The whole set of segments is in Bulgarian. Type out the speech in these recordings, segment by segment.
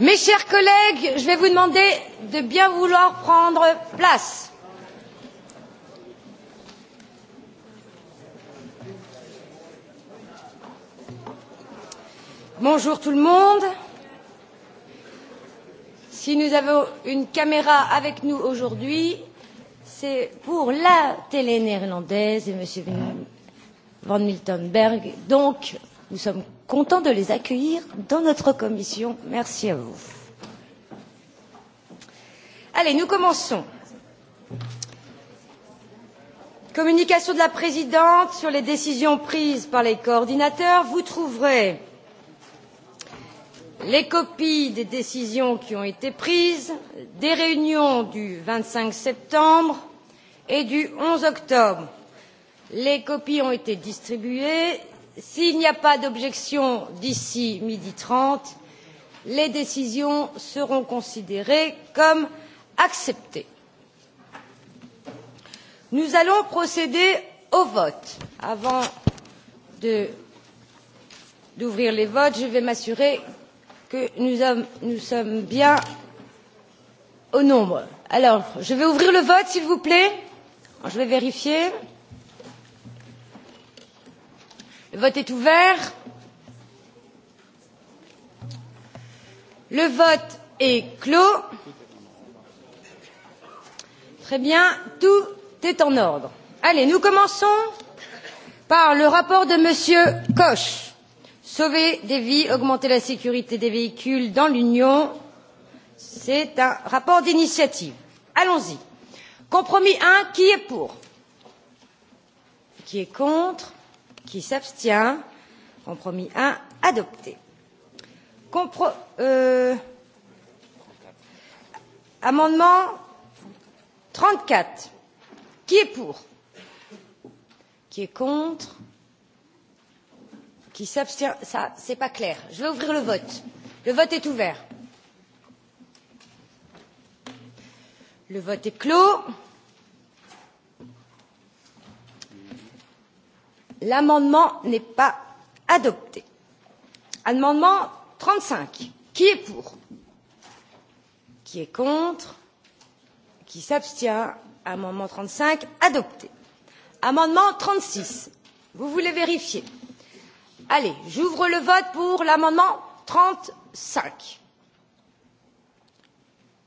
Mes chers collègues, je vais vous demander de bien vouloir prendre place. Bonjour tout le monde. Si nous avons une caméra avec nous aujourd'hui, c'est pour la télé néerlandaise et Monsieur van Miltenberg. Donc, nous sommes contents de les accueillir dans notre commission. Merci à vous. Allez, nous commençons. Communication de la présidente sur les décisions prises par les coordinateurs. Vous trouverez les copies des décisions qui ont été prises, des réunions du vingt cinq septembre et du onze octobre les copies ont été distribuées. s'il n'y a pas d'objection d'ici midi trente les décisions seront considérées comme acceptées. nous allons procéder au vote. avant d'ouvrir les votes je vais m'assurer que nous sommes bien au nombre. alors je vais ouvrir le vote s'il vous plaît. je vais vérifier. Le vote est ouvert. Le vote est clos. Très bien, tout est en ordre. Allez, nous commençons par le rapport de Monsieur Koch. Sauver des vies, augmenter la sécurité des véhicules dans l'Union. C'est un rapport d'initiative. Allons-y. Compromis 1, qui est pour Qui est contre Qui s'abstient Compromis 1 adopté. Compro euh, amendement 34. Qui est pour Qui est contre Qui s'abstient Ça, c'est pas clair. Je vais ouvrir le vote. Le vote est ouvert. Le vote est clos. L'amendement n'est pas adopté. Amendement trente cinq. Qui est pour Qui est contre Qui s'abstient Amendement trente cinq adopté. Amendement trente six. Vous voulez vérifier Allez, j'ouvre le vote pour l'amendement trente cinq.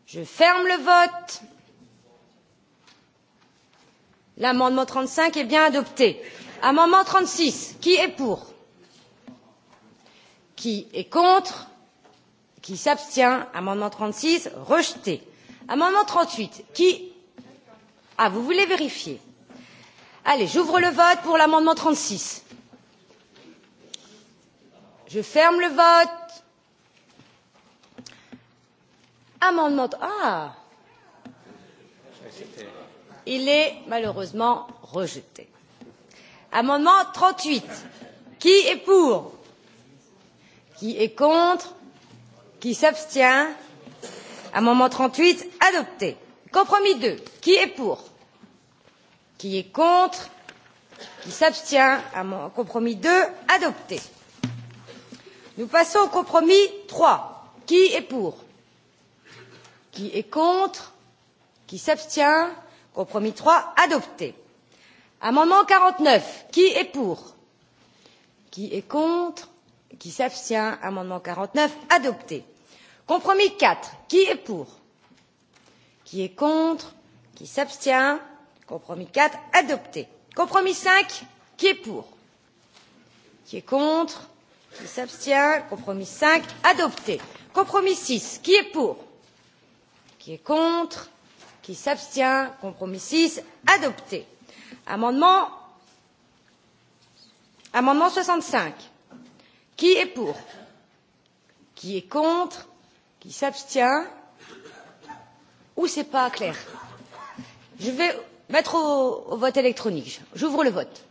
Je ferme le vote l'amendement trente cinq est bien adopté. amendement trente six qui est pour? qui est contre? qui s'abstient? amendement trente six rejeté. amendement trente huit qui ah vous voulez vérifier? allez j'ouvre le vote pour l'amendement trente six. je ferme le vote. amendement ah il est malheureusement rejeté. Amendement trente huit qui est pour? qui est contre? qui s'abstient? Amendement trente huit adopté. Compromis deux qui est pour? qui est contre? qui s'abstient? Compromis deux adopté. Nous passons au compromis trois qui est pour? qui est contre? qui s'abstient? compromis trois adopté amendement quarante neuf qui est pour qui est contre qui s'abstient amendement quarante neuf adopté compromis quatre qui est pour qui est contre qui s'abstient compromis quatre adopté compromis cinq qui est pour qui est contre qui s'abstient compromis cinq adopté compromis six qui est pour qui est contre qui s'abstient compromis six adopté amendement amendement soixante cinq qui est pour qui est contre qui s'abstient ou c'est pas clair je vais mettre au, au vote électronique j'ouvre le vote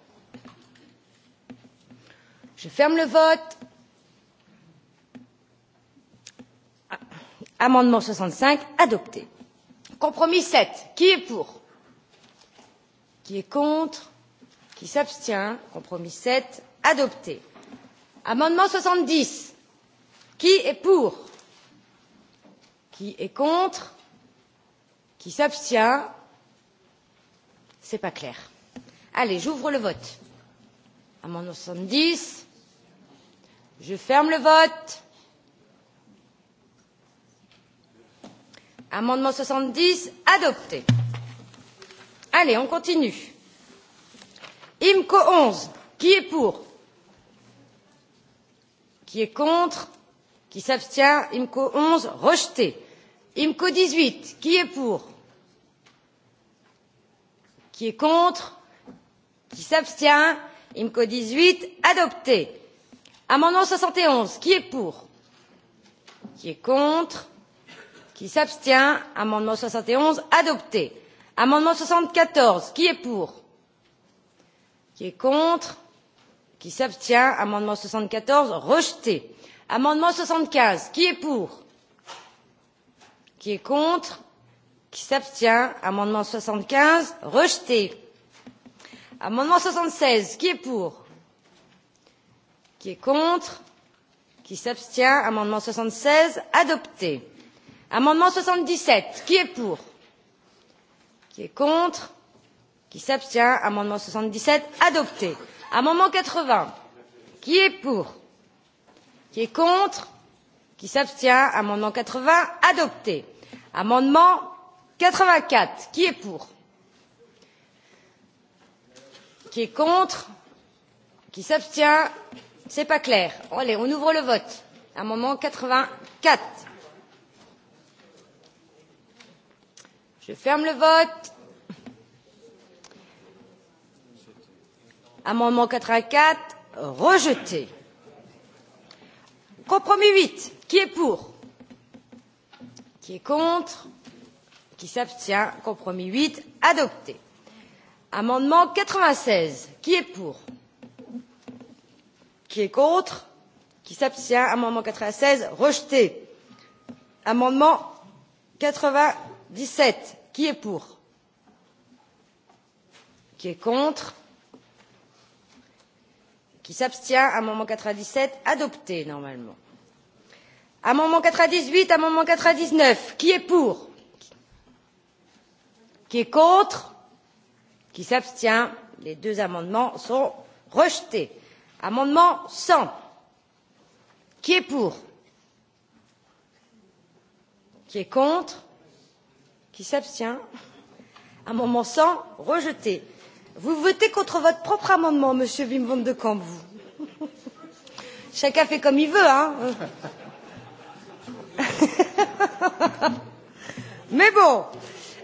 je ferme le vote amendement soixante cinq adopté Compromis sept. Qui est pour Qui est contre Qui s'abstient Compromis sept. Adopté. Amendement soixante dix. Qui est pour Qui est contre Qui s'abstient C'est pas clair. Allez, j'ouvre le vote. Amendement soixante dix. Je ferme le vote. Amendement soixante dix adopté. Allez, on continue. IMCO onze, qui est pour Qui est contre Qui s'abstient IMCO onze, rejeté. IMCO dix huit, qui est pour Qui est contre Qui s'abstient IMCO dix huit, adopté. Amendement soixante et onze, qui est pour Qui est contre Qui s'abstient Amendement soixante et onze adopté. Amendement soixante quatorze, qui est pour Qui est contre Qui s'abstient Amendement soixante quatorze? rejeté. Amendement soixante quinze, qui est pour Qui est contre Qui s'abstient Amendement soixante quinze? rejeté. Amendement soixante seize, qui est pour Qui est contre Qui s'abstient Amendement soixante seize? adopté Amendement soixante dix sept, qui est pour Qui est contre Qui s'abstient Amendement soixante dix sept adopté. Amendement quatre vingts, qui est pour Qui est contre Qui s'abstient Amendement quatre vingts adopté. Amendement quatre vingt quatre, qui est pour Qui est contre Qui s'abstient C'est pas clair. Allez, on ouvre le vote. Amendement quatre vingt quatre Je ferme le vote. Amendement 84, rejeté. Compromis 8, qui est pour Qui est contre Qui s'abstient Compromis 8, adopté. Amendement 96, qui est pour Qui est contre Qui s'abstient Amendement 96, rejeté. Amendement 80 dix sept qui est pour qui est contre qui s'abstient amendement quatre vingt dix sept adopté normalement amendement quatre vingt dix huit amendement quatre vingt dix neuf qui est pour qui est contre qui s'abstient les deux amendements sont rejetés amendement cent qui est pour qui est contre qui s'abstient amendement cent rejeté vous votez contre votre propre amendement monsieur wim van de camp vous chacun fait comme il veut hein mais bon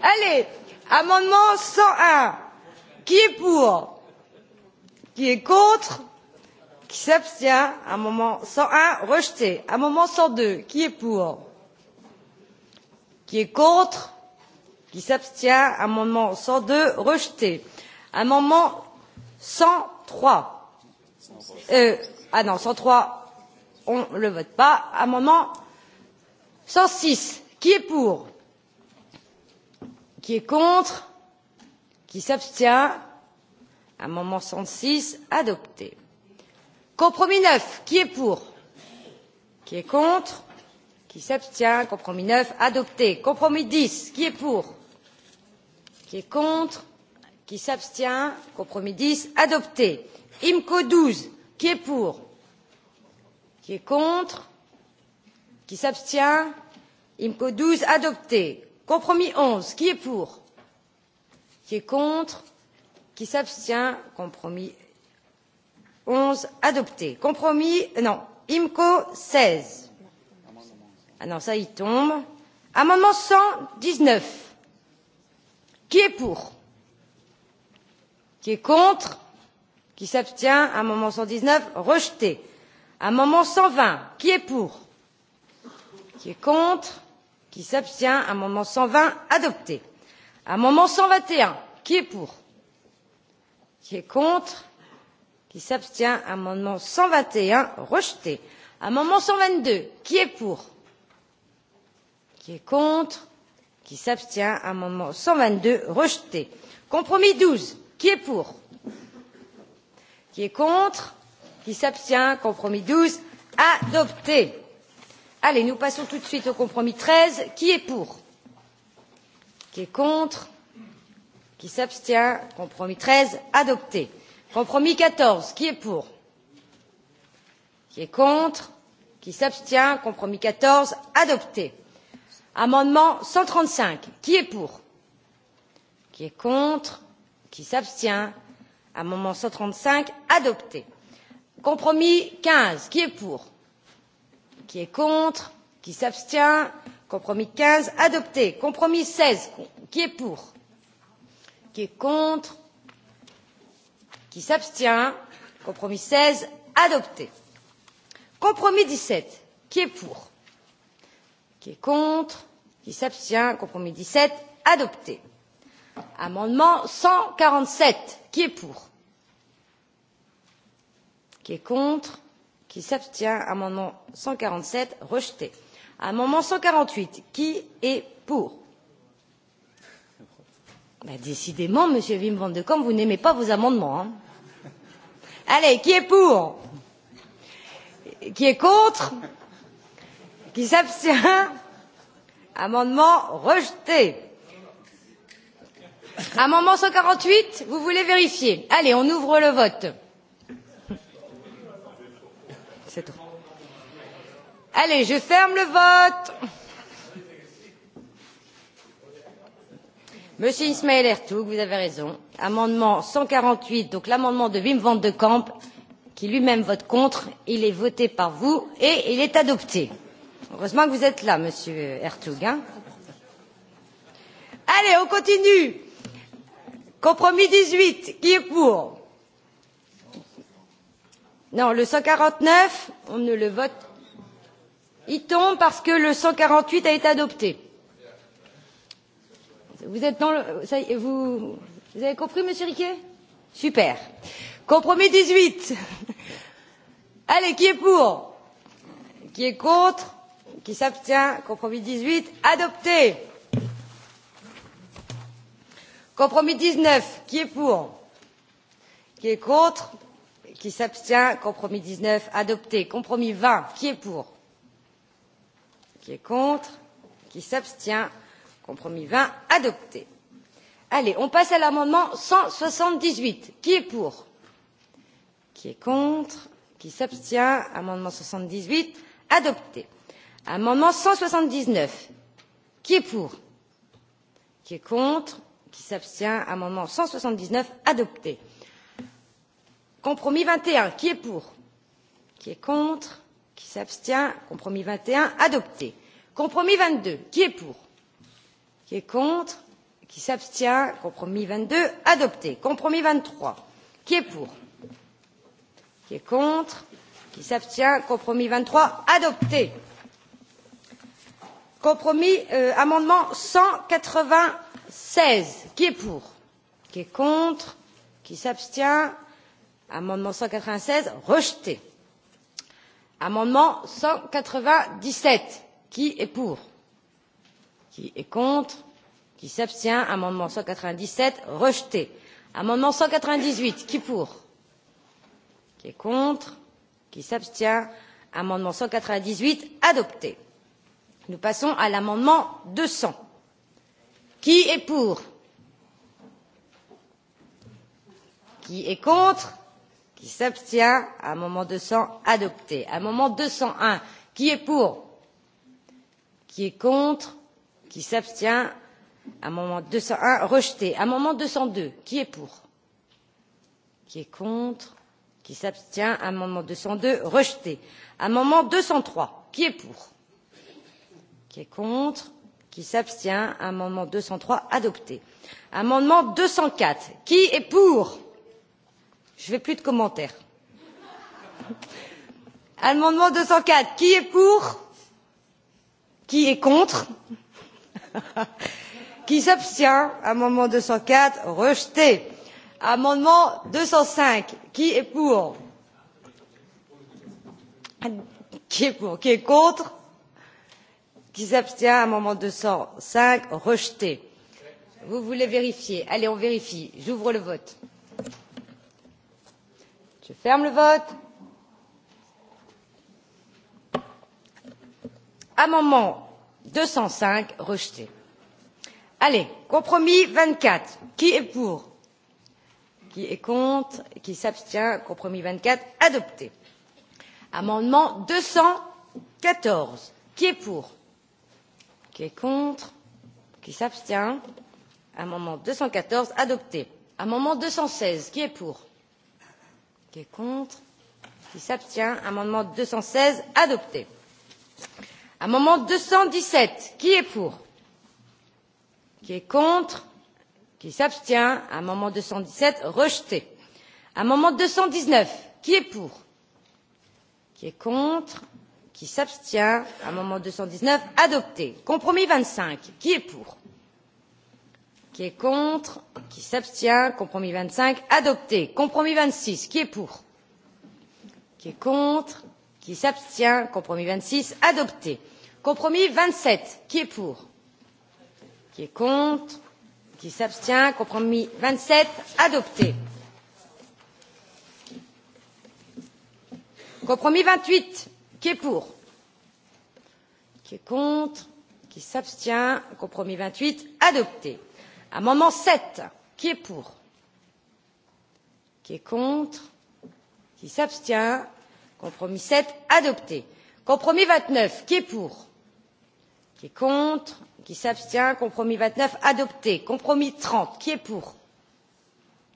allez amendement cent un qui est pour qui est contre qui s'abstient amendement cent un rejeté amendement cent deux qui est pour qui est contre qui s'abstient amendement cent deux rejeté amendement cent trois ah non cent trois on ne le vote pas amendement cent six qui est pour qui est contre qui s'abstient amendement cent six adopté compromis neuf qui est pour qui est contre qui s'abstient compromis neuf adopté compromis dix qui est pour qui est contre, qui s'abstient, compromis dix, adopté. IMCO douze, qui est pour, qui est contre, qui s'abstient, IMCO douze, adopté. Compromis onze, qui est pour, qui est contre, qui s'abstient, compromis onze, adopté. Compromis, non, IMCO seize. Ah non, ça y tombe. Amendement cent dix neuf Qui est pour Qui est contre Qui s'abstient Amendement 119, rejeté. Amendement 120, qui est pour Qui est contre Qui s'abstient Amendement 120, adopté. Amendement 121, qui est pour Qui est contre Qui s'abstient Amendement 121, rejeté. Amendement 122, qui est pour Qui est contre qui s'abstient amendement cent vingt deux rejeté compromis douze qui est pour qui est contre qui s'abstient compromis douze adopté allez nous passons tout de suite au compromis treize qui est pour qui est contre qui s'abstient compromis treize adopté compromis quatorze qui est pour qui est contre qui s'abstient compromis quatorze adopté amendement cent trente cinq qui est pour? qui est contre? qui s'abstient? amendement cent trente cinq adopté. compromis quinze qui est pour? qui est contre? qui s'abstient? compromis quinze adopté. compromis seize qui est pour? qui est contre? qui s'abstient? compromis seize adopté. compromis dix sept qui est pour? Qui est contre Qui s'abstient Compromis 17, adopté. Amendement 147, qui est pour Qui est contre Qui s'abstient Amendement 147, rejeté. Amendement 148, qui est pour ben, Décidément, Monsieur Wim van de Kamp, vous n'aimez pas vos amendements. Hein Allez, qui est pour Qui est contre Qui s'abstient Amendement rejeté. Amendement 148, vous voulez vérifier Allez, on ouvre le vote. C'est tout. Allez, je ferme le vote. Monsieur Ismaël Ertug, vous avez raison. Amendement 148, donc l'amendement de Wim van de Kamp, qui lui-même vote contre, il est voté par vous et il est adopté. Heureusement que vous êtes là, Monsieur Hertug. Hein Allez, on continue. Compromis 18, qui est pour Non, le 149, on ne le vote. Il tombe parce que le 148 a été adopté. Vous êtes dans le... Ça, vous, vous avez compris, Monsieur Riquet Super. Compromis 18. Allez, qui est pour Qui est contre qui s'abstient compromis dix huit adopté compromis dix neuf qui est pour qui est contre qui s'abstient compromis dix neuf adopté compromis vingt qui est pour qui est contre qui s'abstient compromis vingt adopté allez on passe à l'amendement cent soixante dix huit qui est pour qui est contre qui s'abstient amendement soixante dix huit adopté amendement cent soixante dix neuf qui est pour qui est contre qui s'abstient amendement cent soixante dix neuf adopté compromis vingt et un qui est pour qui est contre qui s'abstient compromis vingt et un adopté compromis vingt deux qui est pour qui est contre qui s'abstient compromis vingt deux adopté compromis vingt trois qui est pour qui est contre qui s'abstient compromis vingt trois adopté compromis amendement cent quatre vingt seize qui est pour qui est contre qui s'abstient amendement cent quatre vingt seize rejeté amendement cent quatre vingt dix sept qui est pour qui est contre qui s'abstient amendement cent quatre vingt dix sept rejeté amendement cent quatre vingt dix huit qui est pour qui est contre qui s'abstient amendement cent quatre vingt dix huit adopté Nous passons à l'amendement deux cents. Qui est pour Qui est contre Qui s'abstient Amendement deux cents adopté. Amendement deux cent un. Qui est pour Qui est contre Qui s'abstient Amendement deux cent un rejeté. Amendement deux cent deux. Qui est pour Qui est contre Qui s'abstient Amendement deux cent deux rejeté. Amendement deux cent trois. Qui est pour Qui est contre Qui s'abstient Amendement deux cent trois adopté. Amendement deux cent quatre. Qui est pour Je ne fais plus de commentaires. Amendement deux cent quatre. Qui est pour Qui est contre Qui s'abstient Amendement deux cent quatre rejeté. Amendement deux cent cinq. Qui est pour Qui est pour Qui est contre qui s'abstient amendement deux cent cinq rejeté vous voulez vérifier allez on vérifie j'ouvre le vote je ferme le vote amendement deux cent cinq rejeté allez compromis vingt quatre qui est pour qui est contre qui s'abstient compromis vingt quatre adopté amendement deux cent quatorze qui est pour Qui est contre Qui s'abstient Amendement deux cent quatorze adopté. Amendement deux cent seize, qui est pour Qui est contre Qui s'abstient Amendement deux cent seize adopté. Amendement deux cent dix sept, qui est pour Qui est contre Qui s'abstient Amendement deux cent dix sept rejeté. Amendement deux cent dix neuf, qui est pour Qui est contre qui s'abstient amendement deux cent dix neuf adopté compromis vingt cinq qui est pour qui est contre qui s'abstient compromis vingt cinq adopté compromis vingt six qui est pour qui est contre qui s'abstient compromis vingt six adopté compromis vingt sept qui est pour qui est contre qui s'abstient compromis vingt sept adopté compromis vingt huit qui est pour qui est contre qui s'abstient compromis vingt huit adopté amendement sept qui est pour qui est contre qui s'abstient compromis sept adopté compromis vingt neuf qui est pour qui est contre qui s'abstient compromis vingt neuf adopté compromis trente qui est pour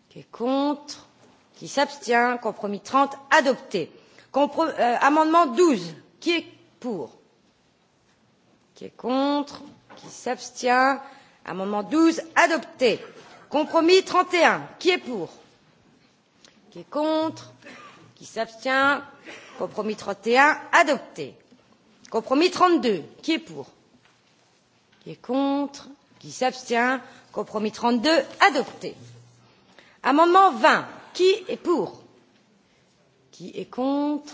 qui est contre qui s'abstient compromis trente adopté amendement douze qui est pour? qui est contre? qui s'abstient? amendement douze adopté. compromis trente et un qui est pour? qui est contre? qui s'abstient? compromis trente et un adopté. compromis trente deux qui est pour? qui est contre? qui s'abstient? compromis trente deux adopté. amendement vingt qui est pour? Qui est contre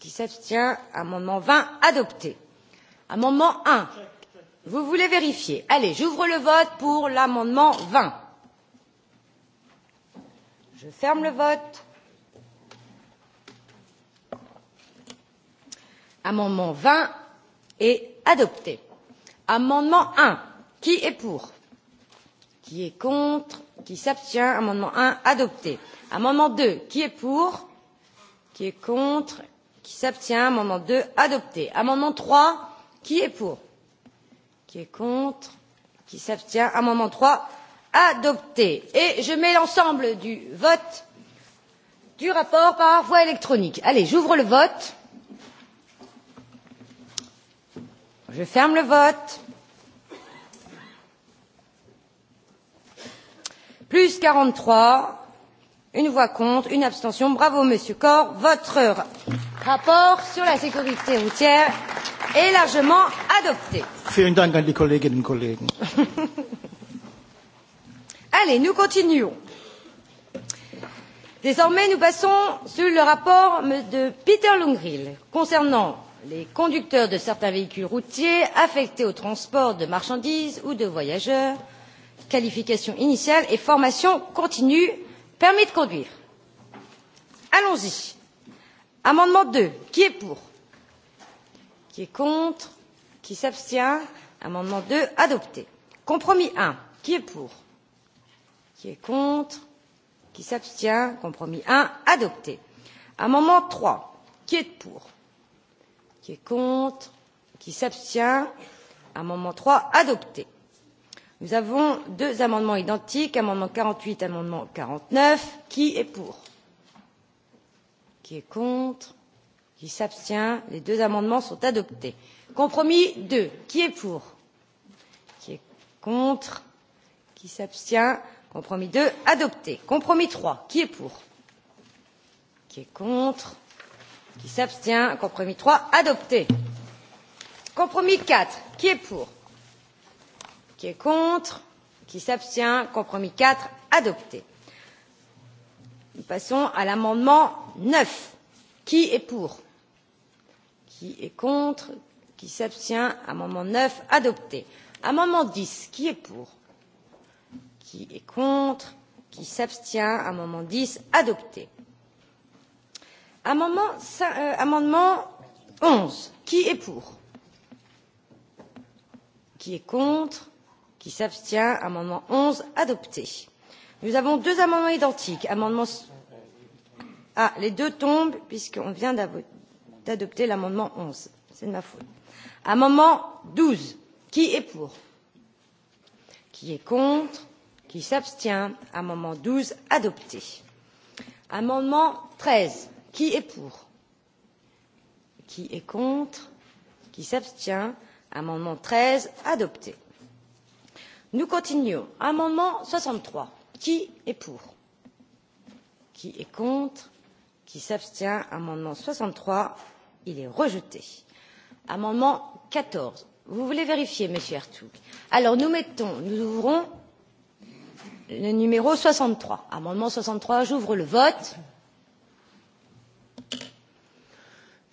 Qui s'abstient Amendement 20 adopté. Amendement 1. Vous voulez vérifier Allez, j'ouvre le vote pour l'amendement 20. Je ferme le vote. Amendement 20 est adopté. Amendement 1. Qui est pour Qui est contre Qui s'abstient Amendement 1 adopté. Amendement 2. Qui est pour qui est contre qui s'abstient amendement deux adopté amendement trois qui est pour qui est contre qui s'abstient amendement trois adopté et je mets l'ensemble du vote du rapport par voie électronique. allez j'ouvre le vote je ferme le vote plus quarante trois une voix contre, une abstention. Bravo, Monsieur Corr. Votre rapport sur la sécurité routière est largement adopté. Vielen Dank an die Kolleginnen und Kollegen. Allez, nous continuons. Désormais, nous passons sur le rapport de Peter Lungrill concernant les conducteurs de certains véhicules routiers affectés au transport de marchandises ou de voyageurs, qualification initiale et formation continue permis de conduire allons y amendement deux qui est pour qui est contre qui s'abstient amendement deux adopté compromis un qui est pour qui est contre qui s'abstient compromis un adopté amendement trois qui est pour qui est contre qui s'abstient amendement trois adopté Nous avons deux amendements identiques, amendement 48 et amendement 49. Qui est pour Qui est contre Qui s'abstient Les deux amendements sont adoptés. Compromis 2. Qui est pour Qui est contre Qui s'abstient Compromis 2 adopté. Compromis 3. Qui est pour Qui est contre Qui s'abstient Compromis 3 adopté. Compromis 4. Qui est pour Qui est contre Qui s'abstient Compromis 4 adopté. Nous passons à l'amendement 9. Qui est pour Qui est contre Qui s'abstient Amendement 9 adopté. Amendement 10. Qui est pour Qui est contre Qui s'abstient Amendement 10 adopté. Amendement, 5, euh, amendement 11. Qui est pour Qui est contre qui s'abstient amendement onze adopté nous avons deux amendements identiques amendement ah les deux tombent puisqu'on vient d'adopter l'amendement onze c'est de ma faute amendement douze qui est pour qui est contre qui s'abstient amendement douze adopté amendement treize qui est pour qui est contre qui s'abstient amendement treize adopté nous continuons amendement soixante trois qui est pour qui est contre qui s'abstient amendement soixante trois il est rejeté amendement quatorze vous voulez vérifier monsieur ertug alors nous mettons nous ouvrons le numéro soixante trois amendement soixante trois j'ouvre le vote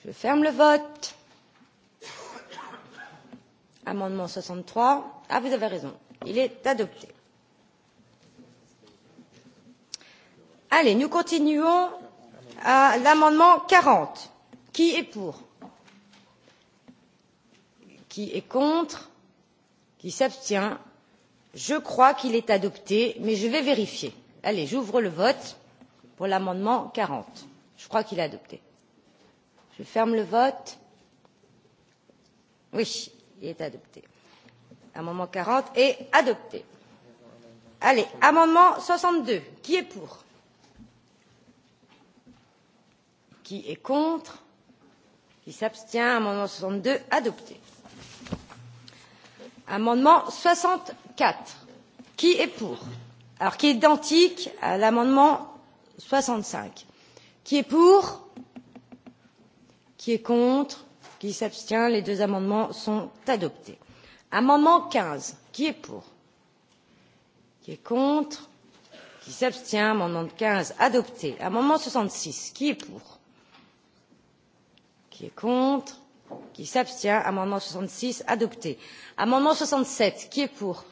je ferme le vote amendement soixante trois ah vous avez raison Il est adopté. Allez, nous continuons à l'amendement 40. Qui est pour Qui est contre Qui s'abstient Je crois qu'il est adopté, mais je vais vérifier. Allez, j'ouvre le vote pour l'amendement 40. Je crois qu'il est adopté. Je ferme le vote. Oui, il est adopté. Amendement quarante est adopté. Allez, amendement soixante deux. Qui est pour Qui est contre Qui s'abstient Amendement soixante deux adopté. Amendement soixante quatre. Qui est pour Alors, qui est identique à l'amendement soixante cinq. Qui est pour Qui est contre Qui s'abstient Les deux amendements sont adoptés Amendement quinze, qui est pour Qui est contre Qui s'abstient Amendement quinze adopté. Amendement soixante six, qui est pour Qui est contre Qui s'abstient Amendement soixante six adopté. Amendement soixante sept, qui est pour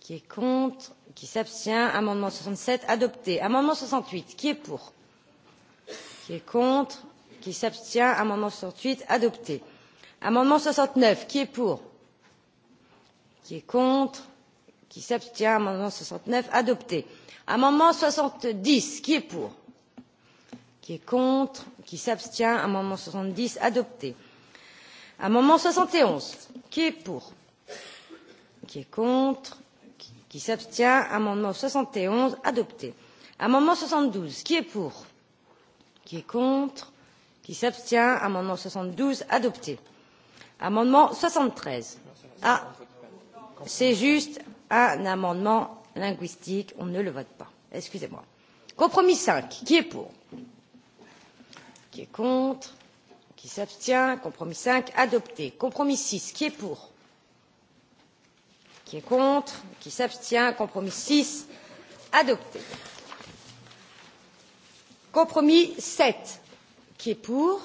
Qui est contre Qui s'abstient Amendement soixante sept adopté. Amendement soixante huit, qui est pour Qui est contre Qui s'abstient Amendement soixante huit adopté. Amendement soixante neuf, qui est pour qui est contre qui s'abstient amendement soixante neuf adopté amendement soixante dix qui est pour qui est contre qui s'abstient amendement soixante dix adopté amendement soixante et onze qui est pour qui est contre qui s'abstient amendement soixante et onze adopté amendement soixante douze qui est pour qui est contre qui s'abstient amendement soixante douze adopté amendement soixante treize ah C'est juste un amendement linguistique. On ne le vote pas. Excusez-moi. Compromis cinq Qui est pour Qui est contre Qui s'abstient Compromis cinq. Adopté. Compromis six. Qui est pour Qui est contre Qui s'abstient Compromis six. Adopté. Compromis sept. Qui est pour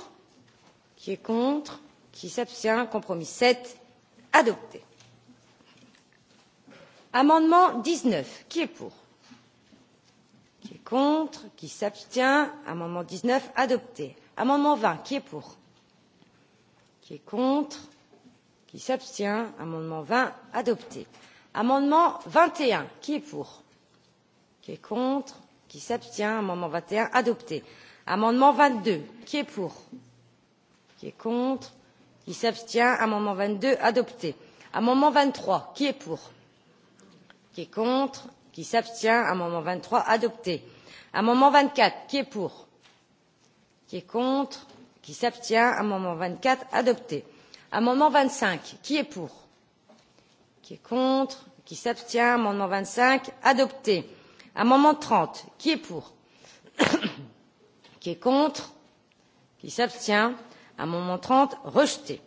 Qui est contre Qui s'abstient Compromis sept Adopté amendement dix neuf qui est pour? qui est contre? qui s'abstient? amendement dix neuf adopté. amendement vingt qui est pour? qui est contre? qui s'abstient? amendement vingt adopté. amendement vingt et un qui est pour? qui est contre? qui s'abstient? amendement vingt et un adopté. amendement vingt deux qui est pour? qui est contre? qui s'abstient? amendement vingt deux adopté. amendement vingt trois qui est pour? Qui est contre Qui s'abstient Amendement 23 adopté. Amendement 24, qui est pour Qui est contre Qui s'abstient Amendement 24 adopté. Amendement 25, qui est pour Qui est contre Qui s'abstient Amendement 25 adopté. Amendement 30, qui est pour Qui est contre Qui s'abstient Amendement 30 rejeté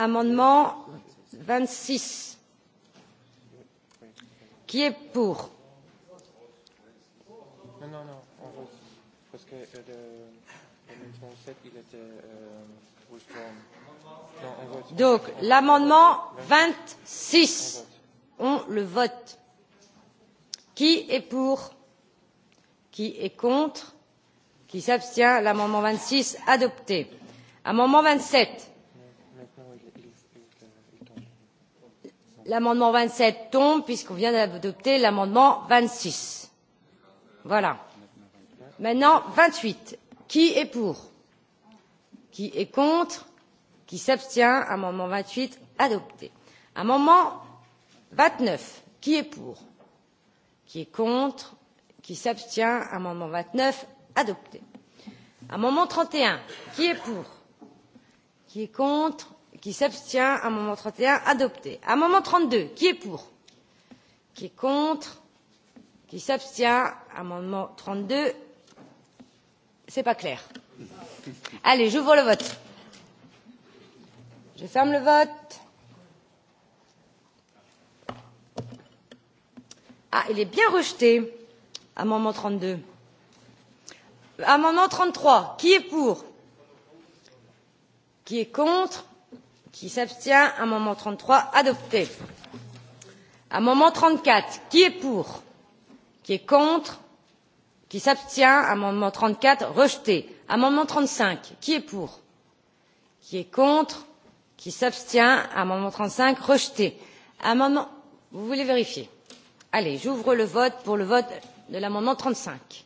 Amendement vingt six. Qui est pour Non, non, non, on vote. Donc, l'amendement vingt six, on le vote. Qui est pour Qui est contre Qui s'abstient L'amendement vingt six adopté. Amendement vingt sept l'amendement vingt sept tombe puisqu'on vient d'adopter l'amendement vingt six voilà maintenant vingt huit qui est pour qui est contre qui s'abstient amendement vingt huit adopté amendement vingt neuf qui est pour qui est contre qui s'abstient amendement vingt neuf adopté amendement trente et un qui est pour qui est contre Qui s'abstient Amendement 31, adopté. Amendement 32, qui est pour Qui est contre Qui s'abstient Amendement 32, c'est pas clair. Allez, j'ouvre le vote. Je ferme le vote. Ah, il est bien rejeté. Amendement 32. Amendement 33. Qui est pour Qui est contre Qui s'abstient Amendement trois adopté. Amendement quatre, Qui est pour Qui est contre Qui s'abstient Amendement quatre rejeté. Amendement cinq, Qui est pour Qui est contre Qui s'abstient Amendement cinq rejeté. Amendement. Vous voulez vérifier Allez, j'ouvre le vote pour le vote de l'amendement trente cinq.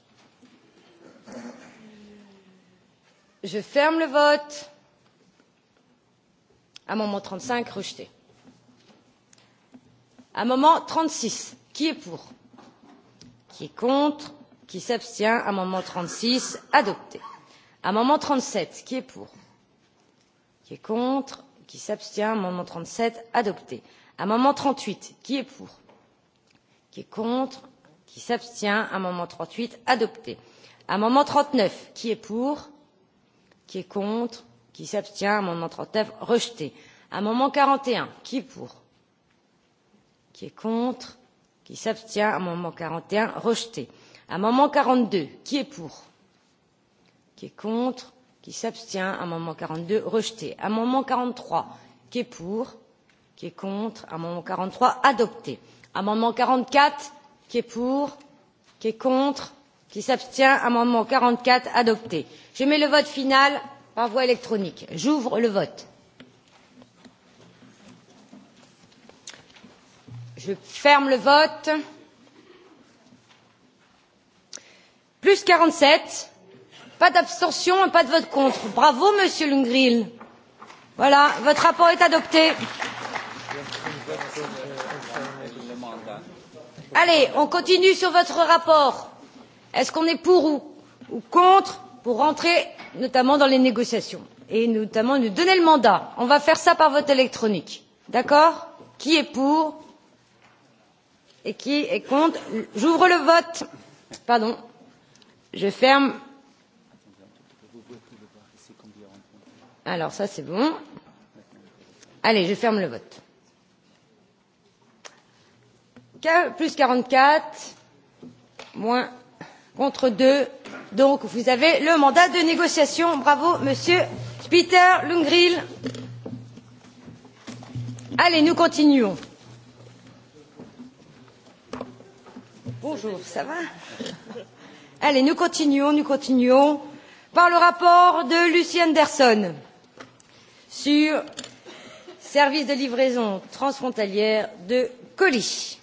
Je ferme le vote. Amendement 35, rejeté. Amendement 36, qui est pour Qui est contre Qui s'abstient Amendement 36, adopté. Amendement 37, qui est pour Qui est contre Qui s'abstient Amendement 37, adopté. Amendement 38, qui est pour Qui est contre Qui s'abstient Amendement 38, adopté. Amendement 39, qui est pour Qui est contre qui s'abstient amendement trente neuf rejeté amendement quarante et un qui est pour qui est contre qui s'abstient amendement quarante et un rejeté amendement quarante deux qui est pour qui est contre qui s'abstient amendement quarante deux rejeté amendement quarante trois qui est pour qui est contre amendement quarante trois adopté amendement quarante quatre qui est pour qui est contre qui s'abstient amendement quarante quatre adopté je mets le vote final par voie électronique. J'ouvre le vote. Je ferme le vote. Plus quarante sept, Pas d'abstention et pas de vote contre. Bravo, monsieur Lungril. Voilà, votre rapport est adopté. Allez, on continue sur votre rapport. Est-ce qu'on est pour ou contre pour entrer notamment dans les négociations et notamment nous donner le mandat. On va faire ça par vote électronique. D'accord Qui est pour Et qui est contre J'ouvre le vote. Pardon. Je ferme. Alors ça c'est bon. Allez, je ferme le vote. Plus 44, moins contre deux. Donc vous avez le mandat de négociation. Bravo, Monsieur Peter Lundgren. Allez, nous continuons. Bonjour, ça va Allez, nous continuons, nous continuons par le rapport de Lucy Anderson sur services de livraison transfrontalière de colis.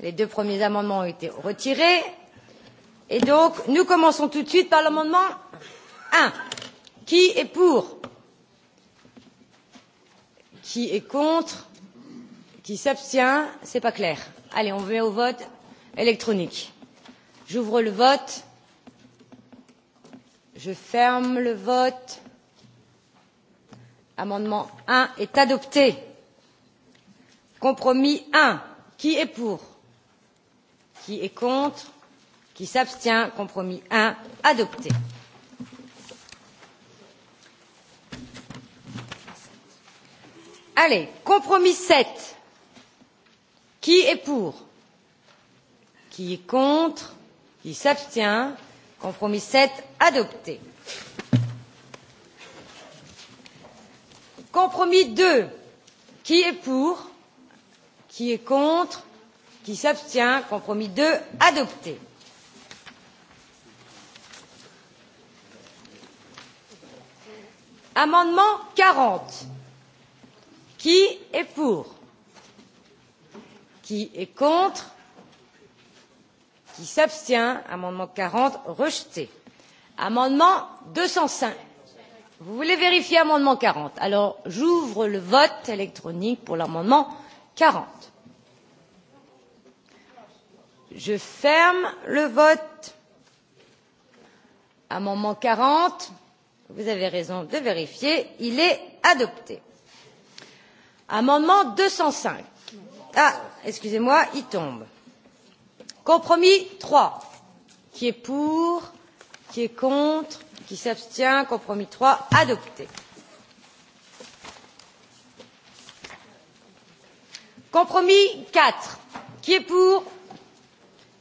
Les deux premiers amendements ont été retirés. Et donc, nous commençons tout de suite par l'amendement un. Qui est pour Qui est contre Qui s'abstient C'est pas clair. Allez, on met au vote électronique. J'ouvre le vote. Je ferme le vote. Amendement un est adopté. Compromis un Qui est pour Qui est contre Qui s'abstient Compromis un adopté. Allez, compromis sept. Qui est pour Qui est contre Qui s'abstient Compromis sept adopté. Compromis deux. Qui est pour Qui est contre qui s'abstient compromis deux adopté amendement quarante qui est pour qui est contre qui s'abstient amendement quarante rejeté amendement deux cent cinq vous voulez vérifier amendement quarante alors j'ouvre le vote électronique pour l'amendement quarante Je ferme le vote. Amendement 40, vous avez raison de vérifier, il est adopté. Amendement 205. Ah, excusez-moi, il tombe. Compromis 3. Qui est pour Qui est contre Qui s'abstient Compromis 3, adopté. Compromis 4. Qui est pour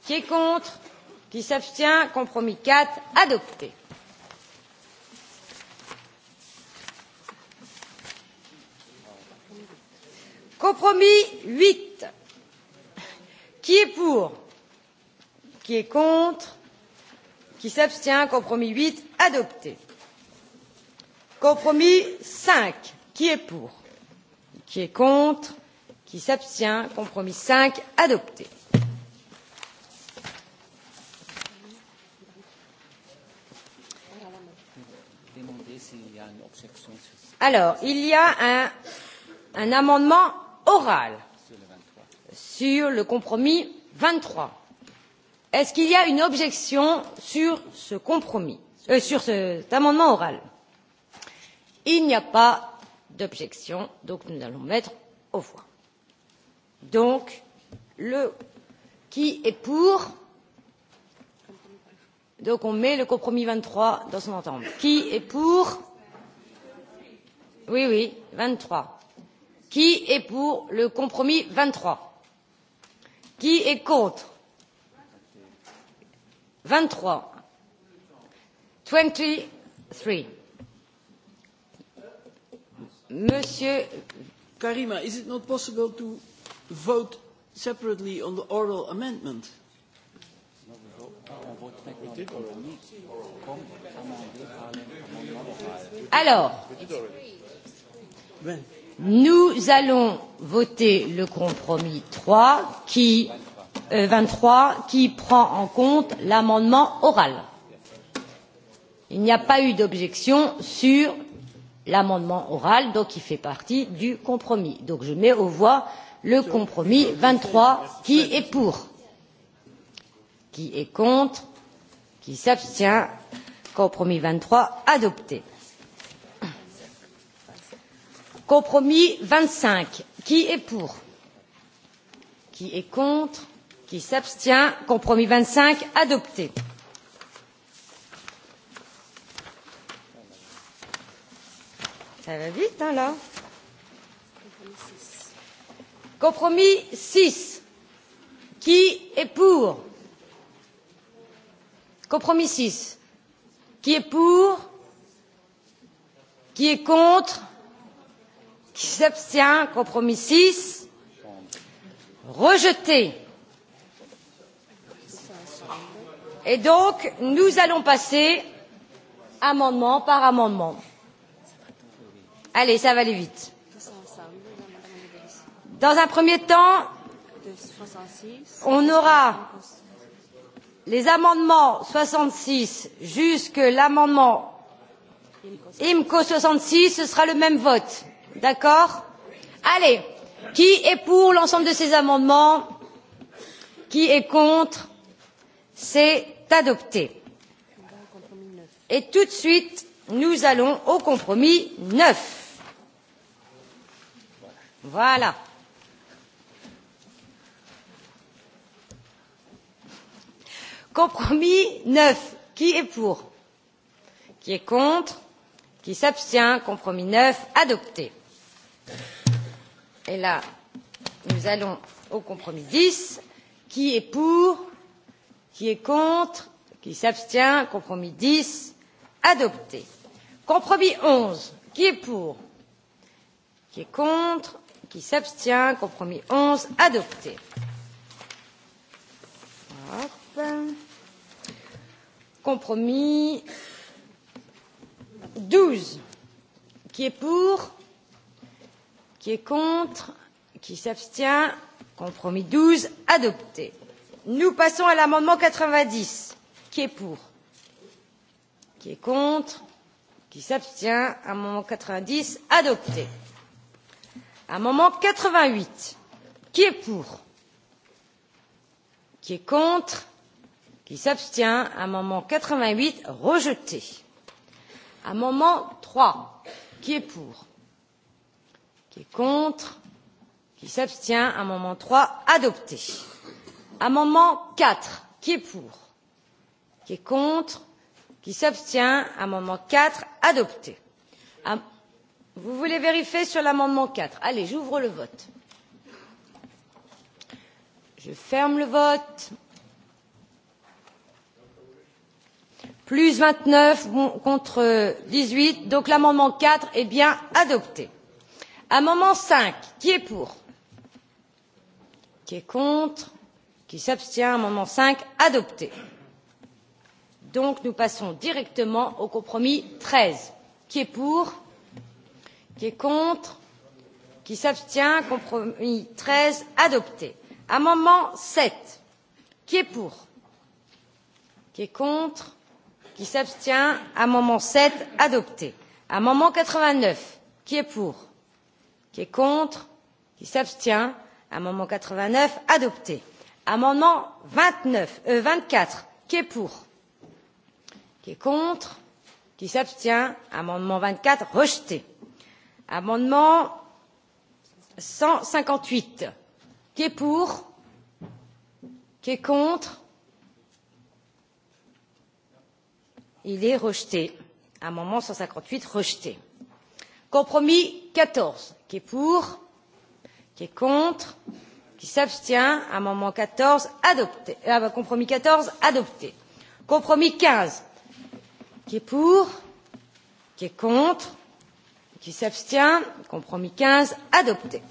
Qui est contre Qui s'abstient Compromis 4, adopté. Compromis 8. Qui est pour Qui est contre Qui s'abstient Compromis 8, adopté. Compromis 5. Qui est pour Qui est contre Qui s'abstient Compromis 5, adopté. Alors, il y a un, un amendement oral sur le compromis vingt trois. Est ce qu'il y a une objection sur ce compromis euh, sur cet amendement oral? Il n'y a pas d'objection, donc nous allons mettre aux voix. Donc, le qui est pour? Donc on met le compromis vingt trois dans son ensemble. Qui est pour? Oui, oui, vingt trois. Qui est pour le compromis vingt trois Qui est contre Vingt trois. Twenty three. Monsieur Karima, is it not possible to vote separately on the oral amendment? Alors, Nous allons voter le compromis vingt qui, qui prend en compte l'amendement oral. Il n'y a pas eu d'objection sur l'amendement oral, donc il fait partie du compromis. Donc je mets aux voix le compromis vingt trois, qui est pour, qui est contre, qui s'abstient. Compromis vingt trois adopté compromis vingt cinq qui est pour qui est contre qui s'abstient compromis vingt cinq adopté ça va vite hein là compromis six qui est pour compromis six qui est pour qui est contre qui s'abstient compromis six rejeté et donc nous allons passer amendement par amendement allez ça va aller vite dans un premier temps on aura les amendements soixante six l'amendement imco soixante six ce sera le même vote. D'accord Allez, qui est pour l'ensemble de ces amendements Qui est contre C'est adopté. Et tout de suite, nous allons au compromis neuf. Voilà. Compromis neuf. Qui est pour Qui est contre Qui s'abstient Compromis neuf adopté Et là, nous allons au compromis dix. Qui est pour Qui est contre Qui s'abstient Compromis dix, adopté. Compromis onze, qui est pour Qui est contre Qui s'abstient Compromis onze, adopté. Compromis douze, qui est pour Qui est contre Qui s'abstient Compromis douze, adopté. Nous passons à l'amendement quatre-vingt-dix. Qui est pour Qui est contre Qui s'abstient Amendement quatre-vingt-dix, adopté. Amendement quatre-vingt-huit. Qui est pour Qui est contre Qui s'abstient Amendement quatre-vingt-huit, rejeté. Amendement trois. Qui est pour qui est contre, qui s'abstient. Amendement trois adopté. Amendement quatre qui est pour, qui est contre, qui s'abstient. Amendement quatre adopté. Vous voulez vérifier sur l'amendement quatre Allez, j'ouvre le vote. Je ferme le vote. Plus vingt neuf contre dix huit, donc l'amendement quatre est bien adopté amendement cinq qui est pour qui est contre qui s'abstient amendement cinq adopté donc nous passons directement au compromis treize qui est pour qui est contre qui s'abstient compromis treize adopté amendement sept qui est pour qui est contre qui s'abstient amendement sept adopté amendement quatre vingt neuf qui est pour qui est contre, qui s'abstient. Amendement quatre vingt neuf adopté. Amendement vingt quatre, qui est pour, qui est contre, qui s'abstient. Amendement vingt quatre rejeté. Amendement cent cinquante huit, qui est pour, qui est contre. Il est rejeté. Amendement cent cinquante huit rejeté compromis quatorze qui est pour qui est contre qui s'abstient amendement quatorze adopté compromis quatorze adopté compromis quinze qui est pour qui est contre qui s'abstient compromis quinze adopté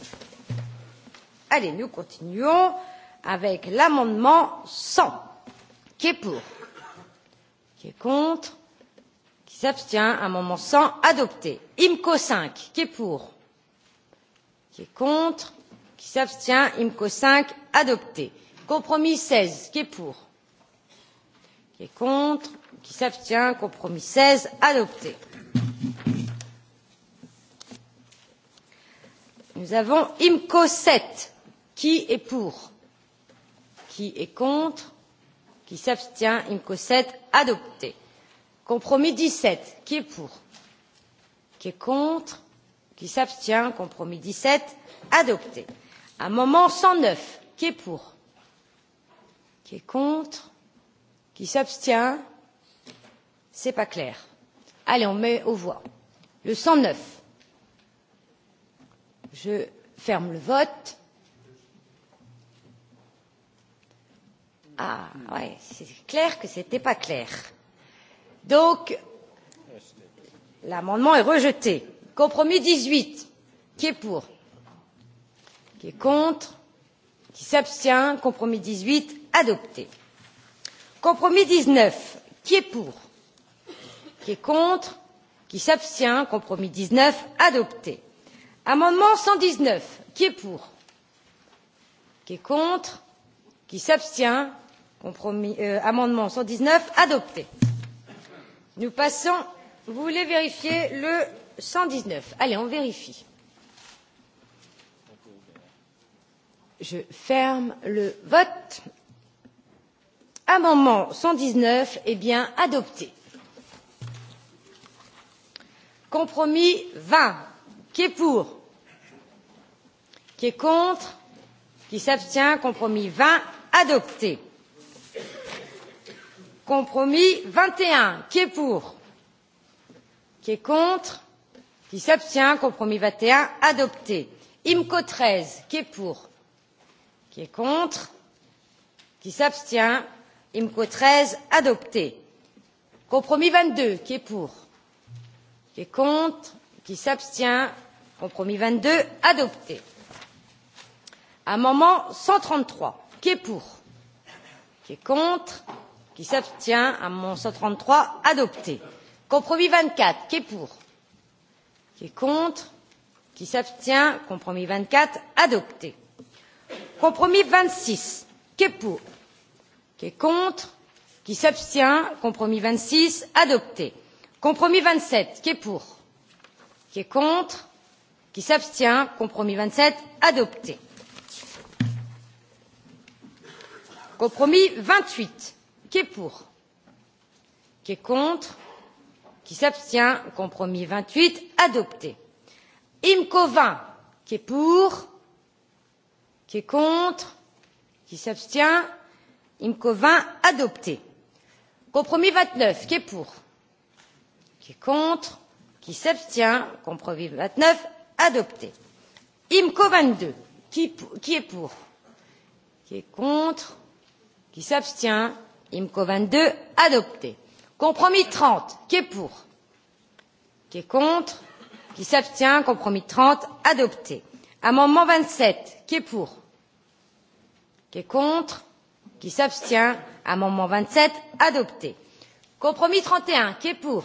allez nous continuons avec l'amendement cent qui est pour qui est contre s'abstient. un moment cent adopté. IMCO cinq, qui est pour Qui est contre Qui s'abstient IMCO cinq adopté. Compromis seize, qui est pour Qui est contre Qui s'abstient Compromis seize adopté. Nous avons IMCO sept, qui est pour Qui est contre Qui s'abstient IMCO sept adopté Compromis dix sept, qui est pour Qui est contre Qui s'abstient Compromis dix sept, adopté. Amendement cent neuf, qui est pour Qui est contre Qui s'abstient C'est pas clair. Allez, on met aux voix. Le cent neuf. Je ferme le vote. Ah, ouais, c'est clair que ce n'était pas clair. Donc, l'amendement est rejeté. Compromis dix huit. Qui est pour Qui est contre Qui s'abstient Compromis dix huit adopté. Compromis dix neuf. Qui est pour Qui est contre Qui s'abstient Compromis dix neuf adopté. Amendement cent dix neuf. Qui est pour Qui est contre Qui s'abstient Amendement cent dix neuf adopté. Nous passons. Vous voulez vérifier le cent dix neuf. Allez, on vérifie. Je ferme le vote. Amendement cent dix neuf est bien adopté. Compromis vingt. Qui est pour Qui est contre Qui s'abstient Compromis vingt adopté compromis vingt et un qui est pour qui est contre qui s'abstient compromis vingt et un adopté imco treize qui est pour qui est contre qui s'abstient imco treize adopté compromis vingt deux qui est pour qui est contre qui s'abstient compromis vingt deux adopté amendement cent trente trois qui est pour qui est contre qui s'abstient amendement cent trente trois adopté compromis vingt quatre qui est pour qui est contre qui s'abstient compromis vingt quatre adopté compromis vingt six qui est pour qui est contre qui s'abstient compromis vingt six adopté compromis vingt sept qui est pour qui est contre qui s'abstient compromis vingt sept adopté compromis vingt huit qui est pour qui est contre qui s'abstient compromis vingt huit adopté imco vingt qui est pour qui est contre qui s'abstient imco vingt adopté compromis vingt neuf qui est pour qui est contre qui s'abstient compromis vingt neuf adopté imco vingt deux qui est pour qui est contre qui s'abstient IMCO vingt deux, adopté. Compromis trente, qui est pour Qui est contre Qui s'abstient Compromis trente? adopté. Amendement vingt-sept, qui est pour Qui est contre Qui s'abstient Amendement vingt sept? adopté. Compromis trente et un, qui est pour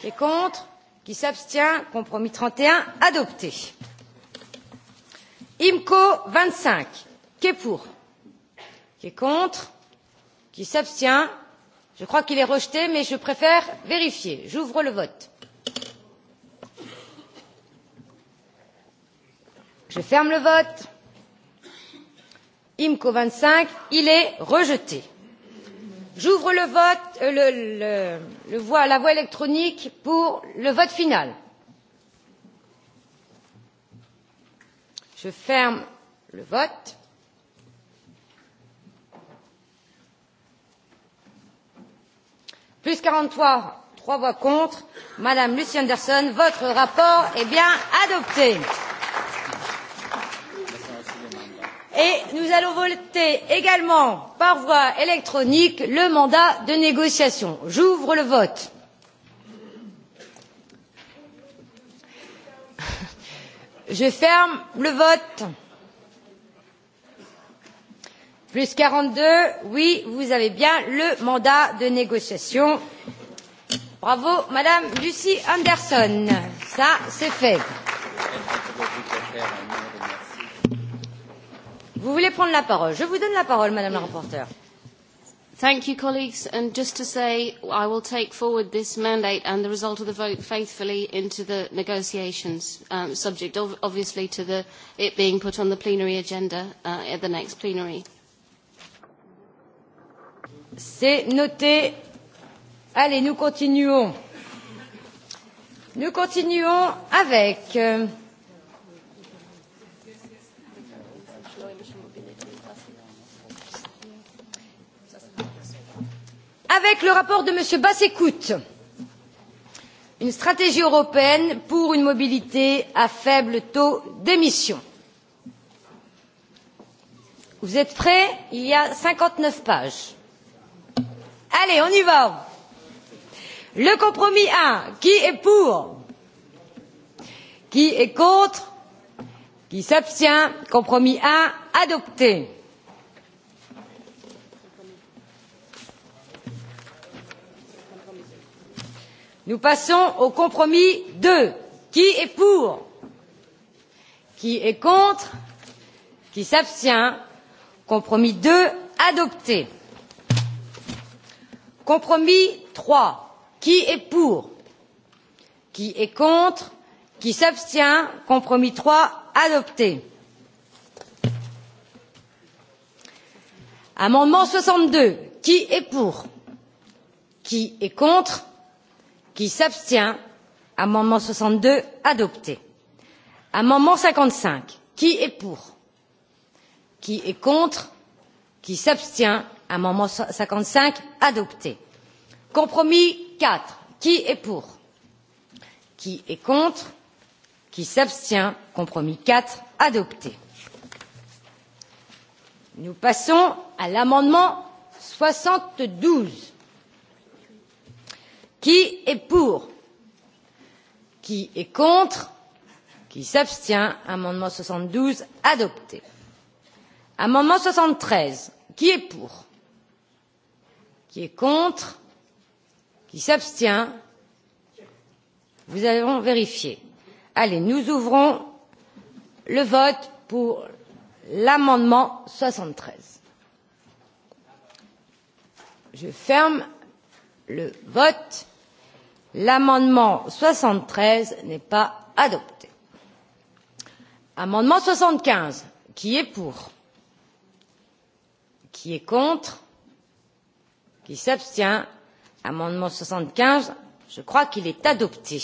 Qui est contre Qui s'abstient Compromis trente et un? adopté. IMCO vingt cinq, qui est pour Qui est contre qui s'abstient je crois qu'il est rejeté mais je préfère vérifier j'ouvre le vote je ferme le vote imco vingt cinq il est rejeté j'ouvre le vote le, voie, la voie électronique pour le vote final je ferme le vote plus quarante trois trois voix contre madame lucy anderson votre rapport est bien adopté et nous allons voter également par voie électronique le mandat de négociation. j'ouvre le vote. je ferme le vote. Plus deux, oui, vous avez bien le mandat de négociation. Bravo, Madame Lucy Anderson. cela c'est fait. Vous voulez prendre la parole Je vous donne la parole, Madame la rapporteure. Thank you, colleagues. And just to say, I will take forward this mandate and the result of the vote faithfully into the negotiations, subject obviously to the, it being put on the plenary agenda at the next plenary. C'est noté. Allez, nous continuons. Nous continuons avec. Avec le rapport de M. Bassécoute, une stratégie européenne pour une mobilité à faible taux d'émission. Vous êtes prêts Il y a cinquante neuf pages. Allez, on y va. Le compromis 1, qui est pour Qui est contre Qui s'abstient Compromis 1, adopté. Nous passons au compromis 2. Qui est pour Qui est contre Qui s'abstient Compromis 2, adopté compromis trois qui est pour qui est contre qui s'abstient compromis trois adopté amendement soixante deux qui est pour qui est contre qui s'abstient amendement soixante deux adopté amendement cinquante cinq qui est pour qui est contre qui s'abstient Amendement cinquante cinq adopté. Compromis quatre. Qui est pour Qui est contre Qui s'abstient Compromis quatre adopté. Nous passons à l'amendement soixante douze. Qui est pour Qui est contre Qui s'abstient Amendement soixante douze adopté. Amendement soixante treize. Qui est pour qui est contre, qui s'abstient. Vous avez vérifié. Allez, nous ouvrons le vote pour l'amendement 73. Je ferme le vote. L'amendement 73 n'est pas adopté. Amendement 75, qui est pour Qui est contre qui s'abstient. Amendement soixante quinze, je crois qu'il est adopté.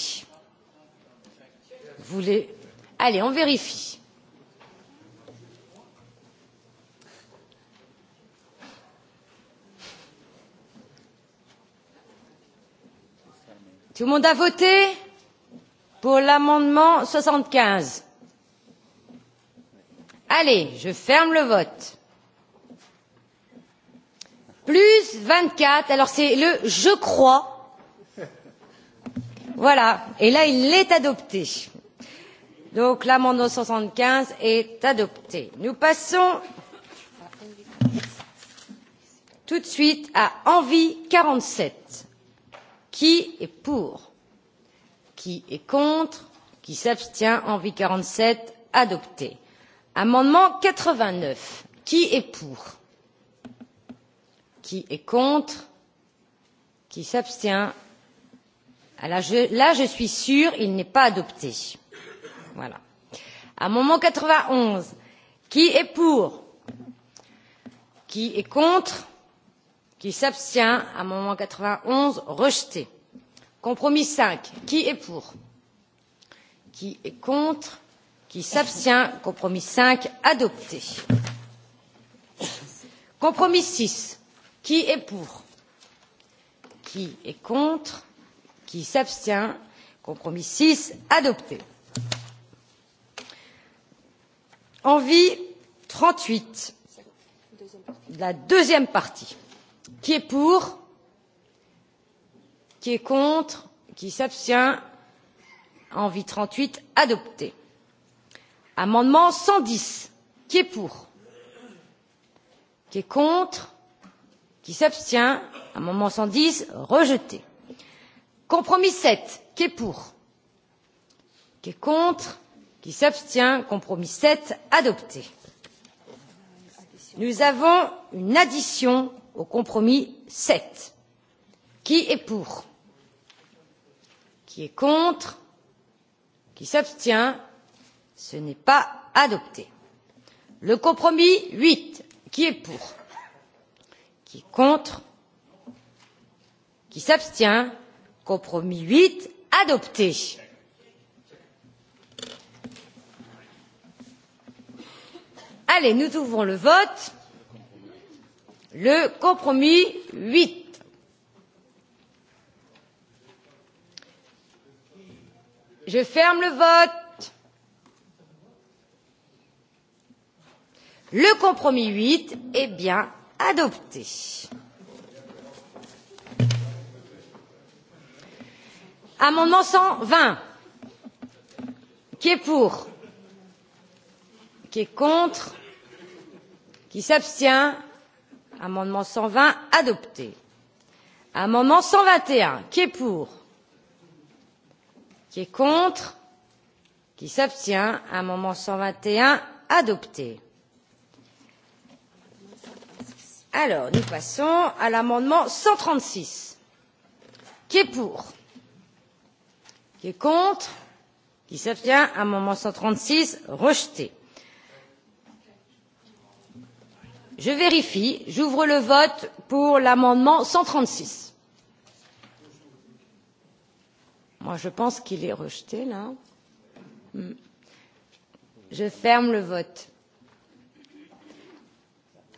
Allez, on vérifie. Tout le monde a voté pour l'amendement soixante quinze. Allez, je ferme le vote plus vingt quatre alors c'est le je crois voilà et là il est adopté donc l'amendement soixante quinze est adopté nous passons tout de suite à envie quarante sept qui est pour qui est contre qui s'abstient envie quarante sept adopté amendement quatre vingt neuf qui est pour Qui est contre Qui s'abstient là je, suis sûre, il n'est pas adopté. Voilà. Amendement 91. Qui est pour Qui est contre Qui s'abstient Amendement 91 rejeté. Compromis 5. Qui est pour Qui est contre Qui s'abstient Compromis 5 adopté. Compromis 6 qui est pour qui est contre qui s'abstient compromis six adopté envie trente huit la deuxième partie qui est pour qui est contre qui s'abstient envie trente huit adopté amendement cent dix qui est pour qui est contre qui s'abstient amendement cent dix rejeté compromis sept qui est pour qui est contre qui s'abstient compromis sept adopté nous avons une addition au compromis sept qui est pour qui est contre qui s'abstient ce n'est pas adopté le compromis huit qui est pour Qui est contre Qui s'abstient Compromis 8, adopté. Allez, nous ouvrons le vote. Le compromis 8. Je ferme le vote. Le compromis 8 est bien adopté. Amendement cent vingt. Qui est pour Qui est contre Qui s'abstient Amendement cent vingt adopté. Amendement cent vingt et un. Qui est pour Qui est contre Qui s'abstient Amendement cent vingt et un adopté Alors, nous passons à l'amendement cent trente six. Qui est pour Qui est contre Qui s'abstient Amendement cent trente six rejeté. Je vérifie. J'ouvre le vote pour l'amendement cent trente six. Moi, je pense qu'il est rejeté, là. Je ferme le vote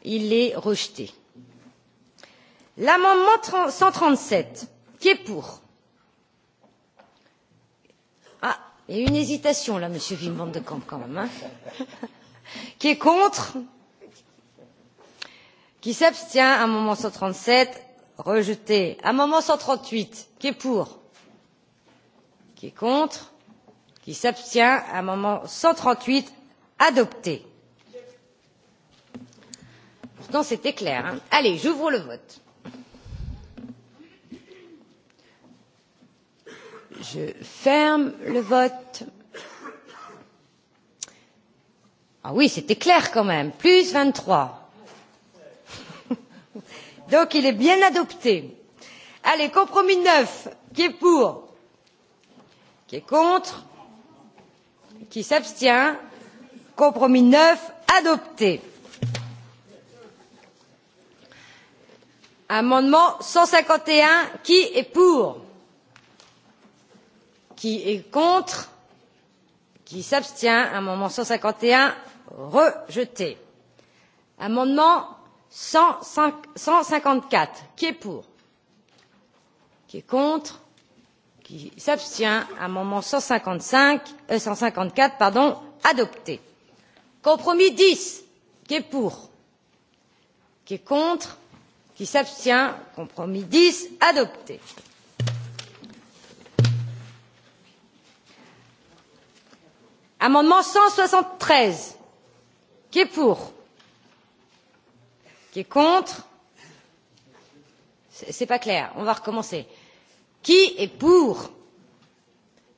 il est rejeté. L'amendement cent trente sept, qui est pour Ah, il y a une hésitation là, Monsieur Wim van de Kamp quand même. Hein qui est contre Qui s'abstient Amendement cent trente sept, rejeté. Amendement cent trente huit, qui est pour Qui est contre Qui s'abstient Amendement cent trente huit, adopté Pourtant, c'était clair. Hein. Allez, j'ouvre le vote. Je ferme le vote. Ah oui, c'était clair quand même. Plus 23. Donc il est bien adopté. Allez, compromis 9. Qui est pour Qui est contre Qui s'abstient Compromis 9 adopté Amendement cent cinquante et un, qui est pour Qui est contre Qui s'abstient Amendement cent cinquante et un, rejeté. Amendement cent cinquante quatre, qui est pour Qui est contre Qui s'abstient Amendement cent cinquante quatre, pardon, adopté. Compromis dix, qui est pour Qui est contre qui s'abstient compromis dix adopté. amendement cent soixante treize qui est pour qui est contre c'est pas clair on va recommencer qui est pour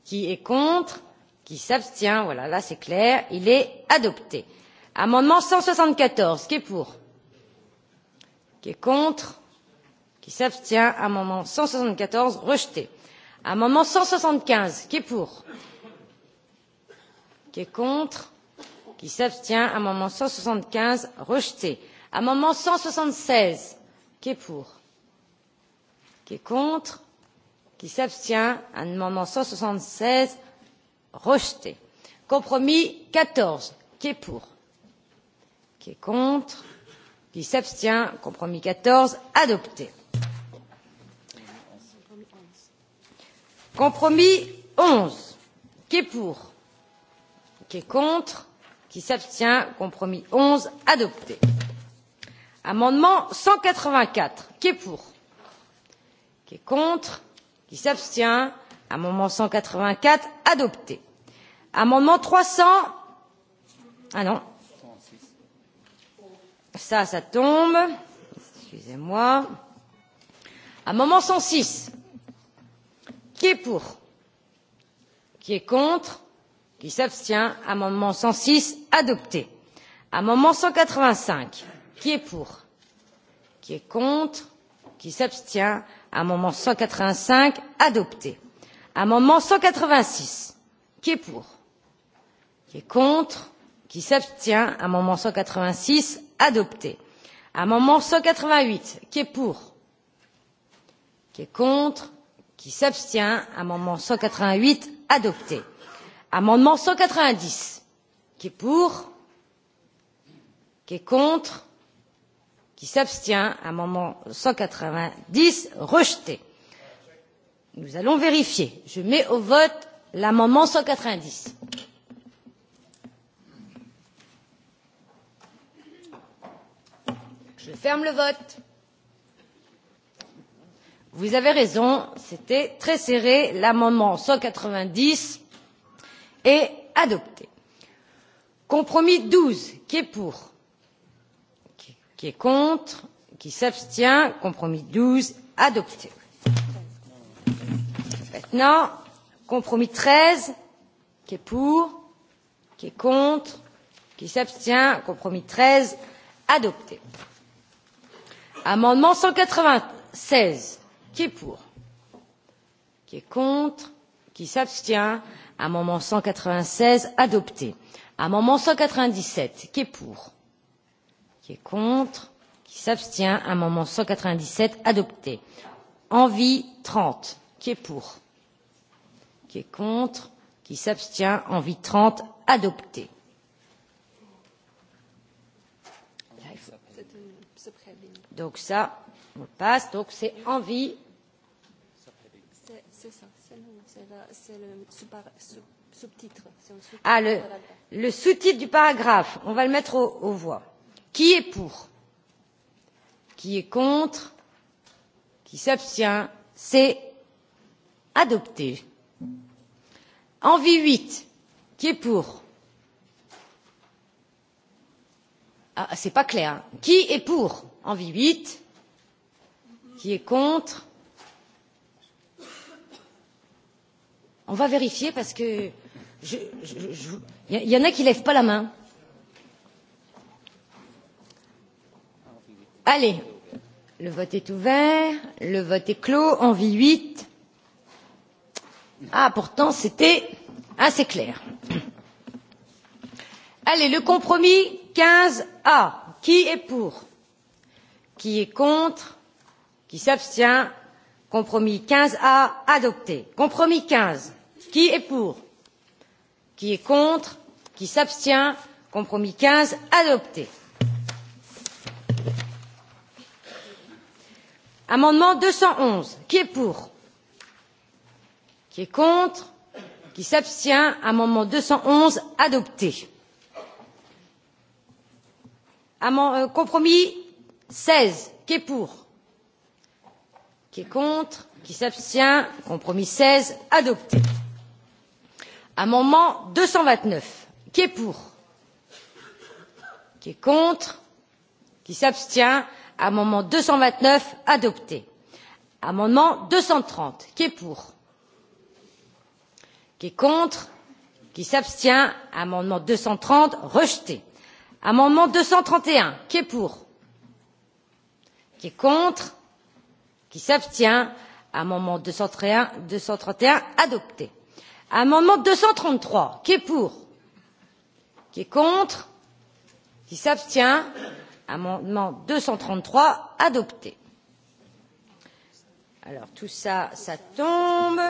qui est contre qui s'abstient voilà là c'est clair il est adopté amendement cent soixante quatorze qui est pour qui est contre, qui s'abstient, amendement cent soixante quatorze rejeté. Amendement cent soixante quinze, qui est pour, qui est contre, qui s'abstient, amendement cent soixante quinze rejeté. Amendement cent soixante seize, qui est pour, qui est contre, qui s'abstient, amendement cent soixante seize rejeté. Compromis quatorze, qui est pour, qui est contre, qui s'abstient compromis quatorze adopté compromis onze qui est pour qui est contre qui s'abstient compromis onze adopté amendement cent quatre vingt quatre qui est pour qui est contre qui s'abstient amendement cent quatre vingt quatre adopté amendement trois cents ah non ça, ça tombe. Excusez-moi. Amendement 106. Qui est pour Qui est contre Qui s'abstient Amendement 106 adopté. Amendement 185. Qui est pour Qui est contre Qui s'abstient Amendement 185 adopté. Amendement 186. Qui est pour Qui est contre Qui s'abstient Amendement 186 adopté. Amendement cent quatre-vingt-huit, qui est pour Qui est contre Qui s'abstient Amendement cent quatre-vingt-huit adopté. Amendement cent quatre-vingt-dix, qui est pour Qui est contre Qui s'abstient Amendement cent quatre-vingt-dix rejeté. Nous allons vérifier. Je mets au vote l'amendement cent quatre-vingt-dix. Je ferme le vote. Vous avez raison, c'était très serré. L'amendement 190 est adopté. Compromis 12, qui est pour Qui est contre Qui s'abstient Compromis 12, adopté. Maintenant, compromis 13, qui est pour Qui est contre Qui s'abstient Compromis 13, adopté. Amendement cent quatre-vingt-seize. Qui est pour Qui est contre Qui s'abstient Amendement cent quatre-vingt-seize adopté. Amendement cent quatre-vingt-dix-sept. Qui est pour Qui est contre Qui s'abstient Amendement cent quatre-vingt-dix-sept adopté. Envie trente. Qui est pour Qui est contre Qui s'abstient Envie trente adopté Donc ça, on passe. Donc c'est envie. sous-titre. Ah, le, le sous-titre du paragraphe. On va le mettre aux, aux voix. Qui est pour Qui est contre Qui s'abstient C'est adopté. Envie 8. Qui est pour ce n'est pas clair. Qui est pour envi huit Qui est contre On va vérifier parce que je, il y en a qui ne lèvent pas la main. Allez, le vote est ouvert, le vote est clos, vie 8. Ah, pourtant, c'était assez clair. Allez, le compromis quinze a Qui est pour Qui est contre Qui s'abstient Compromis quinze a adopté. Compromis quinze. Qui est pour Qui est contre Qui s'abstient Compromis quinze adopté. Amendement deux cent onze. Qui est pour Qui est contre Qui s'abstient Amendement deux cent onze adopté compromis seize qui est pour qui est contre qui s'abstient compromis seize adopté amendement deux cent vingt neuf qui est pour qui est contre qui s'abstient amendement deux cent vingt neuf adopté amendement deux cent trente qui est pour qui est contre qui s'abstient amendement deux cent trente rejeté Amendement deux cent trente et un, qui est pour Qui est contre Qui s'abstient Amendement deux cent trente et un adopté. Amendement deux cent trente trois, qui est pour Qui est contre Qui s'abstient Amendement deux cent trente trois adopté. Alors tout ça, ça tombe.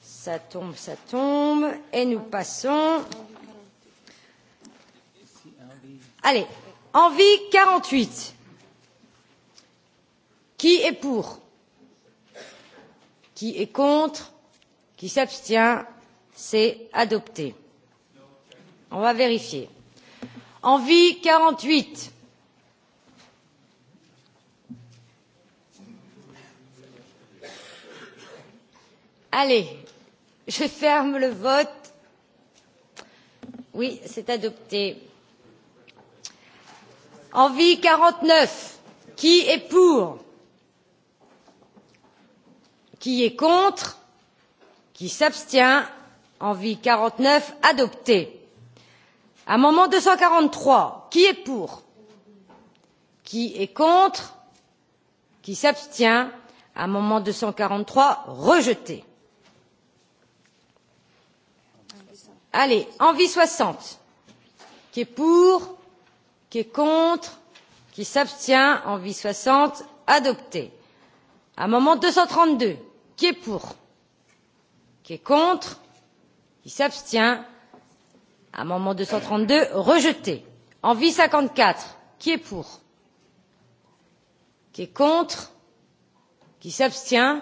Ça tombe, ça tombe. Et nous passons. Allez, envie 48. Qui est pour Qui est contre Qui s'abstient C'est adopté. On va vérifier. Envie 48. Allez, je ferme le vote. Oui, c'est adopté. Envie quarante neuf. Qui est pour Qui est contre Qui s'abstient Envie quarante neuf adopté. Amendement deux cent quarante trois. Qui est pour Qui est contre Qui s'abstient Amendement deux cent quarante trois rejeté. Allez, envie soixante. Qui est pour qui est contre, qui s'abstient, envie soixante, adopté. Amendement deux. qui est pour, qui est contre, qui s'abstient, amendement deux, rejeté. Envie quatre. qui est pour, qui est contre, qui s'abstient,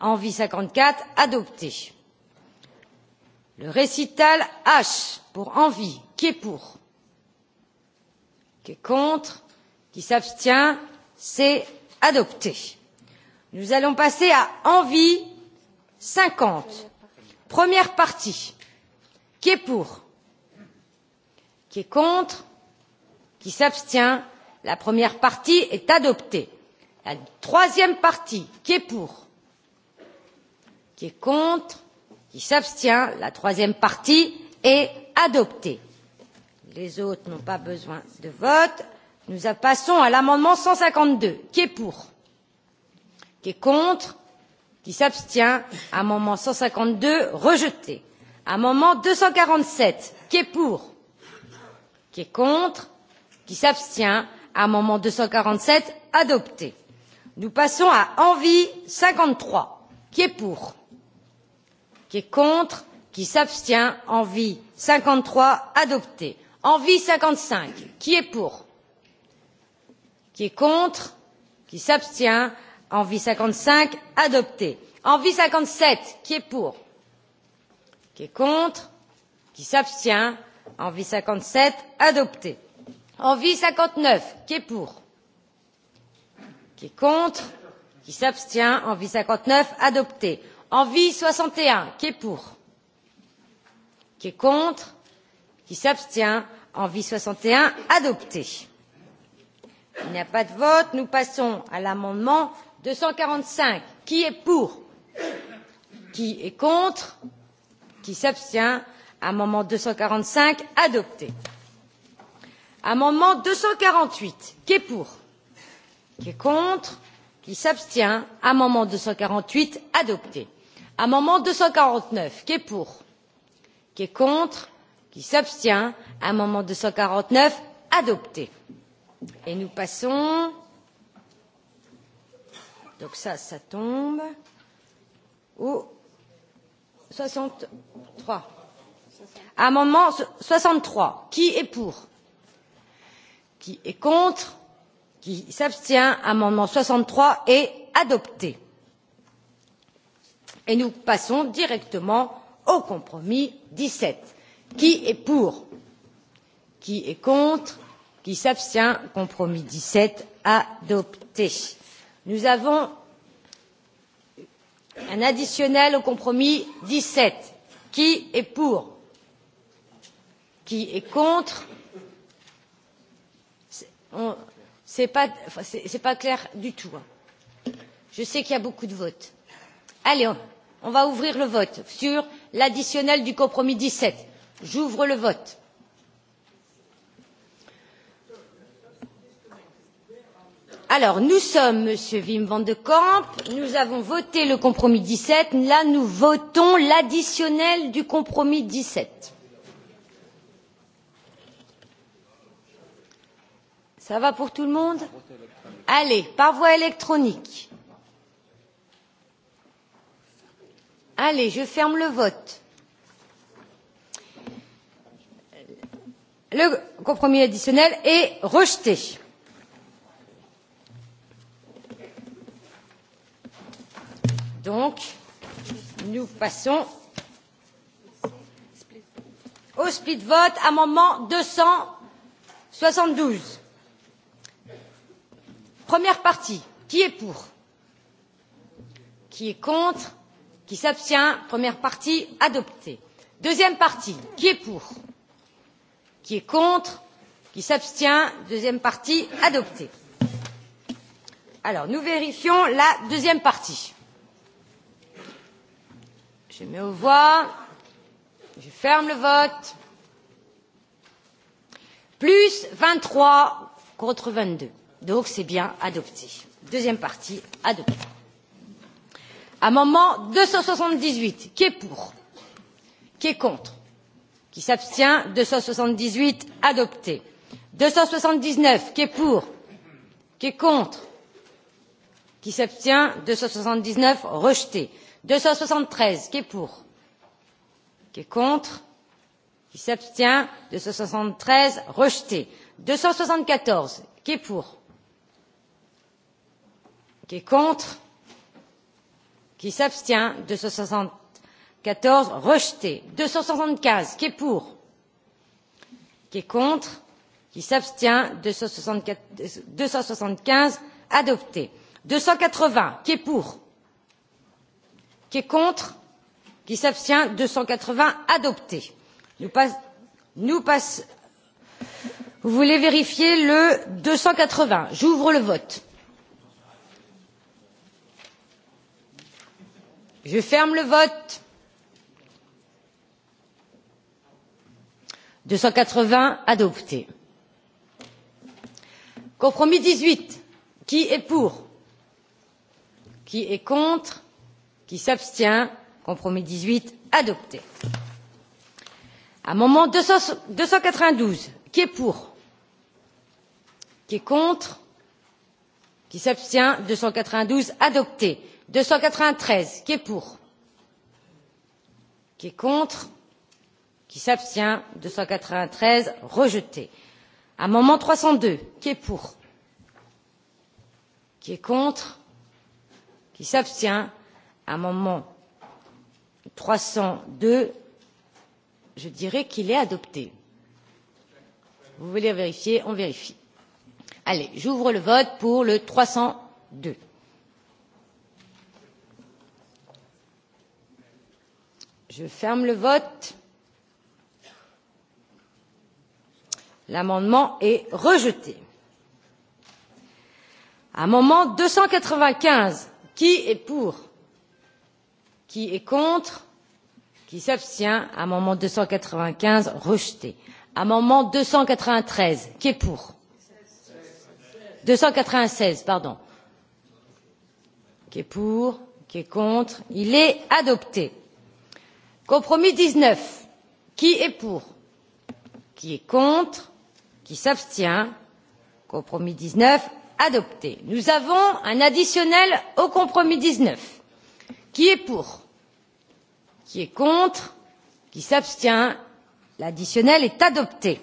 envie quatre, adopté. Le récital H pour envie qui est pour qui est contre qui s'abstient c'est adopté. nous allons passer à envie cinquante première partie qui est pour qui est contre qui s'abstient la première partie est adoptée. la troisième partie qui est pour qui est contre qui s'abstient la troisième partie est adoptée. Les autres n'ont pas besoin de vote. Nous passons à l'amendement 152. Qui est pour Qui est contre Qui s'abstient Amendement 152 rejeté. Amendement 247. Qui est pour Qui est contre Qui s'abstient Amendement 247 adopté. Nous passons à Envie 53. Qui est pour Qui est contre Qui s'abstient Envie 53 adopté Envie cinquante cinq, qui est pour Qui est contre Qui s'abstient Envie cinquante cinq, adopté. Envie cinquante sept, qui est pour Qui est contre Qui s'abstient Envie cinquante sept, adopté. Envie cinquante neuf, qui est pour Qui est contre Qui s'abstient Envie cinquante neuf, adopté. Envie soixante et un, qui est pour Qui est contre Qui s'abstient en vie soixante et un adopté. Il n'y a pas de vote. Nous passons à l'amendement deux cent quarante cinq. Qui est pour Qui est contre Qui s'abstient Amendement deux cent quarante cinq adopté. Amendement deux cent quarante huit. Qui est pour Qui est contre Qui s'abstient Amendement deux cent quarante huit adopté. Amendement deux cent quarante neuf. Qui est pour Qui est contre Qui s'abstient Amendement deux cent quarante neuf adopté. Et nous passons. Donc ça, ça tombe. Au soixante trois. Amendement soixante trois. Qui est pour Qui est contre Qui s'abstient Amendement soixante trois est adopté. Et nous passons directement au compromis dix sept. Qui est pour qui est contre qui s'abstient compromis dix sept adopté. nous avons un additionnel au compromis dix sept qui est pour qui est contre ce n'est pas clair du tout. je sais qu'il y a beaucoup de votes. allez on va ouvrir le vote sur l'additionnel du compromis dix sept j'ouvre le vote. alors nous sommes monsieur wim van de camp nous avons voté le compromis dix sept là nous votons l'additionnel du compromis dix sept ça va pour tout le monde allez par voie électronique allez je ferme le vote le compromis additionnel est rejeté. Donc, nous passons au split vote, amendement deux cent soixante douze. Première partie. Qui est pour Qui est contre Qui s'abstient Première partie adoptée. Deuxième partie. Qui est pour Qui est contre Qui s'abstient Deuxième partie adoptée. Alors, nous vérifions la deuxième partie. Je mets aux voix. Je ferme le vote. Plus 23 contre 22. Donc c'est bien adopté. Deuxième partie, adopté. Amendement 278. Qui est pour Qui est contre Qui s'abstient 278, adopté. 279, qui est pour Qui est contre Qui s'abstient 279, rejeté deux cent soixante treize qui est pour qui est contre qui s'abstient deux cent soixante treize rejeté deux cent soixante quatorze qui est pour qui est contre qui s'abstient deux cent soixante quatorze rejeté deux cent soixante quinze qui est pour qui est contre qui s'abstient deux cent soixante quinze adopté deux cent quatre vingts qui est pour qui est contre qui s'abstient deux cent quatre vingts adopté nous passons vous voulez vérifier le deux cent quatre vingts j'ouvre le vote je ferme le vote deux cent quatre vingts adopté compromis dix huit qui est pour qui est contre qui s'abstient compromis dix huit adopté amendement deux cent quatre vingt douze qui est pour qui est contre qui s'abstient deux cent quatre vingt douze adopté deux cent quatre vingt treize qui est pour qui est contre qui s'abstient deux cent quatre vingt treize rejeté amendement trois cent deux qui est pour qui est contre qui s'abstient amendement trois cent deux je dirais qu'il est adopté. vous voulez vérifier on vérifie. allez j'ouvre le vote pour le trois cent deux. je ferme le vote. l'amendement est rejeté. amendement deux cent quatre vingt quinze qui est pour? Qui est contre Qui s'abstient Amendement 295 rejeté. Amendement 293. Qui est pour 296, pardon. Qui est pour Qui est contre Il est adopté. Compromis 19. Qui est pour Qui est contre Qui s'abstient Compromis 19 adopté. Nous avons un additionnel au compromis 19 qui est pour qui est contre qui s'abstient l'additionnel est adopté.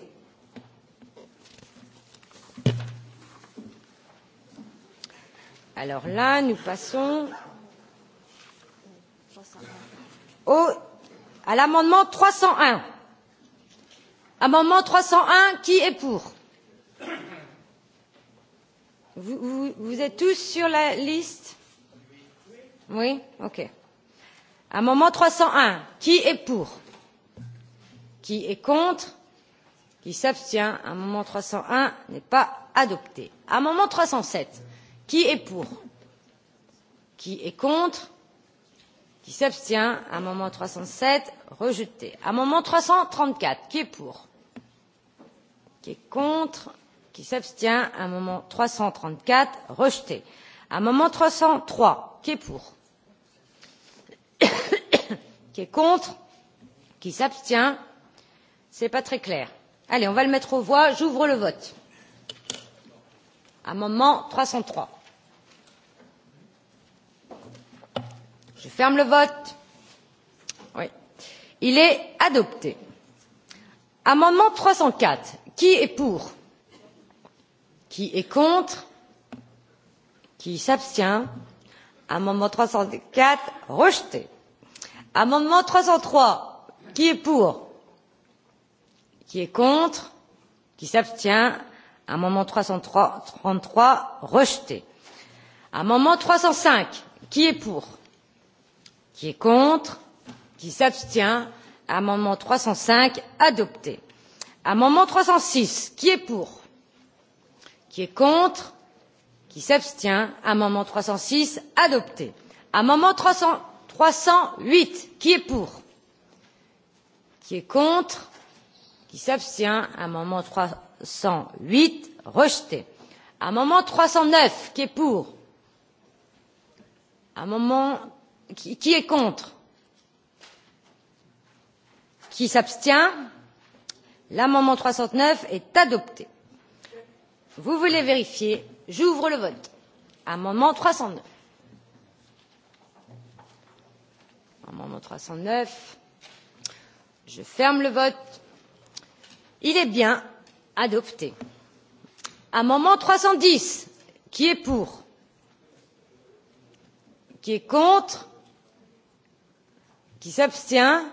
alors là nous passons au, à l'amendement trois cent un amendement trois cent un qui est pour vous, vous, vous êtes tous sur la liste Oui Ok. Amendement 301. Qui est pour Qui est contre Qui s'abstient Amendement 301 n'est pas adopté. Amendement 307. Qui est pour Qui est contre Qui s'abstient Amendement 307 rejeté. Amendement 334. Qui est pour Qui est contre Qui s'abstient Amendement 334 rejeté Amendement trois cent trois, qui est pour Qui est contre Qui s'abstient Ce n'est pas très clair. Allez, on va le mettre aux voix. J'ouvre le vote. Amendement trois cent trois. Je ferme le vote. Oui. Il est adopté. Amendement trois cent quatre. Qui est pour Qui est contre Qui s'abstient Amendement trois cent quatre rejeté. Amendement trois cent trois, qui est pour Qui est contre Qui s'abstient Amendement trois cent trente trois, rejeté. Amendement trois cent cinq, qui est pour Qui est contre Qui s'abstient Amendement trois cent cinq, adopté. Amendement trois cent six, qui est pour Qui est contre qui s'abstient amendement trois cent six adopté amendement trois cent huit qui est pour qui est contre qui s'abstient amendement trois cent huit rejeté amendement trois cent neuf qui est pour amendement qui est contre qui s'abstient l'amendement trois cent neuf est adopté vous voulez vérifier J'ouvre le vote. Amendement 309. Amendement 309. Je ferme le vote. Il est bien adopté. Amendement 310. Qui est pour Qui est contre Qui s'abstient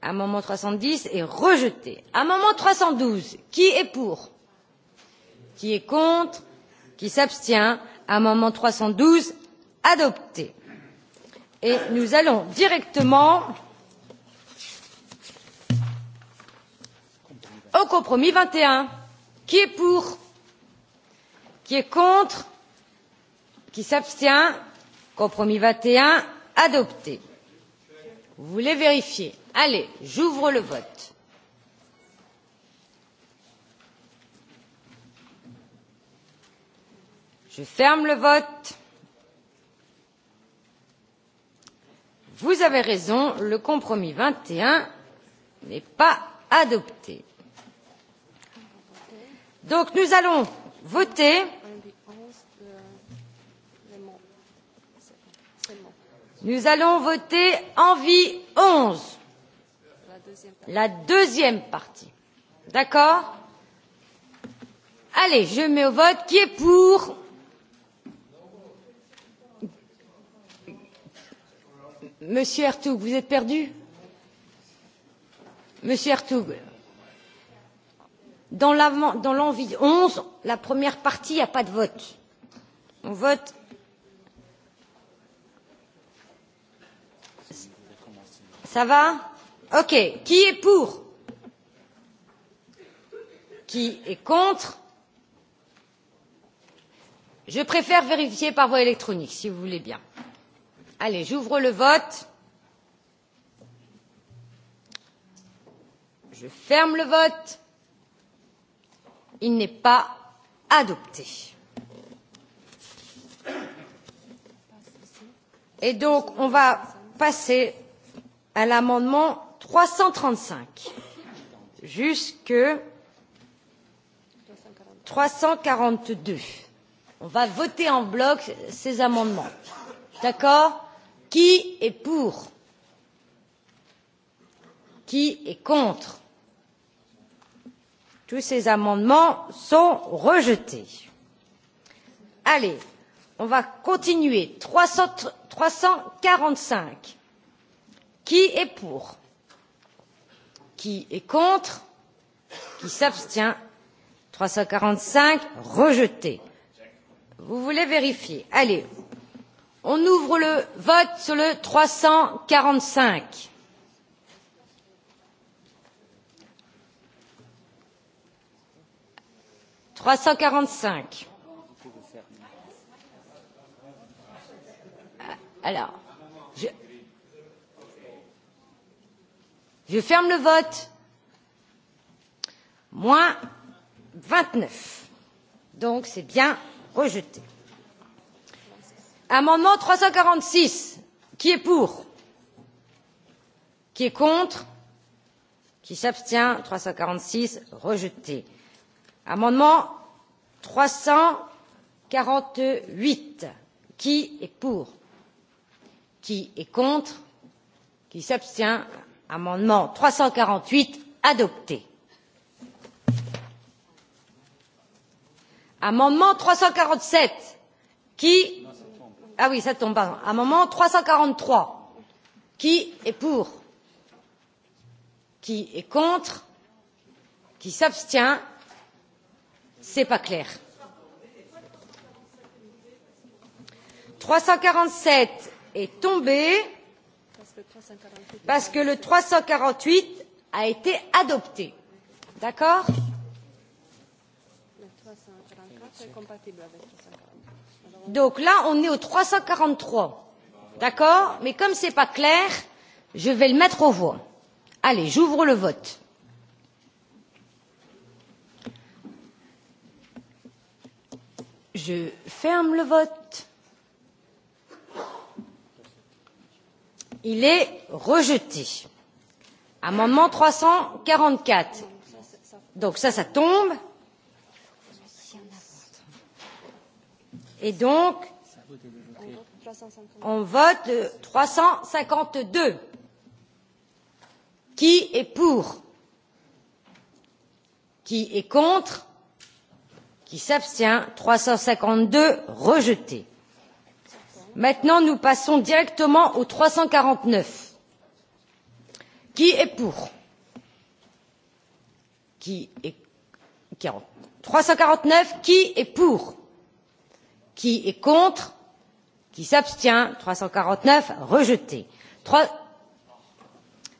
Amendement 310 est rejeté. Amendement 312. Qui est pour Qui est contre qui s'abstient amendement trois cent douze adopté et nous allons directement au compromis vingt et un qui est pour qui est contre qui s'abstient compromis vingt et un adopté vous voulez vérifier allez j'ouvre le vote Je ferme le vote. Vous avez raison, le compromis 21 n'est pas adopté. Donc nous allons voter. Nous allons voter envie 11, la deuxième partie. D'accord Allez, je mets au vote qui est pour monsieur ertug vous êtes perdu? monsieur ertug dans l'envi onze la première partie il n'y a pas de vote. on vote ça va? ok qui est pour? qui est contre? je préfère vérifier par voie électronique si vous voulez bien. Allez, j'ouvre le vote. Je ferme le vote. Il n'est pas adopté. Et donc, on va passer à l'amendement 335 jusque 342. On va voter en bloc ces amendements. D'accord Qui est pour Qui est contre Tous ces amendements sont rejetés. Allez, on va continuer. Trois cent quarante cinq. Qui est pour Qui est contre Qui s'abstient Trois cent quarante cinq rejeté. Vous voulez vérifier Allez, On ouvre le vote sur le trois cent quarante cinq. Trois cent quarante cinq. Alors, je... je ferme le vote. Moins vingt neuf. Donc c'est bien rejeté. Amendement trois cent quarante six, qui est pour? Qui est contre? Qui s'abstient? Trois cent quarante six rejeté. Amendement trois cent quarante huit, qui est pour? Qui est contre? Qui s'abstient? Amendement trois cent quarante huit adopté. Amendement trois cent quarante sept, qui Ah oui, ça tombe. Un moment, 343. Qui est pour Qui est contre Qui s'abstient C'est pas clair. 347 est tombé parce que le 348 a été adopté. D'accord Le 344 est compatible avec Donc là, on est au 343. D'accord Mais comme ce n'est pas clair, je vais le mettre aux voix. Allez, j'ouvre le vote. Je ferme le vote. Il est rejeté. Amendement 344. Donc ça, ça tombe. Et donc, on vote 352. Qui est pour Qui est contre Qui s'abstient 352 rejeté. Maintenant, nous passons directement au 349. Qui est pour Qui est 349 Qui est pour Qui est contre Qui s'abstient Trois cent quarante neuf rejeté.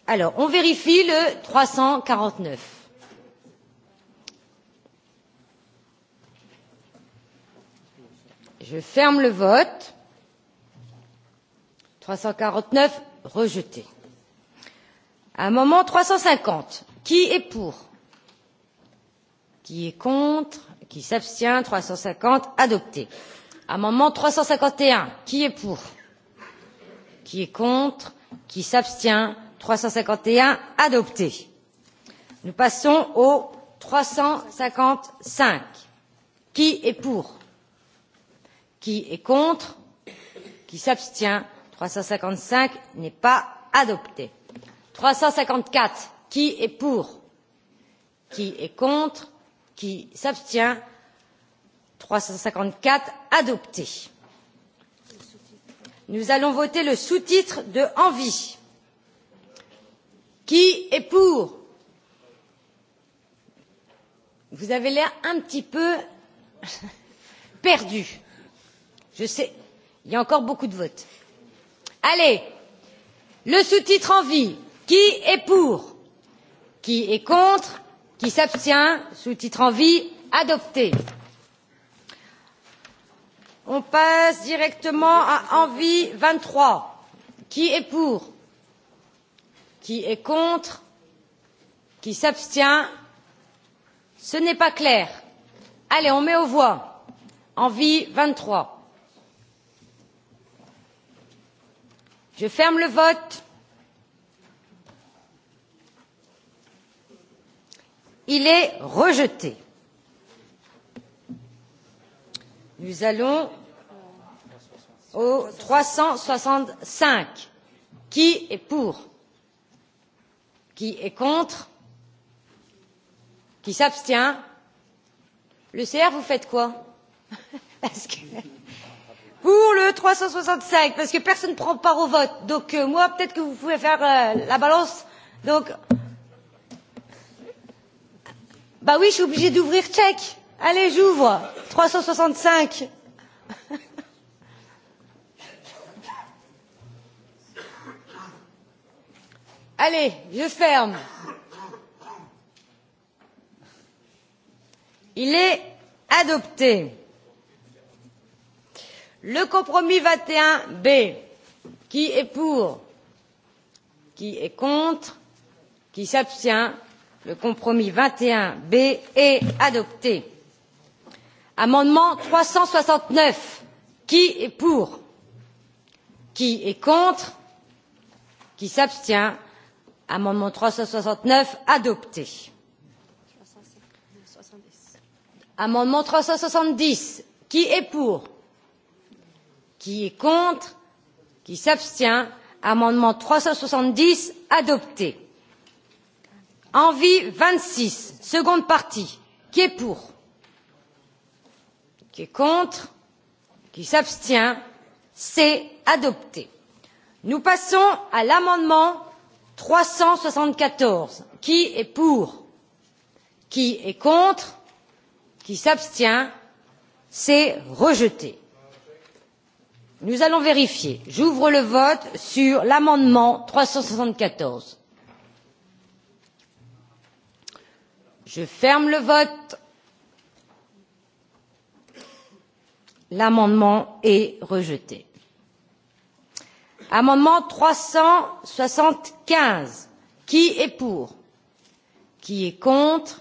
Alors, on vérifie le trois cent quarante neuf. Je ferme le vote. Trois cent quarante neuf rejeté. Amendement trois cent cinquante. Qui est pour Qui est contre Qui s'abstient Trois cent cinquante adopté. Amendement trois cent cinquante et un, qui est pour Qui est contre Qui s'abstient Trois cent cinquante et un adopté. Nous passons au trois cent cinquante cinq. Qui est pour Qui est contre Qui s'abstient Trois cent cinquante cinq n'est pas adopté. Trois cent cinquante quatre, qui est pour Qui est contre Qui s'abstient trois cent cinquante quatre adopté. nous allons voter le sous titre de envie qui est pour? vous avez l'air un petit peu perdu. je sais il y a encore beaucoup de votes. allez le sous titre envie qui est pour? qui est contre? qui s'abstient? sous titre envie adopté. On passe directement à Envie 23. Qui est pour Qui est contre Qui s'abstient Ce n'est pas clair. Allez, on met aux voix. Envie 23. Je ferme le vote. Il est rejeté. Nous allons au 365. Qui est pour Qui est contre Qui s'abstient Le CR, vous faites quoi Parce que... Pour le 365, parce que personne ne prend part au vote. Donc euh, moi, peut-être que vous pouvez faire euh, la balance. Donc, bah oui, je suis obligée d'ouvrir tchèque. Allez, j'ouvre. 365. Allez, je ferme. Il est adopté. Le compromis 21B. Qui est pour Qui est contre Qui s'abstient Le compromis 21B est adopté amendement trois cent soixante neuf qui est pour qui est contre qui s'abstient amendement trois cent soixante neuf adopté amendement trois cent soixante dix qui est pour qui est contre qui s'abstient amendement trois cent soixante dix adopté envi vingt six seconde partie qui est pour qui est contre, qui s'abstient, c'est adopté. Nous passons à l'amendement trois cent soixante quatorze qui est pour? qui est contre? qui s'abstient? c'est rejeté. nous allons vérifier. j'ouvre le vote sur l'amendement trois cent soixante quatorze. je ferme le vote. L'amendement est rejeté. Amendement trois cent soixante quinze. Qui est pour Qui est contre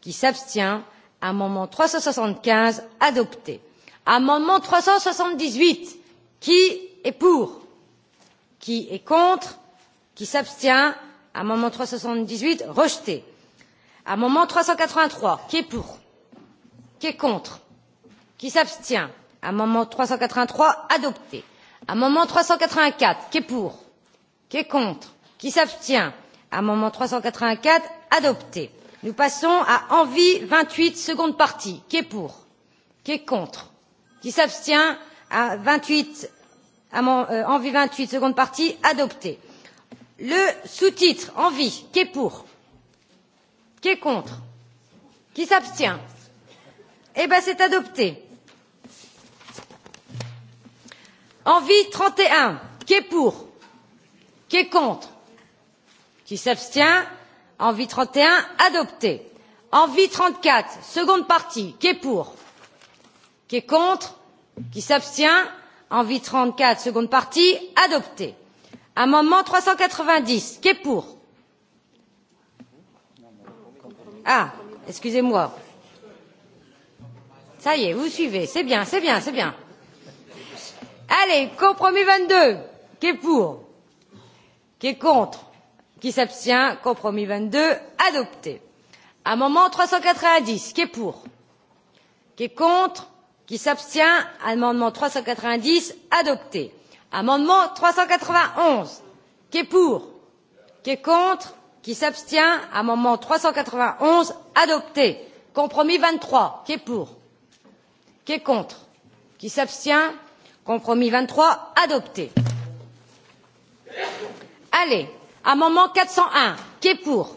Qui s'abstient Amendement trois cent soixante quinze adopté. Amendement trois cent soixante dix huit. Qui est pour Qui est contre Qui s'abstient Amendement trois cent soixante dix huit rejeté. Amendement trois cent quatre-vingt-trois. Qui est pour Qui est contre Qui s'abstient Amendement trois cent quatre-vingt-trois, adopté. Amendement trois cent quatre-vingt-quatre, qui est pour Qui est contre Qui s'abstient Amendement trois cent quatre-vingt-quatre adopté. Nous passons à Envie vingt-huit seconde partie. Qui est pour Qui est contre Qui s'abstient à vingt-huit seconde partie adopté. Le sous-titre Envie qui est pour Qui est contre Qui s'abstient Eh bien, c'est adopté. Envie trente et un, qui est pour Qui est contre Qui s'abstient Envie un, adopté. Envie trente quatre, seconde partie, qui est pour Qui est contre Qui s'abstient Envie quatre, seconde partie, adopté. Amendement trois cent quatre-vingt-dix, qui est pour Ah, excusez-moi. Ça y est, vous suivez, c'est bien, c'est bien, c'est bien. Allez, compromis 22. Qui est pour Qui est contre Qui s'abstient Compromis 22, adopté. Amendement 390, qui est pour Qui est contre Qui s'abstient Amendement 390, adopté. Amendement 391, qui est pour Qui est contre Qui s'abstient Amendement 391, adopté. Compromis 23, qui est pour Qui est contre Qui s'abstient Compromis vingt trois adopté. Allez, amendement quatre cent un, qui est pour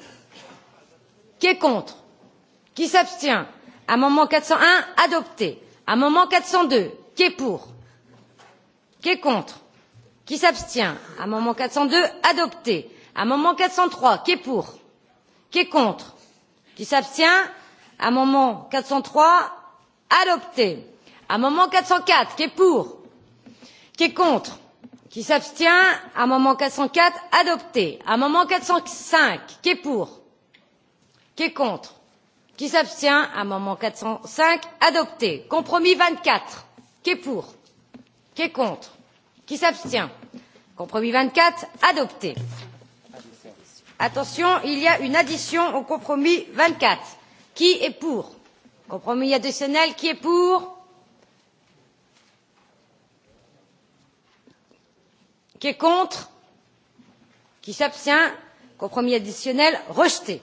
Qui est contre Qui s'abstient Amendement quatre cent un adopté. Amendement quatre cent deux, qui est pour Qui est contre Qui s'abstient Amendement quatre cent deux adopté. Amendement quatre cent trois, qui est pour Qui est contre Qui s'abstient Amendement quatre cent trois adopté. Amendement quatre cent quatre, qui est pour qui est contre qui s'abstient amendement quatre cent quatre adopté amendement quatre cent cinq qui est pour qui est contre qui s'abstient amendement quatre cent cinq adopté compromis vingt quatre qui est pour qui est contre qui s'abstient compromis vingt quatre adopté attention il y a une addition au compromis vingt quatre qui est pour compromis additionnel qui est pour qui est contre qui s'abstient compromis additionnel rejeté.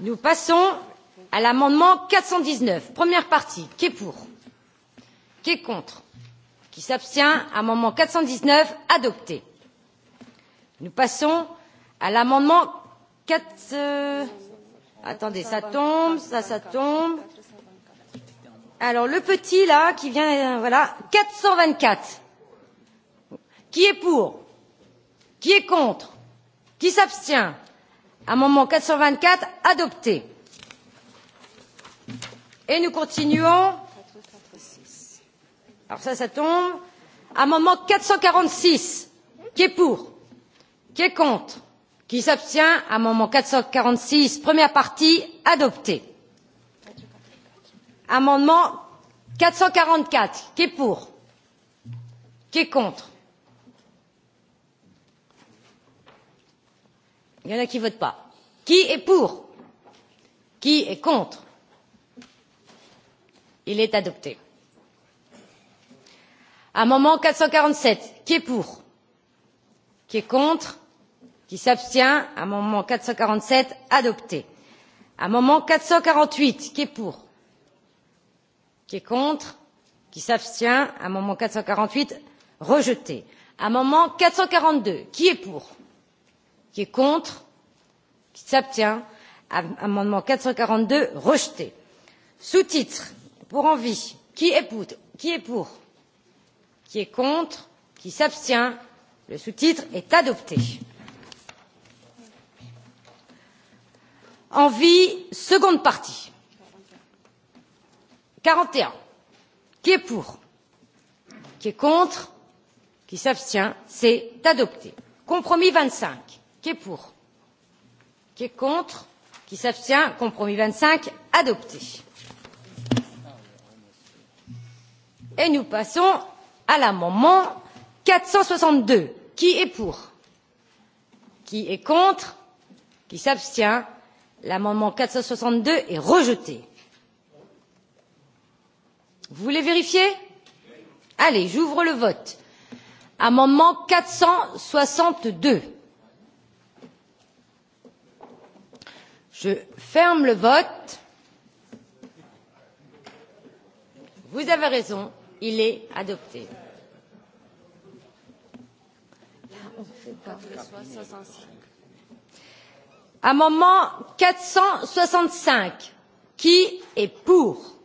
nous passons à l'amendement quatre cent dix neuf première partie qui est pour qui est contre qui s'abstient amendement quatre cent dix neuf adopté. nous passons à l'amendement quatre attendez ça tombe ça ça tombe Alors, le petit, là, qui vient, voilà, 424. Qui est pour Qui est contre Qui s'abstient Amendement 424, adopté. Et nous continuons. Alors ça, ça tombe. Amendement 446. Qui est pour Qui est contre Qui s'abstient Amendement 446, première partie, adoptée Amendement quatre cent quarante quatre, qui est pour Qui est contre Il y en a qui ne votent pas. Qui est pour Qui est contre Il est adopté. Amendement quatre cent quarante sept, qui est pour Qui est contre Qui s'abstient Amendement quatre cent quarante sept adopté. Amendement quatre cent quarante huit, qui est pour qui est contre qui s'abstient amendement quatre cent quarante huit rejeté amendement quatre cent quarante deux qui est pour qui est contre qui s'abstient amendement quatre cent quarante deux rejeté sous titre pour envie qui est pour qui est contre qui s'abstient le sous titre est adopté. envie seconde partie quarante et un qui est pour qui est contre qui s'abstient c'est adopté compromis vingt cinq qui est pour qui est contre qui s'abstient compromis vingt cinq adopté et nous passons à l'amendement quatre cent soixante deux qui est pour qui est contre qui s'abstient l'amendement quatre cent soixante deux est rejeté Vous voulez vérifier Allez, j'ouvre le vote. Amendement quatre cent deux Je ferme le vote. Vous avez raison, il est adopté. Amendement quatre cent soixante cinq, Qui est pour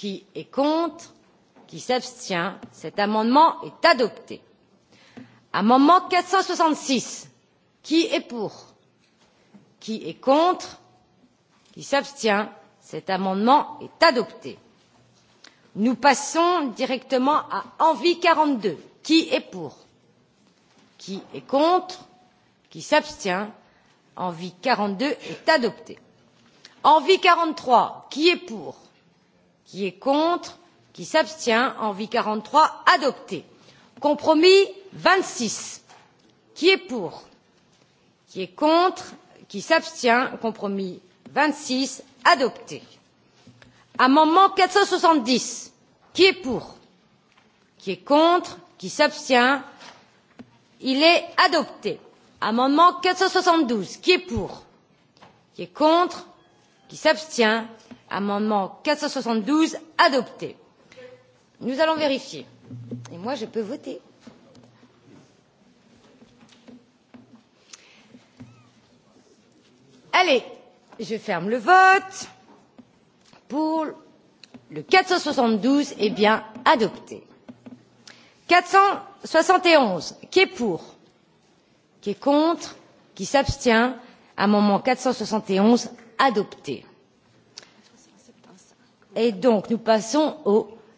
qui est contre qui s'abstient cet amendement est adopté amendement quatre cent soixante six qui est pour qui est contre qui s'abstient cet amendement est adopté nous passons directement à envi quarante deux qui est pour qui est contre qui s'abstient envi quarante deux est adopté envi quarante trois qui est pour qui est contre qui s'abstient envi quarante trois adopté compromis vingt six qui est pour qui est contre qui s'abstient compromis vingt six adopté amendement quatre cent soixante dix qui est pour qui est contre qui s'abstient il est adopté amendement quatre cent soixante douze qui est pour qui est contre Qui s'abstient Amendement quatre cent soixante douze adopté. Nous allons vérifier. Et moi, je peux voter. Allez, je ferme le vote. Pour le quatre cent soixante douze est bien adopté. Quatre cent soixante et onze, qui est pour Qui est contre Qui s'abstient Amendement quatre cent soixante et onze adopté. Et donc, nous passons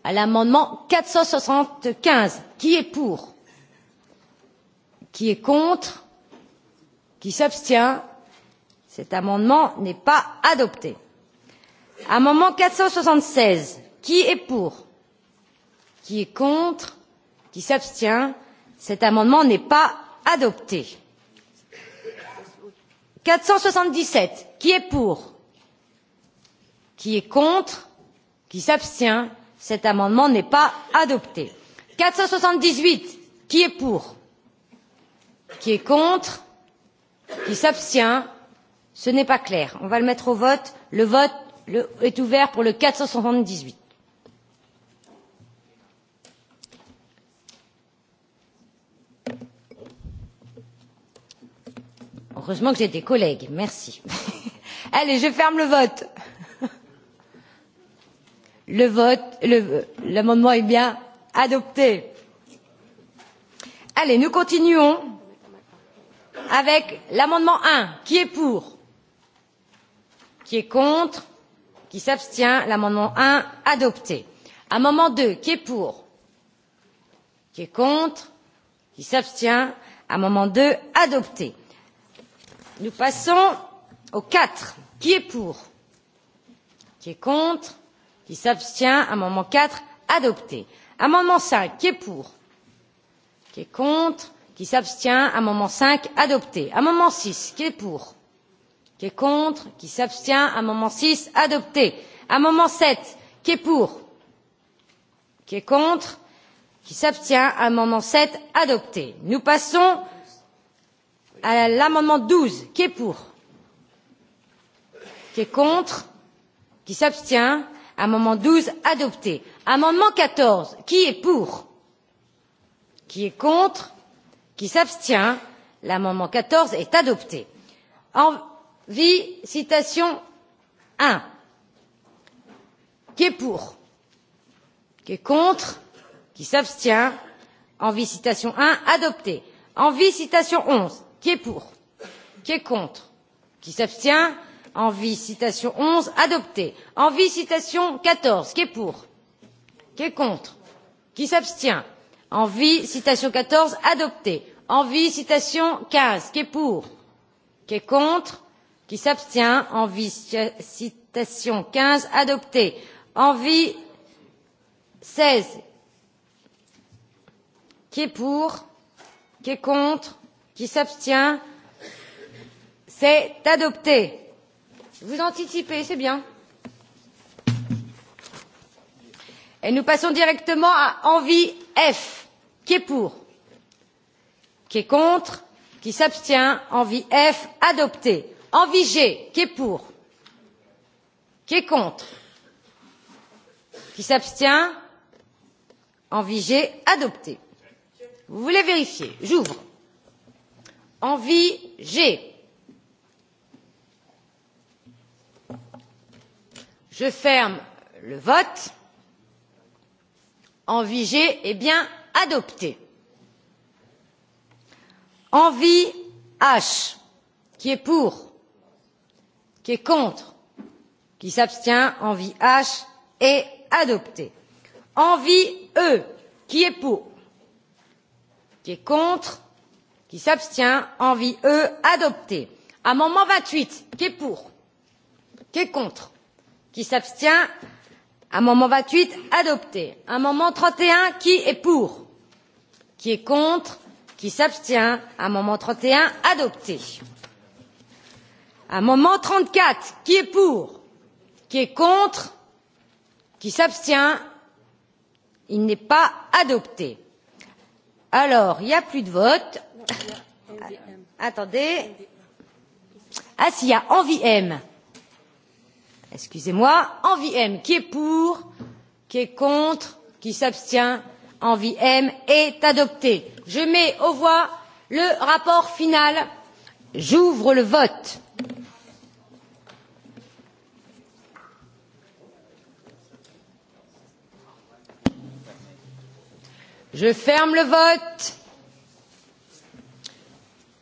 à l'amendement quatre cent soixante quinze. Qui est pour Qui est contre Qui s'abstient Cet amendement n'est pas adopté. Amendement quatre cent soixante seize, Qui est pour Qui est contre Qui s'abstient Cet amendement n'est pas adopté. Quatre cent soixante dix sept qui est pour qui est contre qui s'abstient cet amendement n'est pas adopté quatre cent soixante dix huit qui est pour qui est contre qui s'abstient ce n'est pas clair on va le mettre au vote le vote est ouvert pour le quatre cent soixante dix huit heureusement que j'ai des collègues merci. Allez, je ferme le vote. Le vote, l'amendement est bien adopté. Allez, nous continuons avec l'amendement 1. Qui est pour Qui est contre Qui s'abstient L'amendement 1 adopté. Amendement 2. Qui est pour Qui est contre Qui s'abstient Amendement 2 adopté. Nous passons Au quatre, qui est pour Qui est contre Qui s'abstient Amendement quatre, adopté. Amendement cinq, qui est pour Qui est contre Qui s'abstient Amendement cinq, adopté. Amendement six, qui est pour Qui est contre Qui s'abstient Amendement six, adopté. Amendement sept, qui est pour Qui est contre Qui s'abstient Amendement sept, adopté. Nous passons à l'amendement douze, qui est pour qui est contre qui s'abstient amendement douze adopté amendement quatorze qui est pour qui est contre qui s'abstient l'amendement quatorze est adopté envie citation un qui est pour qui est contre qui s'abstient envie citation un adopté envie citation onze qui est pour qui est contre qui s'abstient envie citation onze adopté envie citation quatorze qui est pour qui est contre qui s'abstient envie citation quatorze adopté envie citation quinze qui est pour qui est contre qui s'abstient envie citation quinze adopté envie seize qui est pour qui est contre qui s'abstient c'est adopté Vous anticipez, c'est bien. Et nous passons directement à envie F. Qui est pour Qui est contre Qui s'abstient Envie F adopté. Envie G. Qui est pour Qui est contre Qui s'abstient Envie G adopté. Vous voulez vérifier J'ouvre. Envie G. je ferme le vote envisagé est bien adopté. envie h qui est pour qui est contre qui s'abstient envie h est adopté. envie e qui est pour qui est contre qui s'abstient envie e adopté. amendement vingt huit qui est pour qui est contre qui s'abstient amendement vingt huit adopté amendement trente et un qui est pour qui est contre qui s'abstient amendement trente et un adopté amendement trente quatre qui est pour qui est contre qui s'abstient il n'est pas adopté alors il n'y a plus de vote attendez ah si il y a envie m excusez-moi, Envie M qui est pour, qui est contre, qui s'abstient, envie M est adopté. Je mets aux voix le rapport final. J'ouvre le vote. Je ferme le vote.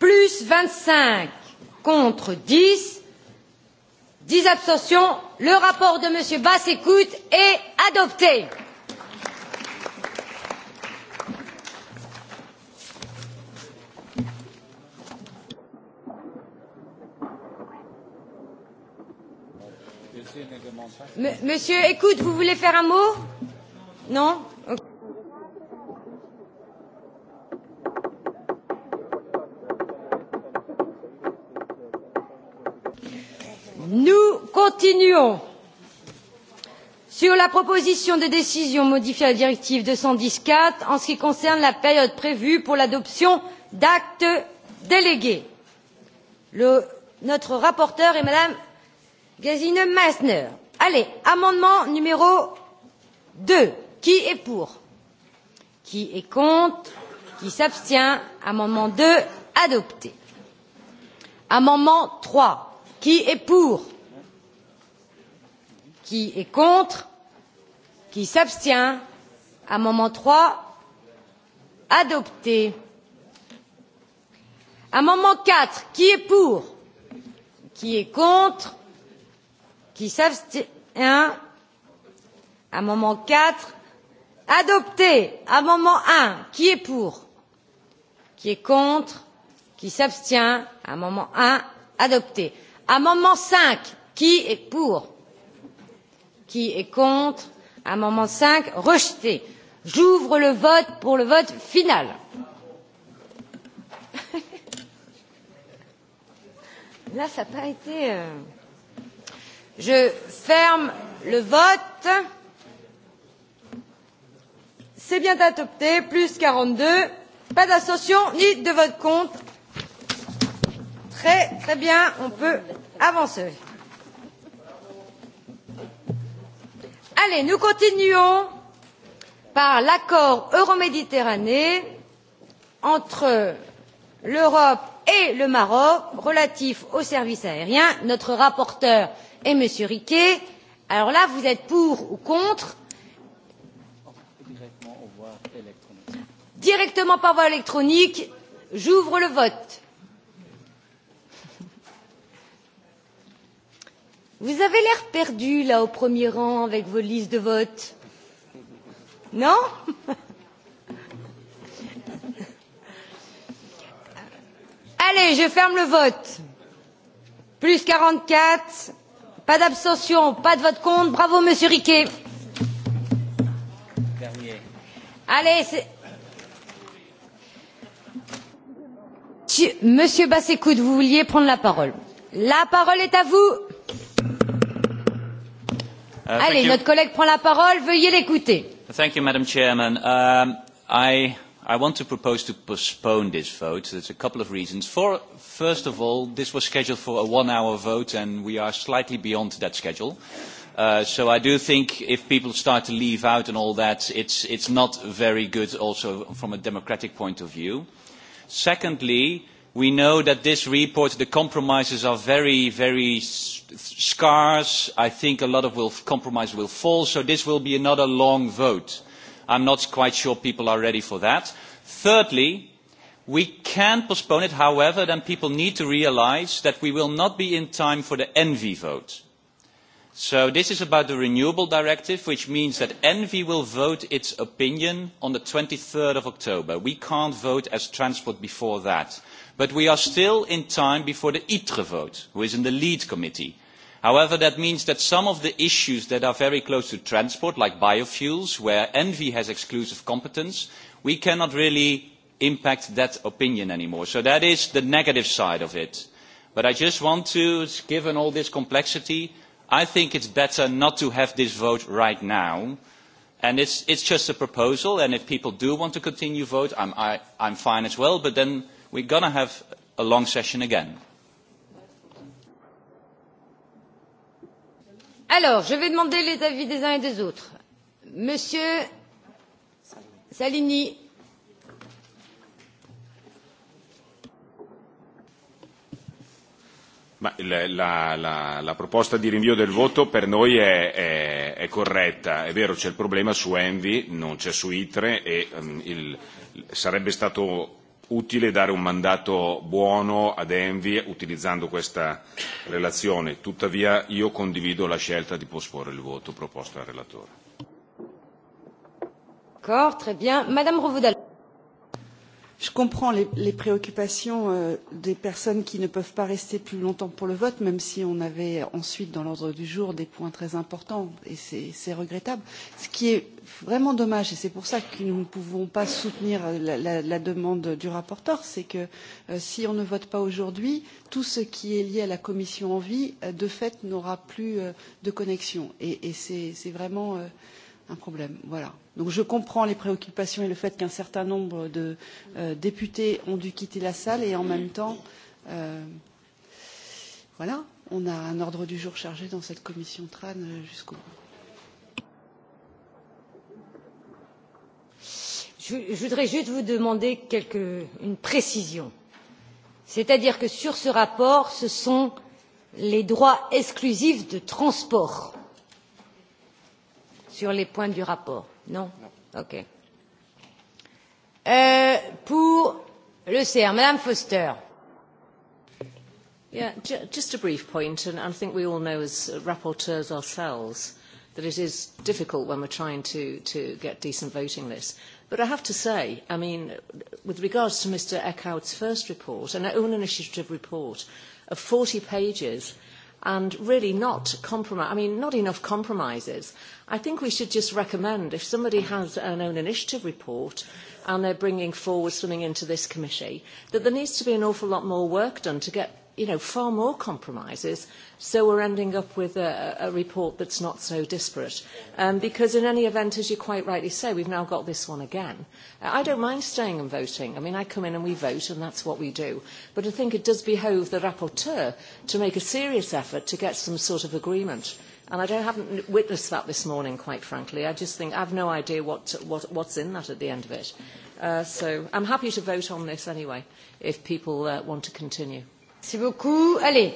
Plus vingt cinq contre dix dix abstentions le rapport de m. bas écout est adopté. monsieur écoute vous voulez faire un mot? non? Nous continuons sur la proposition de décision modifiant la directive deux cent dix quatre en ce qui concerne la période prévue pour l'adoption d'actes délégués. notre rapporteure est mme gesine meissner. allez amendement numéro deux qui est pour? qui est contre? qui s'abstient? amendement deux adopté. amendement trois qui est pour qui est contre qui s'abstient amendement trois adopté amendement quatre qui est pour qui est contre qui s'abstient amendement quatre adopté amendement un qui est pour qui est contre qui s'abstient amendement un adopté Amendement cinq, qui est pour Qui est contre Amendement cinq, rejeté. J'ouvre le vote pour le vote final. Là, ça n'a pas été. Je ferme le vote. C'est bien adopté, plus deux. Pas d'abstention ni de vote contre. très bien, on peut Avancez. Allez, nous continuons par l'accord euroméditerranée entre l'Europe et le Maroc relatif aux services aériens. Notre rapporteur est M. Riquet. Alors là, vous êtes pour ou contre Directement par voie électronique, j'ouvre le vote. Vous avez l'air perdu là au premier rang avec vos listes de vote. Non Allez, je ferme le vote. Plus 44, pas d'abstention, pas de vote contre. Bravo, monsieur Riquet. Dernier. Allez, c'est... Monsieur Bassécoute, vous vouliez prendre la parole. La parole est à vous. Allez, notre collègue prend la parole, veuillez l'écouter. Thank you, Madam Chairman. Um, I, I want to propose to postpone this vote. There's a couple of reasons. For, first of all, this was scheduled for a one-hour vote, and we are slightly beyond that schedule. Uh, so I do think if people start to leave out and all that, it's, it's not very good also from a democratic point of view. Secondly, we know that this report, the compromises are very, very scarce. I think a lot of will, compromise will fall, so this will be another long vote. I'm not quite sure people are ready for that. Thirdly, we can postpone it. However, then people need to realise that we will not be in time for the ENVI vote. So this is about the renewable directive, which means that ENVI will vote its opinion on the 23rd of October. We can't vote as transport before that but we are still in time before the itre vote which is in the lead committee. however that means that some of the issues that are very close to transport like biofuels where envi has exclusive competence we cannot really impact that opinion anymore so that is the negative side of it but i just want to given all this complexity i think it is better not to have this vote right now and it is just a proposal and if people do want to continue voting i am fine as well but then We're going to have a long session again. Alors, je vais demander les avis des uns et des autres. Monsieur Salini. Ma la, la, la proposta di rinvio del voto per noi è, è, è corretta, è vero c'è il problema su Envi, non c'è su ITRE e um, il, sarebbe stato utile dare un mandato buono ad Envi utilizzando questa relazione. Tuttavia io condivido la scelta di posporre il voto proposto dal relatore. Je comprends les, préoccupations des personnes qui ne peuvent pas rester plus longtemps pour le vote, même si on avait ensuite dans l'ordre du jour des points très importants, et c'est regrettable. Ce qui est vraiment dommage, et c'est pour cela que nous ne pouvons pas soutenir la, demande du rapporteur, c'est que si on ne vote pas aujourd'hui, tout ce qui est lié à la commission envie, de fait, n'aura plus de connexion. Et, c'est vraiment un problème. Voilà. Donc je comprends les préoccupations et le fait qu'un certain nombre de députés ont dû quitter la salle et en même temps, voilà, on a un ordre du jour chargé dans cette commission TRAN jusqu'au bout. Je, voudrais juste vous demander une précision. C'est-à-dire que sur ce rapport, ce sont les droits exclusifs de transport sur les points du rapport Non Ok. Euh, pour le CR, Madame Foster. Yeah, j just a brief point, and I think we all know as rapporteurs ourselves that it is difficult when we're trying to, to get decent voting lists. But I have to say, I mean, with regards to Mr Eckhout's first report, an own initiative report of 40 pages, and really not compromise. I mean, not enough compromises. I think we should just recommend if somebody has an own initiative report and they're bringing forward something into this committee, that there needs to be an awful lot more work done to get you know, far more compromises, so we're ending up with a, a report that's not so disparate. Um, because in any event, as you quite rightly say, we've now got this one again. I don't mind staying and voting. I mean, I come in and we vote, and that's what we do. But I think it does behove the rapporteur to make a serious effort to get some sort of agreement. And I don't, haven't witnessed that this morning, quite frankly. I just think I have no idea what, what, what's in that at the end of it. Uh, so I'm happy to vote on this anyway, if people uh, want to continue. Merci beaucoup. Allez.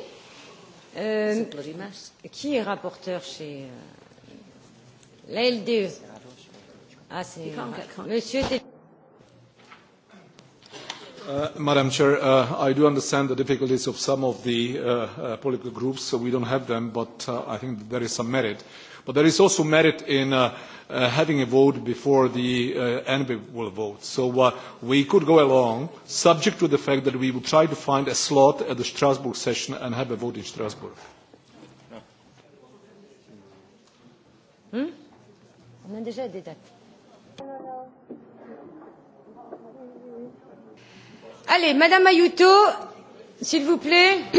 qui est rapporteur chez ah, c'est Monsieur. Uh, Madam Chair, uh, I do understand the difficulties of some of the uh, uh, political groups, so we don't have them, but uh, I think there is some merit. Uh, But there is also merit in having a vote before the NB will vote. So we could go along, subject to the fact that we will try to find a slot at the Strasbourg session and have a vote in Strasbourg. On a déjà des dates. Allez, Madame Ayuto, S'il vous plaît,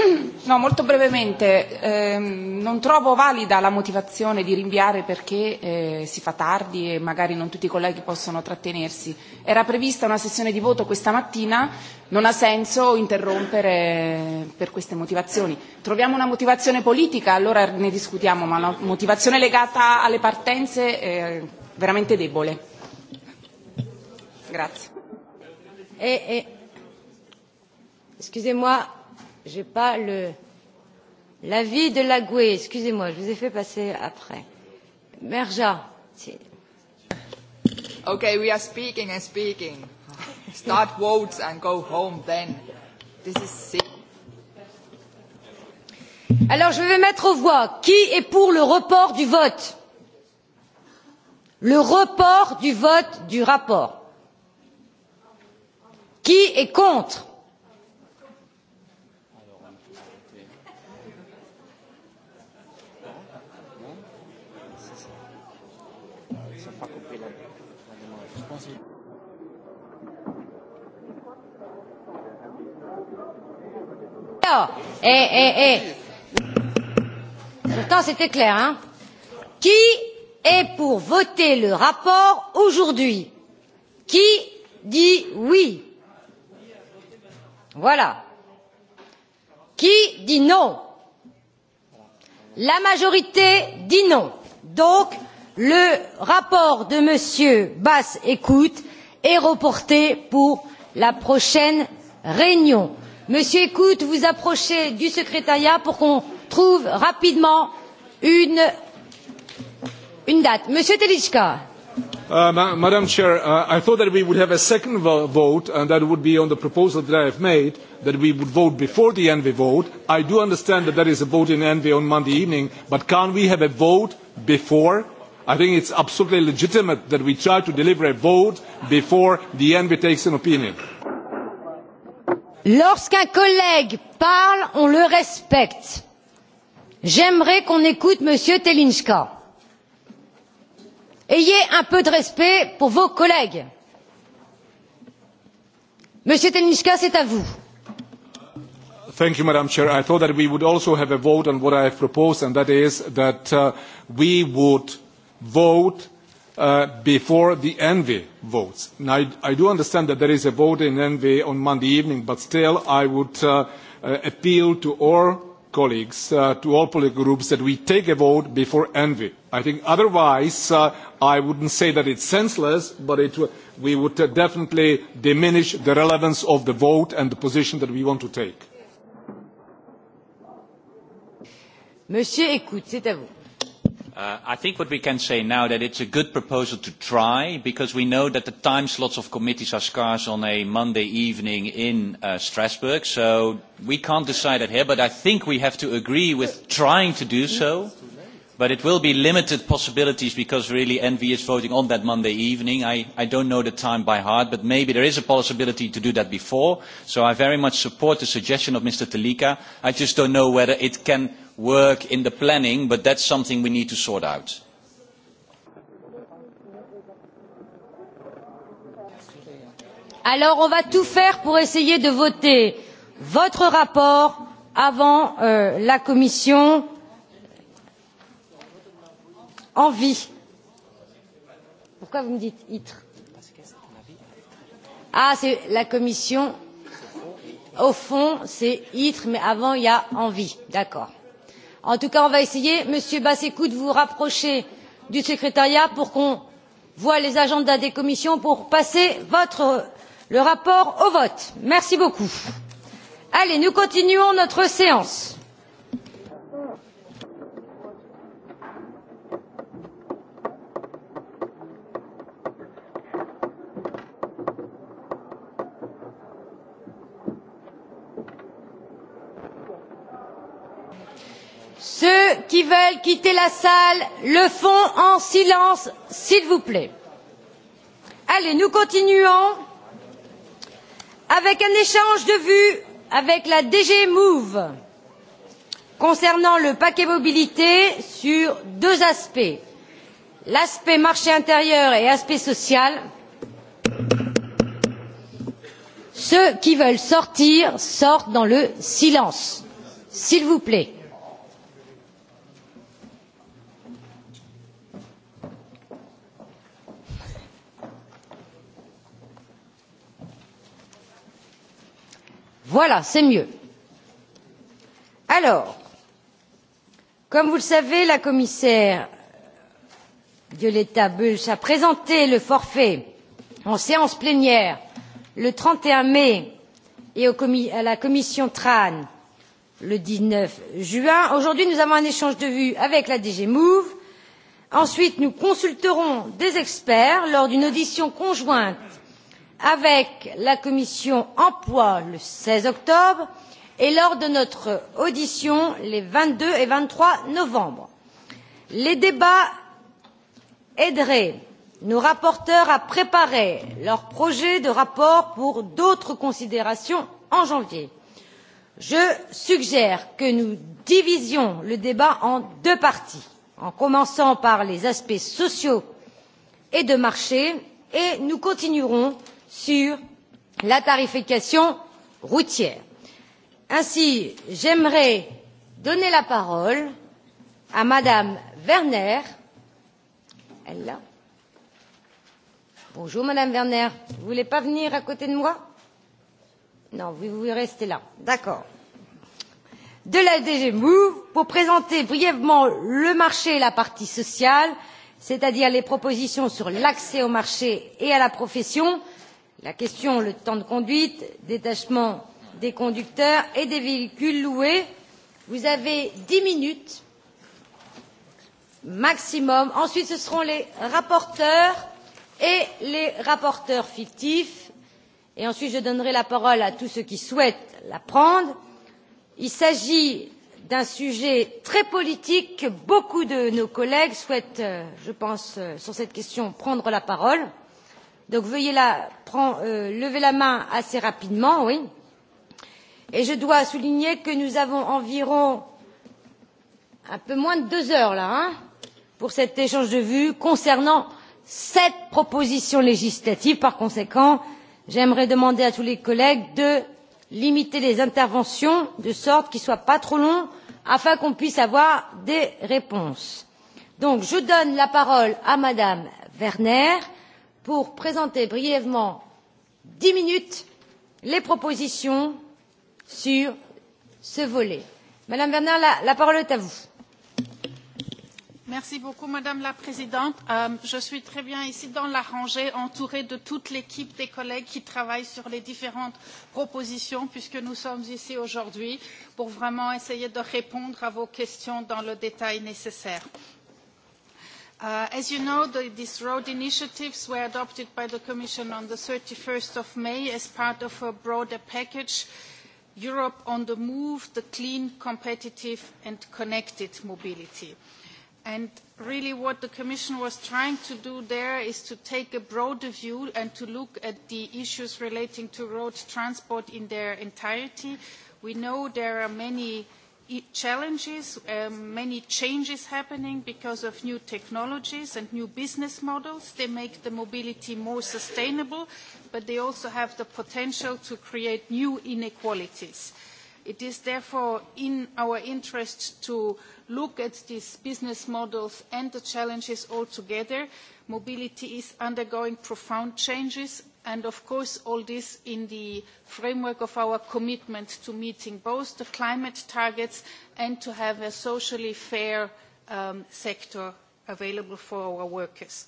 no, molto brevemente, eh, non trovo valida la motivazione di rinviare perché eh, si fa tardi e magari non tutti i colleghi possono trattenersi. Era prevista una sessione di voto questa mattina, non ha senso interrompere per queste motivazioni. Troviamo una motivazione politica, allora ne discutiamo, ma una motivazione legata alle partenze è veramente debole. Grazie. E, e Excusez-moi, je n'ai pas le l'avis de la GUE. Excusez-moi, je vous ai fait passer après. Merja. Okay, we are speaking and speaking. Start votes and go home then. This is sick. Alors je vais mettre aux voix qui est pour le report du vote Le report du vote du rapport. Qui est contre Eh, eh, eh. Pourtant, c'était clair, hein Qui est pour voter le rapport aujourd'hui Qui dit oui Voilà. Qui dit non La majorité dit non. Donc, le rapport de M. Bass écoute est reporté pour la prochaine réunion Monsieur Kout, vous approchez du secrétariat pour qu'on trouve rapidement une, date. Monsieur Telichka. Madam Chair, I thought that we would have a second vote, and that would be on the proposal that I have made, that we would vote before the ENVI vote. I do understand that there is a vote in ENVI on Monday evening, but can't we have a vote before? I think it's absolutely legitimate that we try to deliver a vote before the ENVI takes an opinion lorsqu'un collègue parle on le respecte. j'aimerais qu'on écoute m. telika. ayez un peu de respect pour vos collègues. m. telika c'est à vous. Thank you, Madam Chair. I thought that we would also have a vote on what I have proposed, and that is that we would vote before the ENVI votes. Now, I do understand that there is a vote in ENVI on Monday evening, but still I would appeal to all colleagues, to all political groups, that we take a vote before ENVI. I think otherwise I wouldn't say that it's senseless, but it, we would definitely diminish the relevance of the vote and the position that we want to take. Monsieur, écoute, c'est à vous. I think what we can say now that it's a good proposal to try because we know that the time slots of committees are scarce on a Monday evening in Strasbourg. So we can't decide it here, but I think we have to agree with trying to do so. But it will be limited possibilities because really NV is voting on that Monday evening. I, I don't know the time by heart, but maybe there is a possibility to do that before. So I very much support the suggestion of Mr. Telika. I just don't know whether it can work in the planning, but that's something we need to sort out. Alors on va tout faire pour essayer de voter votre rapport avant la commission en vie. Pourquoi vous me dites ITRE Ah, c'est la commission. Au fond, c'est ITRE, mais avant, il y a envie. D'accord en tout cas on va essayer monsieur bsescu de vous rapprocher du secrétariat pour qu'on voie les agendas des commissions pour passer le rapport au vote. merci beaucoup. allez nous continuons notre séance. Ceux qui veulent quitter la salle le font en silence, s'il vous plaît. Allez, nous continuons avec un échange de vues avec la DG Move concernant le paquet mobilité sur deux aspects l'aspect marché intérieur et l'aspect social. Ceux qui veulent sortir sortent dans le silence, s'il vous plaît. Voilà, c'est mieux. Alors, comme vous le savez, la commissaire Violeta Bush a présenté le forfait en séance plénière le trente et un mai et à la commission tran le dix neuf juin. aujourd'hui nous avons un échange de vues avec la dg move ensuite nous consulterons des experts lors d'une audition conjointe avec la commission de l'emploi le seize octobre et lors de notre audition les vingt deux et vingt trois novembre. les débats aideraient nos rapporteurs à préparer leur projet de rapport pour d'autres considérations en janvier. je suggère que nous divisions le débat en deux parties en commençant par les aspects sociaux et de marché et nous continuerons sur la tarification routière. ainsi j'aimerais donner la parole à mme werner elle est là bonjour madame werner vous ne voulez pas venir à côté de moi non vous voulez rester là d'accord de la dg move pour présenter brièvement le marché et la partie sociale c'est à dire les propositions sur l'accès au marché et à la profession la question le temps de conduite, détachement des conducteurs et des véhicules loués. Vous avez dix minutes maximum. Ensuite, ce seront les rapporteurs et les rapporteurs fictifs. Et ensuite, je donnerai la parole à tous ceux qui souhaitent la prendre. Il s'agit d'un sujet très politique que beaucoup de nos collègues souhaitent, je pense, sur cette question, prendre la parole. Donc veuillez la, prend, euh, lever la main assez rapidement, oui. Et je dois souligner que nous avons environ un peu moins de deux heures là, hein, pour cet échange de vues concernant sept propositions législatives. Par conséquent, j'aimerais demander à tous les collègues de limiter les interventions de sorte qu'ils ne soient pas trop longs afin qu'on puisse avoir des réponses. Donc, je donne la parole à Madame Werner pour présenter brièvement dix minutes les propositions sur ce volet. madame werner la parole est à vous. madame la présidente je suis très bien ici dans la rangée entourée de toute l'équipe des collègues qui travaillent sur les différentes propositions puisque nous sommes ici aujourd'hui pour vraiment essayer de répondre à vos questions dans le détail nécessaire as you know, these road initiatives were adopted by the Commission on the 31st of May as part of a broader package, Europe on the Move, the Clean, Competitive and Connected Mobility. And really what the Commission was trying to do there is to take a broader view and to look at the issues relating to road transport in their entirety. We know there are many challenges, many changes happening because of new technologies and new business models. They make the mobility more sustainable, but they also have the potential to create new inequalities. It is therefore in our interest to look at these business models and the challenges all together. Mobility is undergoing profound changes and of course all this in the framework of our commitment to meeting both the climate targets and to have a socially fair sector available for our workers.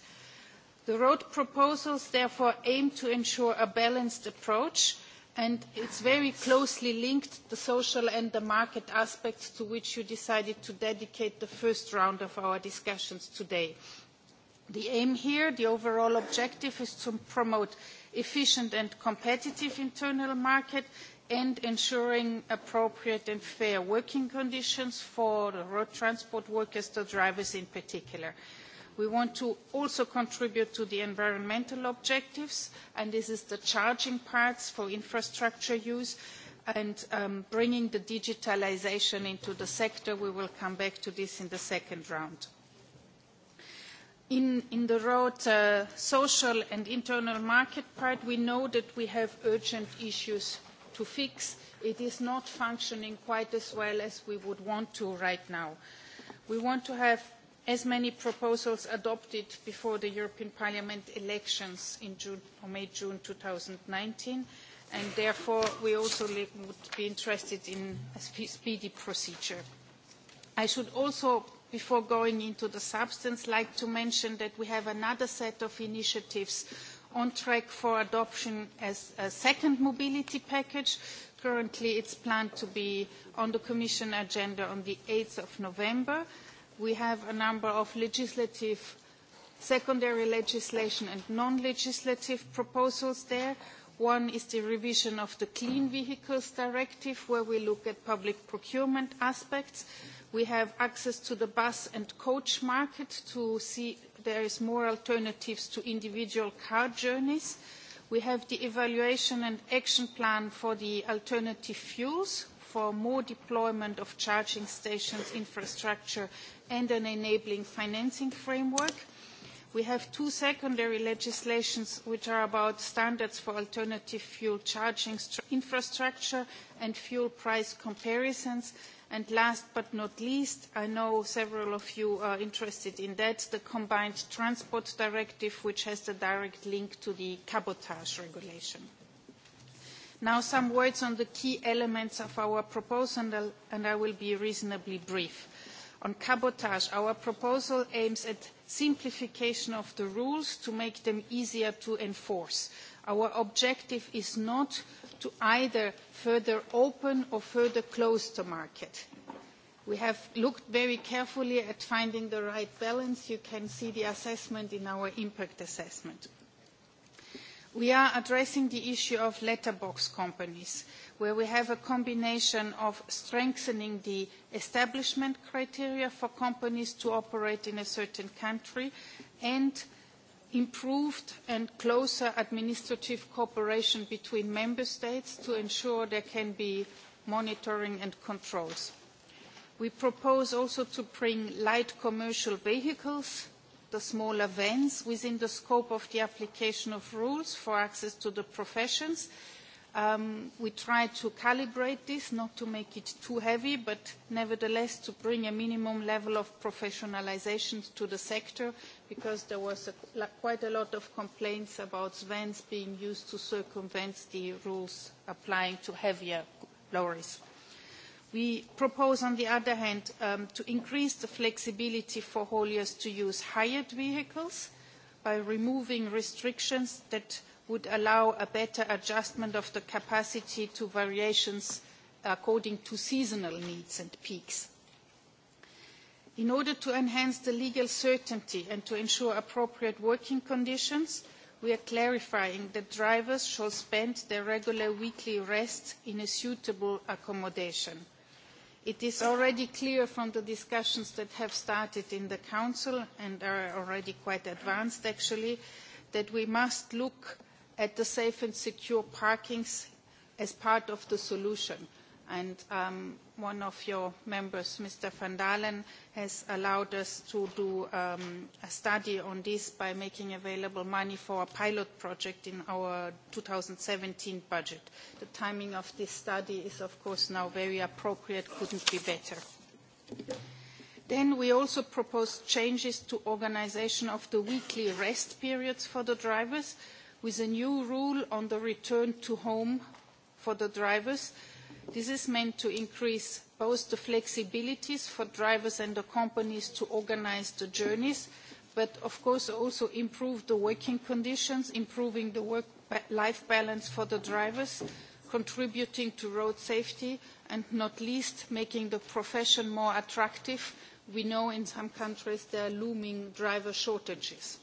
The road proposals therefore aim to ensure a balanced approach and it's very closely linked, the social and the market aspects to which you decided to dedicate the first round of our discussions today. The aim here, the overall objective, is to promote efficient and competitive internal market, and ensuring appropriate and fair working conditions for the road transport workers, the drivers in particular. We want to also contribute to the environmental objectives, and this is the charging parts for infrastructure use, and bringing the digitalisation into the sector. We will come back to this in the second round. In, the road uh, social and internal market part, we know that we have urgent issues to fix. It is not functioning quite as well as we would want to right now. We want to have as many proposals adopted before the European Parliament elections in June or May, June nineteen, and therefore we also would be interested in a speedy procedure. I should also before going into the substance, like to mention that we have another set of initiatives on track for adoption as a second mobility package. Currently, it's planned to be on the Commission agenda on the 8th of November. We have a number of legislative, secondary legislation and non-legislative proposals there. One is the revision of the Clean Vehicles Directive, where we look at public procurement aspects. Mm We have access to the bus and coach market to see there is more alternatives to individual car journeys. We have the evaluation and action plan for the alternative fuels for more deployment of charging stations infrastructure and an enabling financing framework. We have two secondary legislations which are about standards for alternative fuel charging infrastructure and fuel price comparisons And last but not least, I know several of you are interested in that, the Combined Transport Directive, which has a direct link to the cabotage regulation. Now some words on the key elements of our proposal, and I will be reasonably brief. On cabotage, our proposal aims at simplification of the rules to make them easier to enforce. Our objective is not to either further open or further close the market. We have looked very carefully at finding the right balance. You can see the assessment in our impact assessment. We are addressing the issue of letterbox companies, where we have a combination of strengthening the establishment criteria for companies to operate in a certain country and improved and closer administrative cooperation between member states to ensure there can be monitoring and controls. We propose also to bring light commercial vehicles, the smaller vans, within the scope of the application of rules for access to the professions. we try to calibrate this, not to make it too heavy, but nevertheless to bring a minimum level of professionalisation to the sector because there was quite a lot of complaints about vans being used to circumvent the rules applying to heavier lorries. We propose, on the other hand, to increase the flexibility for hauliers to use hired vehicles by removing restrictions that would allow a better adjustment of the capacity to variations according to seasonal needs and peaks In order to enhance the legal certainty and to ensure appropriate working conditions, we are clarifying that drivers shall spend their regular weekly rest in a suitable accommodation. It is already clear from the discussions that have started in the Council and are already quite advanced actually, that we must look at the safe and secure parkings as part of the solution and um, one of your members, Mr. Van Dalen, has allowed us to do um, a study on this by making available money for a pilot project in our 2017 budget. The timing of this study is, of course, now very appropriate, couldn't be better. Then we also proposed changes to organisation of the weekly rest periods for the drivers with a new rule on the return to home for the drivers This is meant to increase both the flexibilities for drivers and the companies to organise the journeys, but of course also improve the working conditions, improving the work-life balance for the drivers, contributing to road safety, and not least making the profession more attractive. We know in some countries there are looming driver shortages.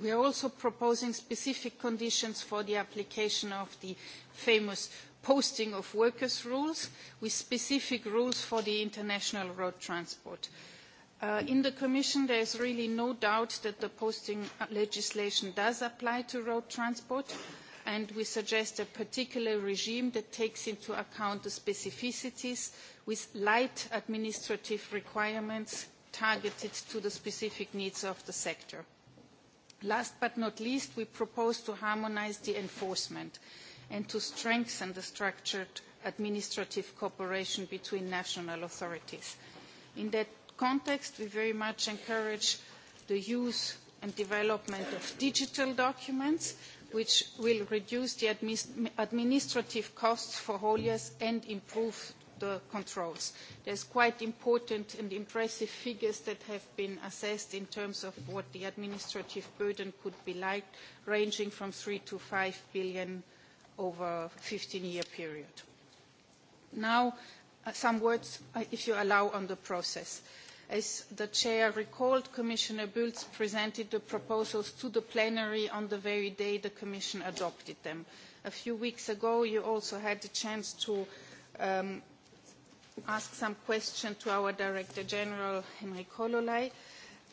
We are also proposing specific conditions for the application of the famous posting of workers rules with specific rules for the international road transport. in the Commission, there is really no doubt that the posting legislation does apply to road transport, and we suggest a particular regime that takes into account the specificities with light administrative requirements targeted to the specific needs of the sector. Last but not least, we propose to harmonise the enforcement and to strengthen the structured administrative cooperation between national authorities. In that context, we very much encourage the use and development of digital documents, which will reduce the administrative costs for hauliers and improve the controls. There's quite important and impressive figures that have been assessed in terms of what the administrative burden could be like, ranging from three to five billion over a 15-year period. Now, some words, if you allow, on the process. As the Chair recalled, Commissioner Bulc presented the proposals to the plenary on the very day the Commission adopted them. A few weeks ago, you also had the chance to ask some questions to our Director General, Henry Kololai,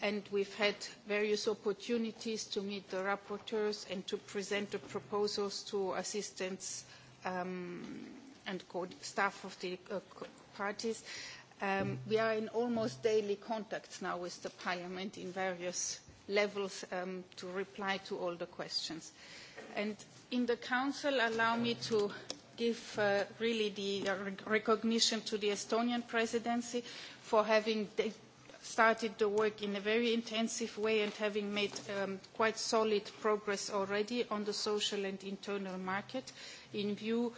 and we've had various opportunities to meet the rapporteurs and to present the proposals to assistants and staff of the parties. we are in almost daily contact now with the Parliament in various levels to reply to all the questions. And in the Council, allow me to give really the recognition to the Estonian presidency for having started the work in a very intensive way and having made quite solid progress already on the social and internal market in view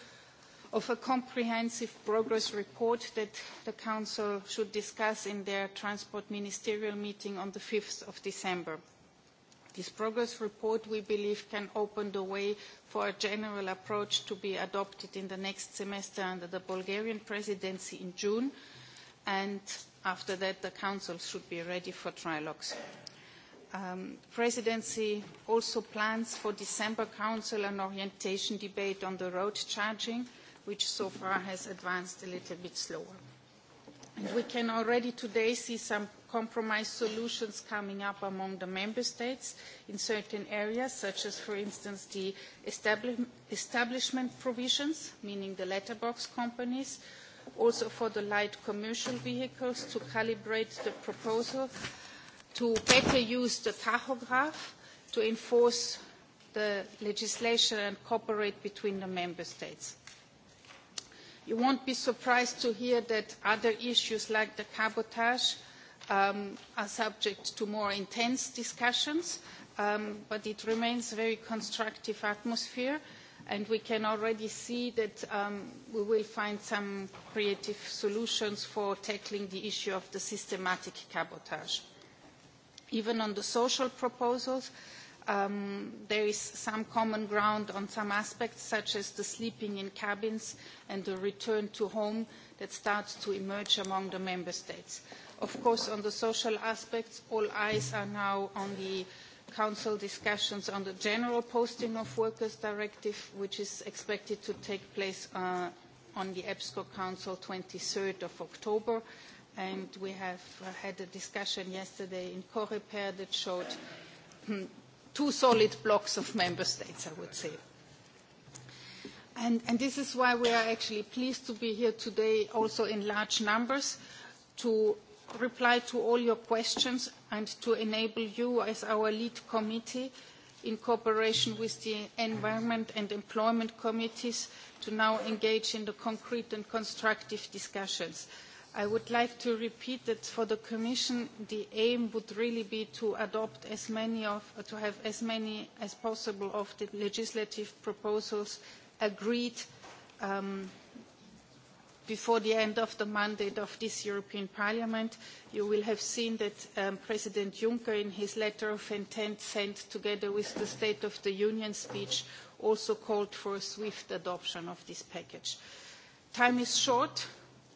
of a comprehensive progress report that the Council should discuss in their transport ministerial meeting on the 5th of December. This progress report, we believe, can open the way for a general approach to be adopted in the next semester under the Bulgarian presidency in June, and After that, the Council should be ready for trilogues. Um, presidency also plans for December Council an orientation debate on the road charging, which so far has advanced a little bit slower. And we can already today see some compromise solutions coming up among the member states in certain areas, such as, for instance, the establishment provisions, meaning the letterbox companies, also for the light commercial vehicles to calibrate the proposal, to better use the tachograph, to enforce the legislation and cooperate between the member states. You won't be surprised to hear that other issues like the cabotage are subject to more intense discussions, but it remains a very constructive atmosphere and we can already see that we will find some creative solutions for tackling the issue of the systematic cabotage. Even on the social proposals, there is some common ground on some aspects, such as the sleeping in cabins and the return to home that starts to emerge among the member states. Of course, on the social aspects, all eyes are now on the Council discussions on the general posting of workers directive, which is expected to take place uh, on the EBSCO Council 23rd of October. And we have had a discussion yesterday in Coreper that showed two solid blocks of member states, I would say. And, and this is why we are actually pleased to be here today also in large numbers to reply to all your questions and to enable you as our lead committee in cooperation with the Environment and Employment Committees to now engage in the concrete and constructive discussions. I would like to repeat that for the Commission, the aim would really be to adopt as many of, to have as many as possible of the legislative proposals agreed um, before the end of the mandate of this European Parliament. You will have seen that President Juncker, in his letter of intent sent together with the State of the Union speech, also called for a swift adoption of this package. Time is short.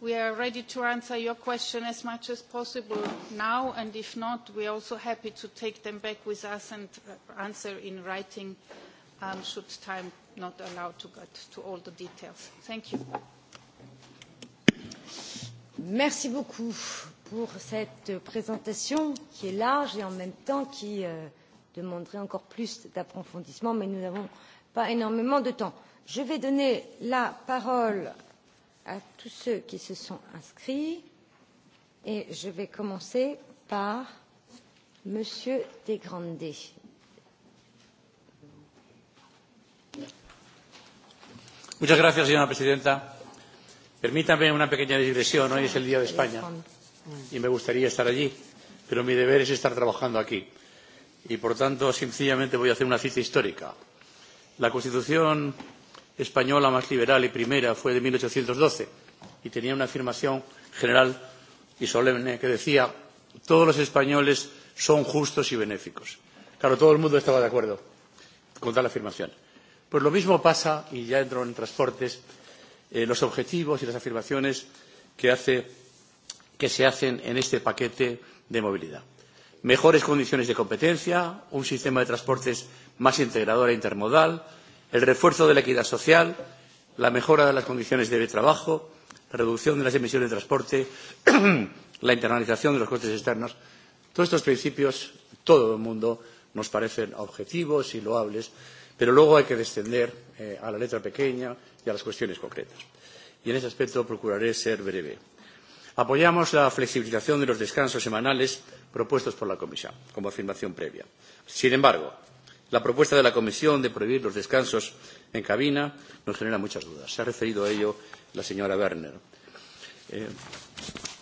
We are ready to answer your question as much as possible now, and if not, we are also happy to take them back with us and answer in writing should time not allow to get to all the details. Thank you. Merci beaucoup pour cette présentation qui est large et en même temps qui demanderait encore plus d'approfondissement, mais nous n'avons pas énormément de temps. Je vais donner la parole à tous ceux qui se sont inscrits et je vais commencer par Monsieur De Grande. gracias, señora presidenta Permítame una pequeña digresión. Hoy es el Día de España y me gustaría estar allí, pero mi deber es estar trabajando aquí. Y por tanto, sencillamente voy a hacer una cita histórica. La Constitución española más liberal y primera fue de 1812 y tenía una afirmación general y solemne que decía todos los españoles son justos y benéficos. Claro, todo el mundo estaba de acuerdo con tal afirmación. Pues lo mismo pasa, y ya entro en transportes, los objetivos y las afirmaciones que se hacen en este paquete de movilidad. Mejores condiciones de competencia, un sistema de transportes más integrador e intermodal, el refuerzo de la equidad social, la mejora de las condiciones de trabajo, la reducción de las emisiones de transporte, la internalización de los costes externos. Todos estos principios, todo el mundo nos parecen objetivos y loables Pero luego hay que descender eh, a la letra pequeña y a las cuestiones concretas. Y en ese aspecto procuraré ser breve. Apoyamos la flexibilización de los descansos semanales propuestos por la Comisión, como afirmación previa. Sin embargo, la propuesta de la Comisión de prohibir los descansos en cabina nos genera muchas dudas. Se ha referido a ello la señora Werner. Eh,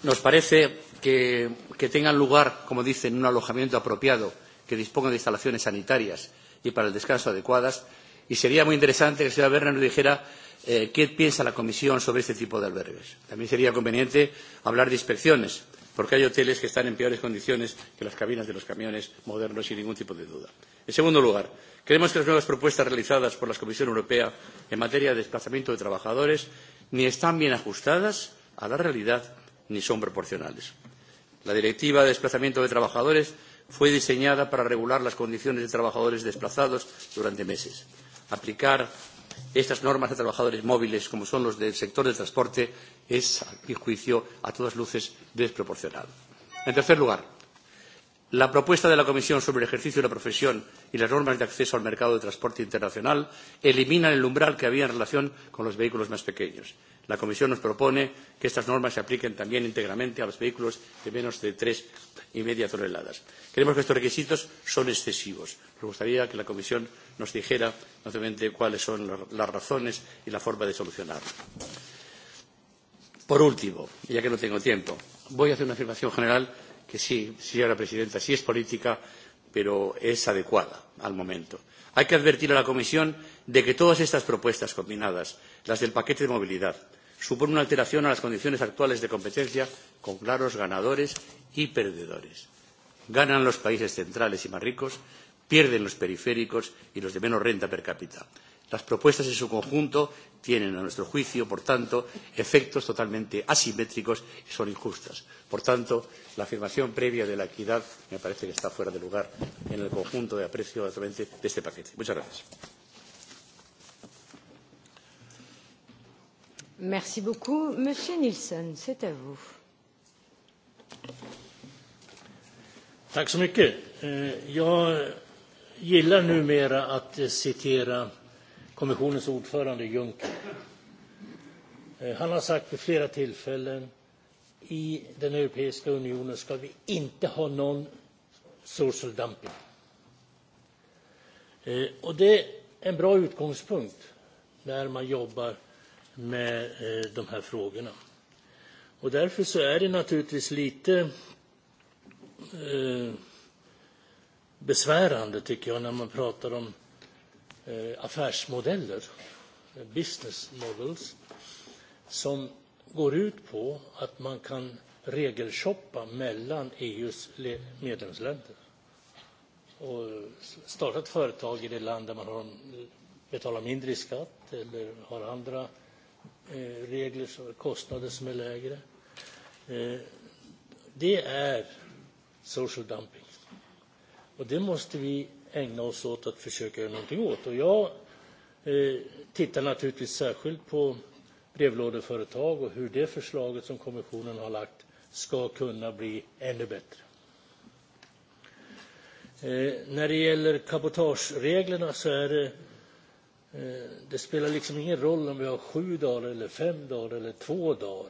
nos parece que, que tengan lugar, como dicen, un alojamiento apropiado, que disponga de instalaciones sanitarias y para el descanso adecuadas. Y sería muy interesante que el señor Berna nos dijera eh, qué piensa la Comisión sobre este tipo de albergues. También sería conveniente hablar de inspecciones, porque hay hoteles que están en peores condiciones que las cabinas de los camiones modernos, sin ningún tipo de duda. En segundo lugar, creemos que las nuevas propuestas realizadas por la Comisión Europea en materia de desplazamiento de trabajadores ni están bien ajustadas a la realidad ni son proporcionales. La Directiva de Desplazamiento de Trabajadores fue diseñada para regular las condiciones de trabajadores desplazados durante meses. Aplicar estas normas a trabajadores móviles, como son los del sector del transporte, es, a mi juicio, a todas luces desproporcionado. En tercer lugar, la propuesta de la Comisión sobre el ejercicio de la profesión y las normas de acceso al mercado de transporte internacional eliminan el umbral que había en relación con los vehículos más pequeños. La Comisión nos propone que estas normas se apliquen también íntegramente a los vehículos de menos de tres y media toneladas. Creemos que estos requisitos son excesivos. Nos gustaría que la Comisión nos dijera, naturalmente, cuáles son las razones y la forma de solucionarlo. Por último, ya que no tengo tiempo, voy a hacer una afirmación general que sí, señora presidenta, sí es política, pero es adecuada al momento. Hay que advertir a la Comisión de que todas estas propuestas combinadas, las del paquete de movilidad, supone una alteración a las condiciones actuales de competencia con claros ganadores y perdedores. Ganan los países centrales y más ricos, pierden los periféricos y los de menos renta per cápita. Las propuestas en su conjunto tienen, a nuestro juicio, por tanto, efectos totalmente asimétricos y son injustas. Por tanto, la afirmación previa de la equidad me parece que está fuera de lugar en el conjunto de aprecio de este paquete. Muchas gracias. Jag gillar numera att citera kommissionens ordförande Juncker. Han har sagt vid flera tillfällen i den europeiska unionen ska vi inte ha någon social dumping. Och det är en bra utgångspunkt när man jobbar med de här frågorna. Och därför så är det naturligtvis lite besvärande tycker jag när man pratar om affärsmodeller, business models, som går ut på att man kan regelshoppa mellan EUs medlemsländer och starta ett företag i det land där man har, betalar mindre i skatt eller har andra regler för kostnader som är lägre. Det är social dumping. Och det måste vi ägna oss åt att försöka göra någonting åt. Och jag tittar naturligtvis särskilt på brevlådeföretag och hur det förslaget som kommissionen har lagt ska kunna bli ännu bättre. När det gäller kapotagereglerna så är det Det spelar liksom ingen roll om vi har sju dagar eller fem dagar eller två dagar.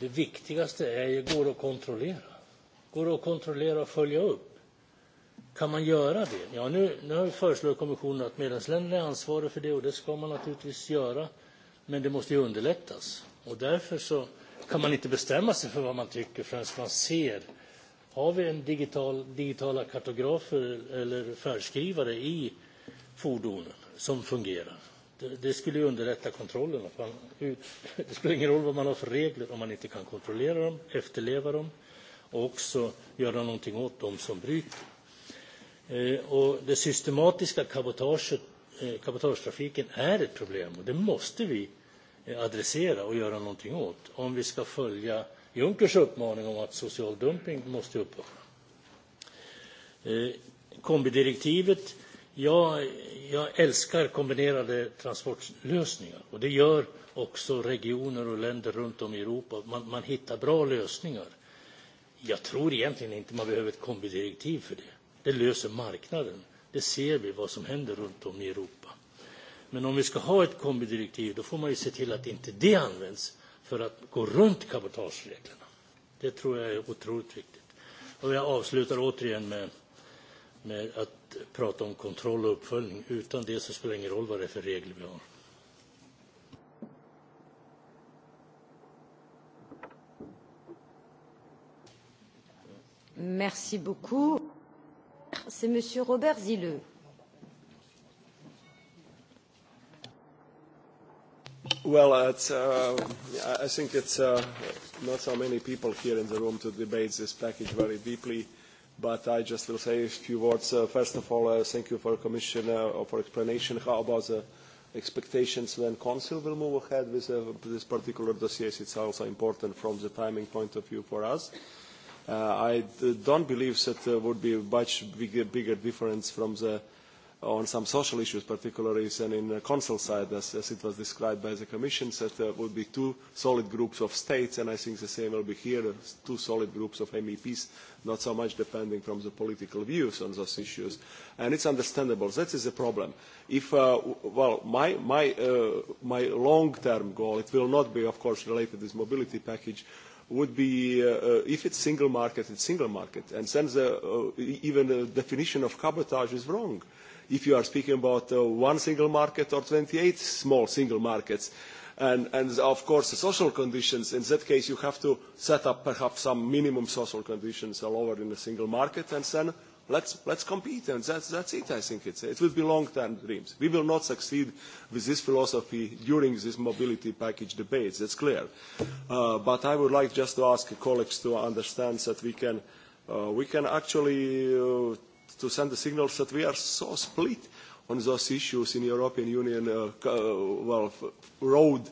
Det viktigaste är ju, går det att kontrollera? Går det att kontrollera och följa upp? Kan man göra det? Ja, nu, nu föreslår kommissionen att medlemsländerna är ansvariga för det och det ska man naturligtvis göra. Men det måste ju underlättas. Och därför så kan man inte bestämma sig för vad man tycker förrän man ser har vi en digital, digitala kartografer eller färdskrivare i fordonen som fungerar. Det skulle ju underlätta kontrollen. Det spelar ingen roll vad man har för regler om man inte kan kontrollera dem, efterleva dem och också göra någonting åt dem som bryter. Och det systematiska cabotagetrafiken är ett problem och det måste vi adressera och göra någonting åt om vi ska följa Junkers uppmaning om att social dumping måste upphöra. Kombidirektivet Jag, jag älskar kombinerade transportlösningar och det gör också regioner och länder runt om i Europa. Man, man hittar bra lösningar. Jag tror egentligen inte man behöver ett kombidirektiv för det. Det löser marknaden. Det ser vi vad som händer runt om i Europa. Men om vi ska ha ett kombidirektiv då får man ju se till att inte det används för att gå runt cabotagereglerna. Det tror jag är otroligt viktigt. Och jag avslutar återigen med med att prata om kontroll och uppföljning. Utan det så spelar det ingen roll vad det är för regler vi har. Merci beaucoup. C'est Monsieur Robert Zilleux. Well, it's, uh, I think it's uh, not so many people here in the room to debate this package very deeply. Uh, but I just will say a few words. First of all, thank you for Commissioner for explanation. How about the expectations when Council will move ahead with this particular dossier? It's also important from the timing point of view for us. I don't believe that there would be a much bigger difference from the on some social issues, particularly than in the Council side, as it was described by the Commission, that there would be two solid groups of states, and I think the same will be here, two solid groups of MEPs not so much depending from the political views on those issues. And it's understandable. That is the problem. If, uh, well, my, my, uh, my long-term goal, it will not be, of course, related to this mobility package, would be uh, if it's single market, it's single market. And then the, uh, even the definition of cabotage is wrong. If you are speaking about uh, one single market or 28 small single markets, uh, and, and of course the social conditions, in that case you have to set up perhaps some minimum social conditions all over in the single market and then let's, let's compete and that's, that's it I think it's, it will be long-term dreams. We will not succeed with this philosophy during this mobility package debates, that's clear. Uh, but I would like just to ask colleagues to understand that we can, uh, we can actually uh, to send the signals that we are so split on those issues in European Union well, road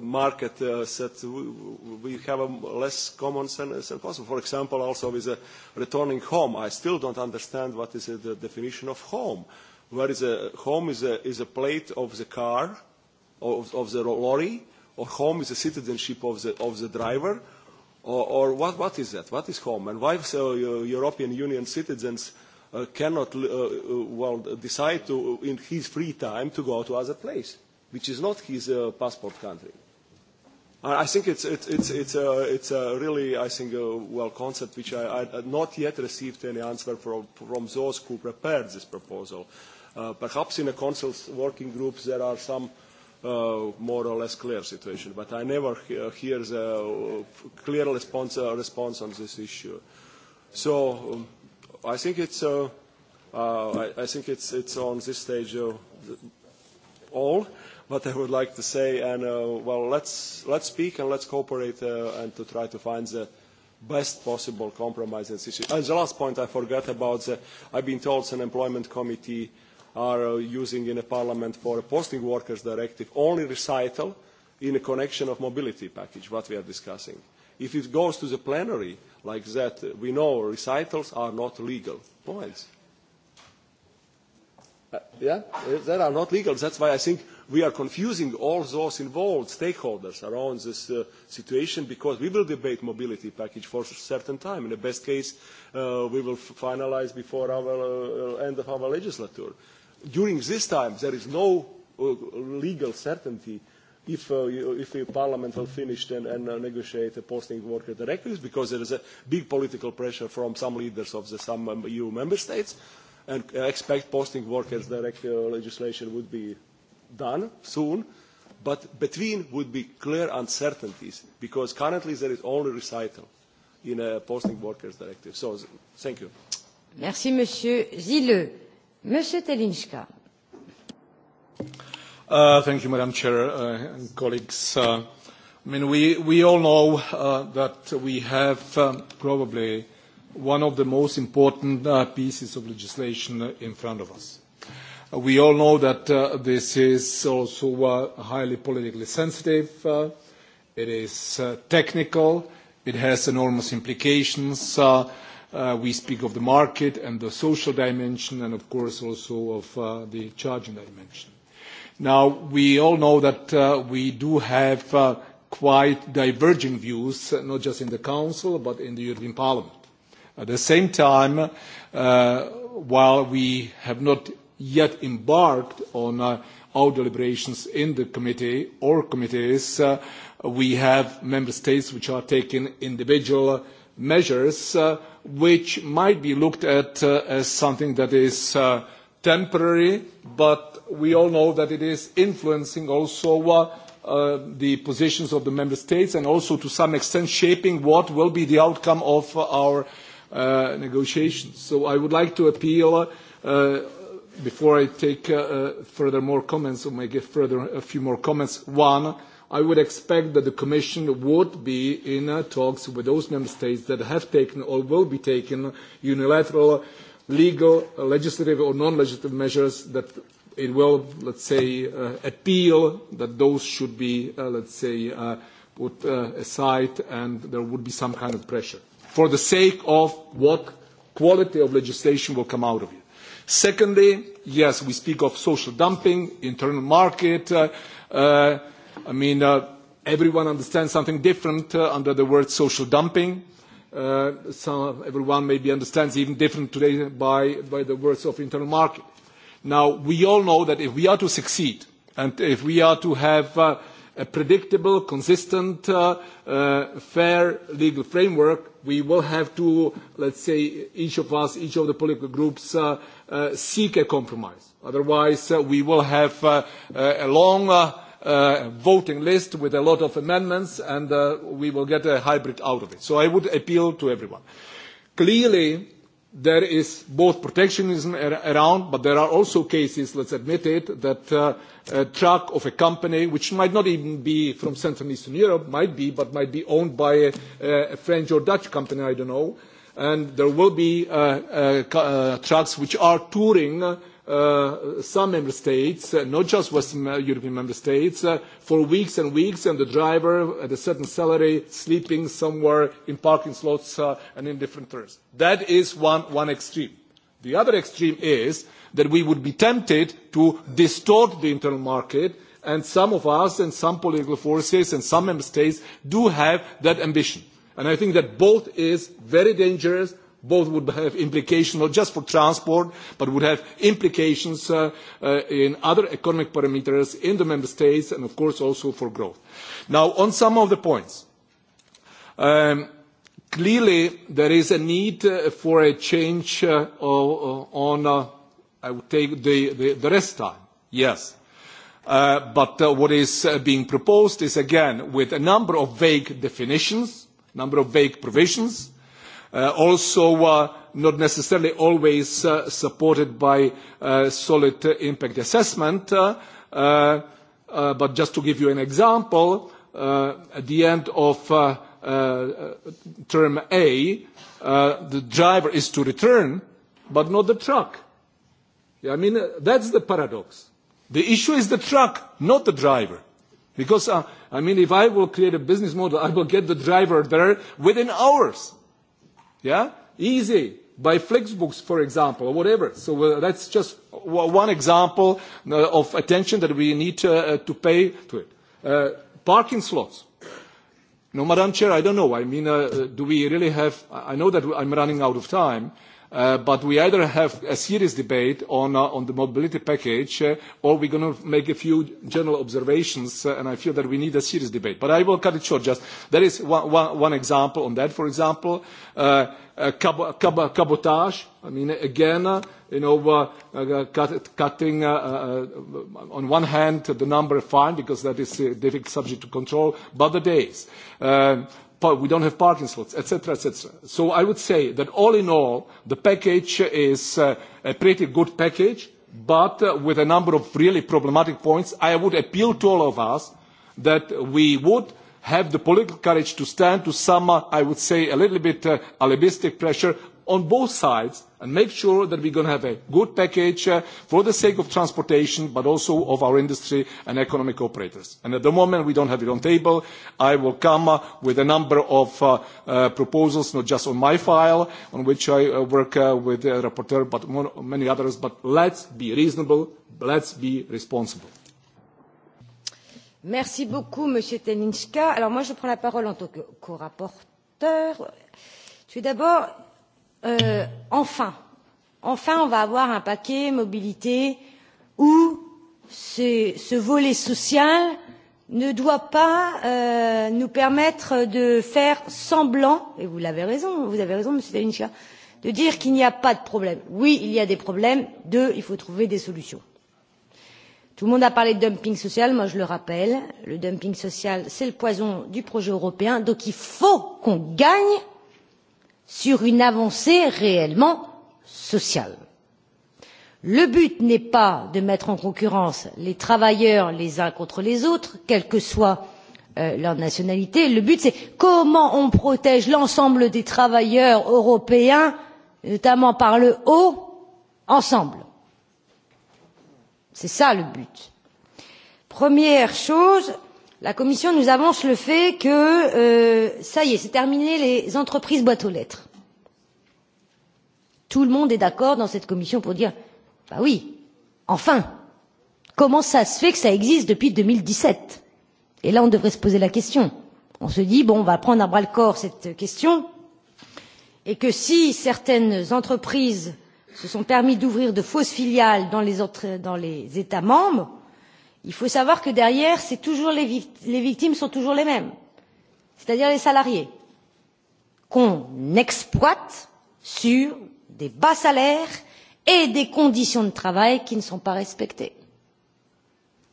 market that we have a less common sense than possible. For example, also with returning home, I still don't understand what is the definition of home. Where is a home is a, is a plate of the car, of, of the lorry, or home is the citizenship of the, of the driver, or, or what, what is that? What is home? And why so European Union citizens cannot decide to, in his free time to go to other place, which is not his passport country. I think it's, it's, it's, it's, a, it's a really, I think, a well concept which I, I not yet received any answer from, from those who prepared this proposal. Uh, perhaps in a council's working group there are some uh, more or less clear situation, but I never hear the clear response, uh, response on this issue. So um, I think it's uh, uh, I, I think it's it's on this stage of all what I would like to say. And uh, well, let's let's speak and let's cooperate uh, and to try to find the best possible compromise in this issue. And the last point I forgot about the I've been told an employment committee are uh, using in a parliament for a posting workers directive only recital in a connection of mobility package what we are discussing. If it goes to the plenary, like that we know recitals are not legal. Points. Uh, yeah, they are not legal. That's why I think we are confusing all those involved stakeholders around this uh, situation because we will debate mobility package for a certain time. In the best case, uh, we will finalize before our uh, end of our legislature. During this time, there is no uh, legal certainty uh, if uh, you, if the parliament will finish and, and uh, negotiate the posting worker directives because there is a big political pressure from some leaders of the some EU member states and expect posting workers directive legislation would be done soon but between would be clear uncertainties because currently there is only recital in a posting workers directive so thank you merci monsieur zile monsieur telinska thank you, Madam Chair, and colleagues. I mean, we, all know that we have probably one of the most important pieces of legislation in front of us. We all know that this is also highly politically sensitive. it is technical. It has enormous implications. we speak of the market and the social dimension and, of course, also of the charging dimension. Now, we all know that we do have quite diverging views, not just in the Council, but in the European Parliament. At the same time, while we have not yet embarked on our deliberations in the committee or committees, we have member states which are taking individual measures which might be looked at as something that is temporary, but we all know that it is influencing also the positions of the member states and also to some extent shaping what will be the outcome of our negotiations. So I would like to appeal, before I take further more comments or make further a few more comments, one, I would expect that the Commission would be in talks with those member states that have taken or will be taking unilateral legal, legislative or non-legislative measures that it will, let's say, uh, appeal that those should be, uh, let's say, uh, put uh, aside and there would be some kind of pressure for the sake of what quality of legislation will come out of it. Secondly, yes, we speak of social dumping, internal market. Uh, uh, I mean, uh, everyone understands something different uh, under the word social dumping. Uh, some, everyone maybe understands even different today by, by the words of internal market. Now, we all know that if we are to succeed and if we are to have uh, a predictable, consistent, uh, uh, fair legal framework, we will have to, let's say, each of us, each of the political groups, uh, uh, seek a compromise. Otherwise, uh, we will have uh, a long uh, uh, voting list with a lot of amendments, and uh, we will get a hybrid out of it. So I would appeal to everyone. Clearly, there is both protectionism around, but there are also cases, let's admit it, that uh, a truck of a company, which might not even be from Central and Eastern Europe, might be, but might be owned by a, a French or Dutch company, I don't know. And there will be uh, uh, uh, trucks which are touring some member states, not just Western European member states, for weeks and weeks, and the driver at a certain salary sleeping somewhere in parking slots and in different terms. That is one, one extreme. The other extreme is that we would be tempted to distort the internal market, and some of us and some political forces and some member states do have that ambition. And I think that both is very dangerous Both would have implications not just for transport, but would have implications in other economic parameters in the member states and, of course, also for growth. Now, on some of the points. clearly, there is a need for a change on, I would take, the, the rest time. Yes but what is being proposed is again with a number of vague definitions, number of vague provisions, also not necessarily always supported by solid impact assessment. but just to give you an example, at the end of term A, the driver is to return, but not the truck. I mean, that's the paradox. The issue is the truck, not the driver. Because, I mean, if I will create a business model, I will get the driver there within hours Yeah? Easy. By Flexbooks, for example, or whatever. So uh, that's just one example uh, of attention that we need to, uh, to pay to it. Uh, parking slots. No, Madam Chair, I don't know. I mean, uh, do we really have... I know that I'm running out of time but we either have a serious debate on, the mobility package or we're going to make a few general observations and I feel that we need a serious debate. But I will cut it short just. There is one, example on that. For example, cabotage. I mean, again, you know, cutting on one hand the number of fines because that is a difficult subject to control, but the days we don't have parking slots, etc., etc. So I would say that all in all, the package is a pretty good package, but with a number of really problematic points. I would appeal to all of us that we would have the political courage to stand to some, I would say, a little bit alibistic pressure on both sides and make sure that we are going to have a good package for the sake of transportation, but also of our industry and economic operators. at the moment, we don't have it on the table. I will come with a number of proposals, not just on my file, on which I work with the rapporteur, but many others. But let's be reasonable. Let's be responsible. Merci beaucoup, Monsieur Telinska. Alors moi, je prends la parole en tant que d'abord, enfin, enfin, on va avoir un paquet mobilité où ce, volet social ne doit pas nous permettre de faire semblant, et vous l'avez raison, vous avez raison, Monsieur Dalincha, de dire qu'il n'y a pas de problème. Oui, il y a des problèmes. Deux, il faut trouver des solutions. Tout le monde a parlé de dumping social, moi je le rappelle. Le dumping social, c'est le poison du projet européen, donc il faut qu'on gagne sur une avancée réellement sociale. Le but n'est pas de mettre en concurrence les travailleurs les uns contre les autres, quelle que soit leur nationalité. Le but, c'est comment on protège l'ensemble des travailleurs européens, notamment par le haut, ensemble. C'est ça le but. Première chose, la commission nous avance le fait que ça y est c'est terminé les entreprises boîte aux lettres. tout le monde est d'accord dans cette commission pour dire bah oui enfin comment ça se fait que ça existe depuis deux mille dix sept et là on devrait se poser la question on se dit bon on va prendre à bras le corps cette question et que si certaines entreprises se sont permis d'ouvrir de fausses filiales dans les états membres il faut savoir que derrière les victimes sont toujours les mêmes c'est à dire les salariés qu'on exploite sur des bas salaires et des conditions de travail qui ne sont pas respectées.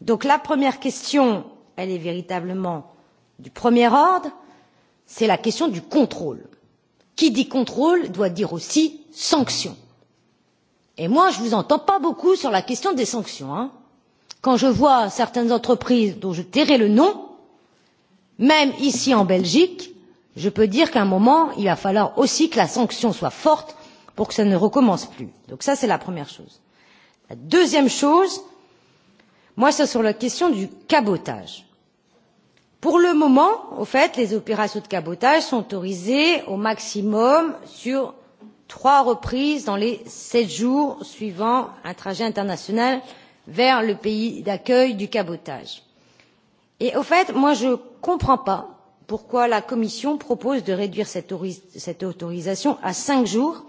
donc la première question elle est véritablement du premier ordre c'est la question du contrôle. qui dit contrôle doit dire aussi sanction. et moi je ne vous entends pas beaucoup sur la question des sanctions. Hein quand je vois certaines entreprises dont je tairai le nom même ici en belgique je peux dire qu'à un moment il va falloir aussi que la sanction soit forte pour que ça ne recommence plus. donc ça c'est la première chose. la deuxième chose c'est sur la question du cabotage. pour le moment au fait les opérations de cabotage sont autorisées au maximum sur trois reprises dans les sept jours suivant un trajet international vers le pays d'accueil du cabotage. Et au fait, moi je ne comprends pas pourquoi la Commission propose de réduire cette autorisation à cinq jours,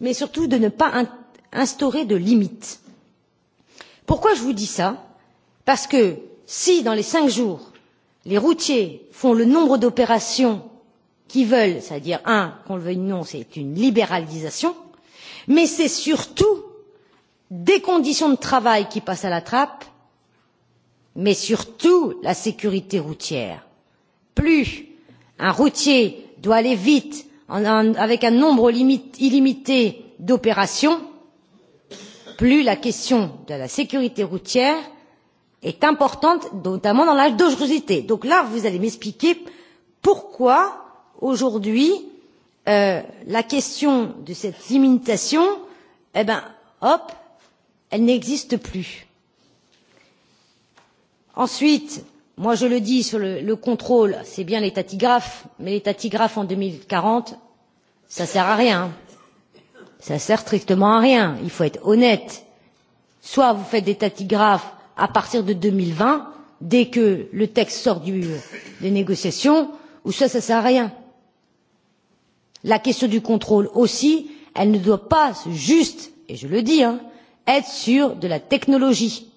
mais surtout de ne pas instaurer de limite. Pourquoi je vous dis cela Parce que si dans les cinq jours, les routiers font le nombre d'opérations qu'ils veulent, c'est-à-dire un, qu'on le veuille ou non, c'est une libéralisation, mais c'est surtout des conditions de travail qui passent à la trappe, mais surtout la sécurité routière. Plus un routier doit aller vite avec un nombre illimité d'opérations, plus la question de la sécurité routière est importante, notamment dans la dangerosité. Donc là, vous allez m'expliquer pourquoi, aujourd'hui, la question de cette limitation, eh ben, hop, elle n'existe plus. Ensuite, moi je le dis sur le, le contrôle, c'est bien les tachygraphes, mais les tachygraphes en deux mille quarante, ça sert à rien. Ça sert strictement à rien. Il faut être honnête. Soit vous faites des tachygraphes à partir de deux mille vingt, dès que le texte sort des négociations, ou soit ça ne sert à rien. La question du contrôle aussi, elle ne doit pas juste, et je le dis, hein, être sur de la technologie.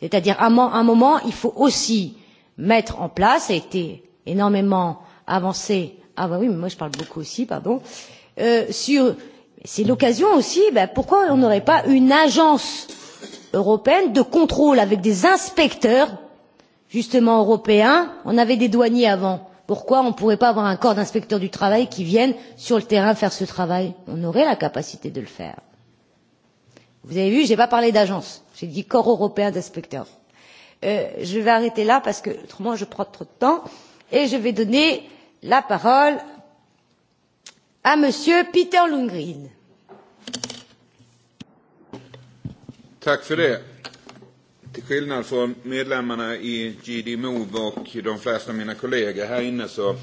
C'est à dire à un moment, il faut aussi mettre en place, ça a été énormément avancé, ah bah oui, mais moi je parle beaucoup aussi, pardon, euh, sur, c'est l'occasion aussi, pourquoi on n'aurait pas une agence européenne de contrôle avec des inspecteurs, justement européens, on avait des douaniers avant, pourquoi on ne pourrait pas avoir un corps d'inspecteurs du travail qui viennent sur le terrain faire ce travail On aurait la capacité de le faire. Vous avez vu, je n'ai pas parlé d'agence, j'ai dit corps européen d'inspecteurs. Euh, je vais arrêter là parce que autrement je prends trop de temps et je vais donner la parole à Monsieur Peter Lundgren. Tack för det. Till skillnad från medlemmarna i GD Move och de flesta av mina kollegor här inne så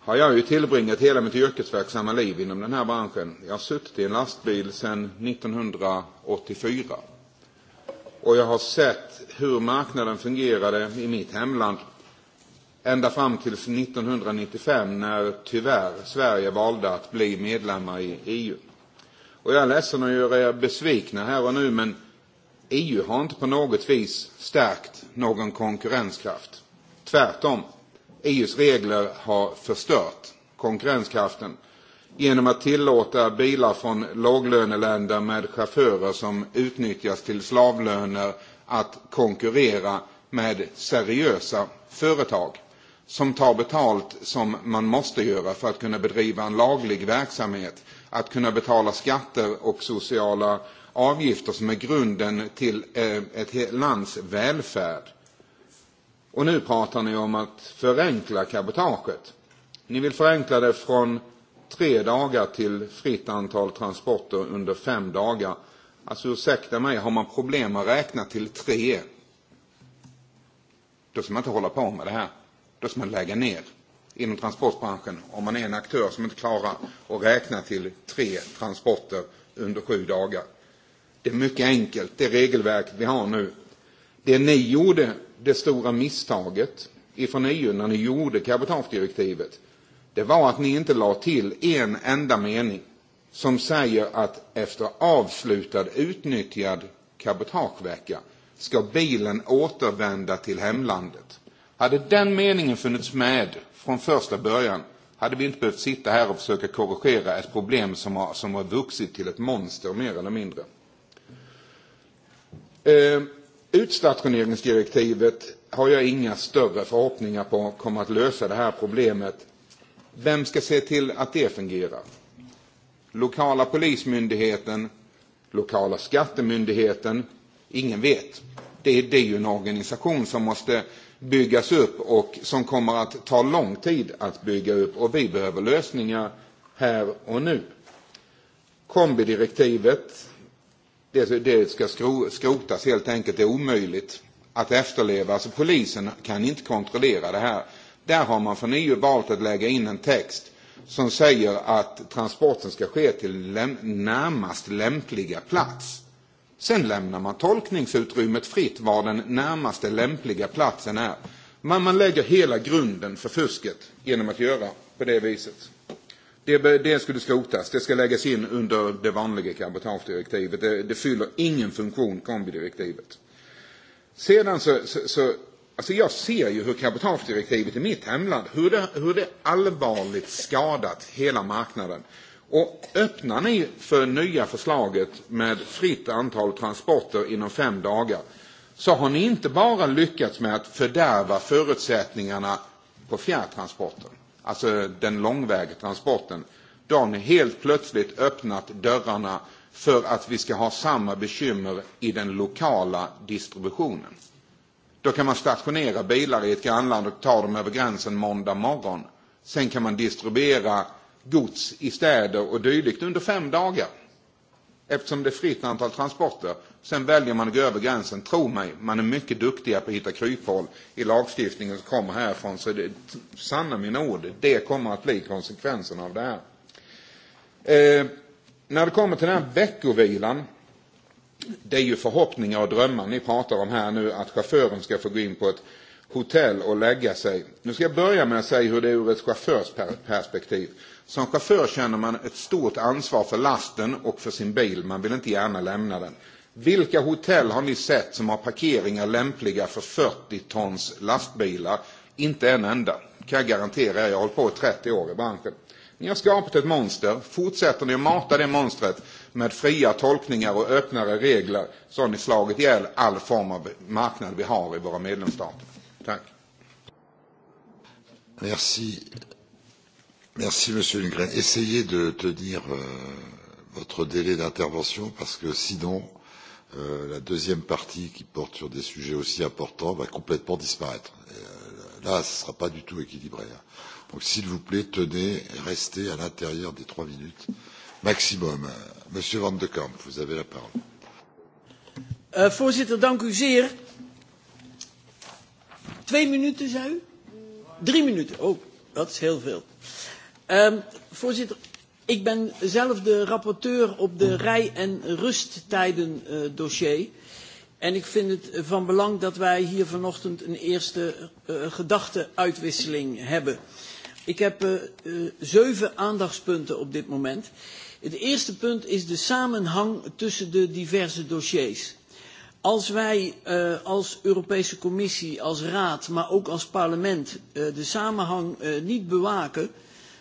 har jag ju tillbringat hela mitt yrkesverksamma liv inom den här branschen. Jag har suttit i en lastbil sedan 1984. Och jag har sett hur marknaden fungerade i mitt hemland ända fram till 1995 när tyvärr Sverige valde att bli medlemmar i EU. Och jag är ledsen att göra er besvikna här och nu men EU har inte på något vis stärkt någon konkurrenskraft. Tvärtom. EUs regler har förstört konkurrenskraften genom att tillåta bilar från låglöneländer med chaufförer som utnyttjas till slavlöner att konkurrera med seriösa företag som tar betalt som man måste göra för att kunna bedriva en laglig verksamhet, att kunna betala skatter och sociala avgifter som är grunden till ett lands välfärd. Och nu pratar ni om att förenkla cabotaget. Ni vill förenkla det från tre dagar till fritt antal transporter under fem dagar. Alltså ursäkta mig, har man problem att räkna till tre, då ska man inte hålla på med det här. Då ska man lägga ner inom transportbranschen om man är en aktör som inte klarar att räkna till tre transporter under sju dagar. Det är mycket enkelt, det regelverk vi har nu. Det ni gjorde det stora misstaget ifrån EU när ni gjorde cabotagedirektivet, det var att ni inte la till en enda mening som säger att efter avslutad utnyttjad cabotagevecka ska bilen återvända till hemlandet. Hade den meningen funnits med från första början hade vi inte behövt sitta här och försöka korrigera ett problem som har, som har vuxit till ett monster mer eller mindre. Eh, Utstationeringsdirektivet har jag inga större förhoppningar på kommer att lösa det här problemet. Vem ska se till att det fungerar? Lokala polismyndigheten? Lokala skattemyndigheten? Ingen vet. Det är ju en organisation som måste byggas upp och som kommer att ta lång tid att bygga upp och vi behöver lösningar här och nu. Kombidirektivet det, det ska skrotas helt enkelt. Det är omöjligt att efterleva. Alltså polisen kan inte kontrollera det här. Där har man från EU valt att lägga in en text som säger att transporten ska ske till läm närmast lämpliga plats. Sen lämnar man tolkningsutrymmet fritt var den närmaste lämpliga platsen är. Men man lägger hela grunden för fusket genom att göra på det viset. Det, det skulle skrotas. Det ska läggas in under det vanliga cabotagedirektivet. Det, det fyller ingen funktion, kombidirektivet. Sedan så, så, så alltså jag ser ju hur cabotagedirektivet i mitt hemland, hur det, hur det allvarligt skadat hela marknaden. Och öppnar ni för nya förslaget med fritt antal transporter inom fem dagar så har ni inte bara lyckats med att fördärva förutsättningarna på fjärrtransporten alltså den långväga transporten, de helt plötsligt öppnat dörrarna för att vi ska ha samma bekymmer i den lokala distributionen. Då kan man stationera bilar i ett grannland och ta dem över gränsen måndag morgon. Sen kan man distribuera gods i städer och dylikt under fem dagar eftersom det är fritt antal transporter. Sen väljer man att gå över gränsen. Tro mig, man är mycket duktiga på att hitta kryphål i lagstiftningen som kommer härifrån. Så det, sanna mina ord, det kommer att bli konsekvenserna av det här. Eh, när det kommer till den här veckovilan. Det är ju förhoppningar och drömmar ni pratar om här nu, att chauffören ska få gå in på ett hotell och lägga sig. Nu ska jag börja med att säga hur det är ur ett chaufförsperspektiv. Som chaufför känner man ett stort ansvar för lasten och för sin bil. Man vill inte gärna lämna den. Vilka hotell har ni sett som har parkeringar lämpliga för 40 tons lastbilar? Inte en enda. Kan jag garantera er. Jag har hållit på i 30 år i branschen. Ni har skapat ett monster. Fortsätter ni att mata det monstret med fria tolkningar och öppnare regler så har ni slagit ihjäl all form av marknad vi har i våra medlemsstater. Tack. Merci. Merci, Monsieur Lundgren. Essayez de tenir euh, votre délai d'intervention parce que sinon, euh, la deuxième partie qui porte sur des sujets aussi importants va complètement disparaître. Et, euh, là, ce ne sera pas du tout équilibré. Hein. Donc, s'il vous plaît, tenez, restez à l'intérieur des trois minutes maximum. Monsieur Van de Kamp, vous avez la parole. Uh, voorzitter, dank u zeer. Twee minuten, zei u? Drie minuten. Oh, dat is heel veel. Uh, voorzitter, ik ben zelf de rapporteur op de rij- en rusttijden uh, dossier. En ik vind het van belang dat wij hier vanochtend een eerste uh, gedachteuitwisseling hebben. Ik heb uh, uh, zeven aandachtspunten op dit moment. Het eerste punt is de samenhang tussen de diverse dossiers. Als wij als Europese Commissie, als Raad, maar ook als parlement de samenhang niet bewaken,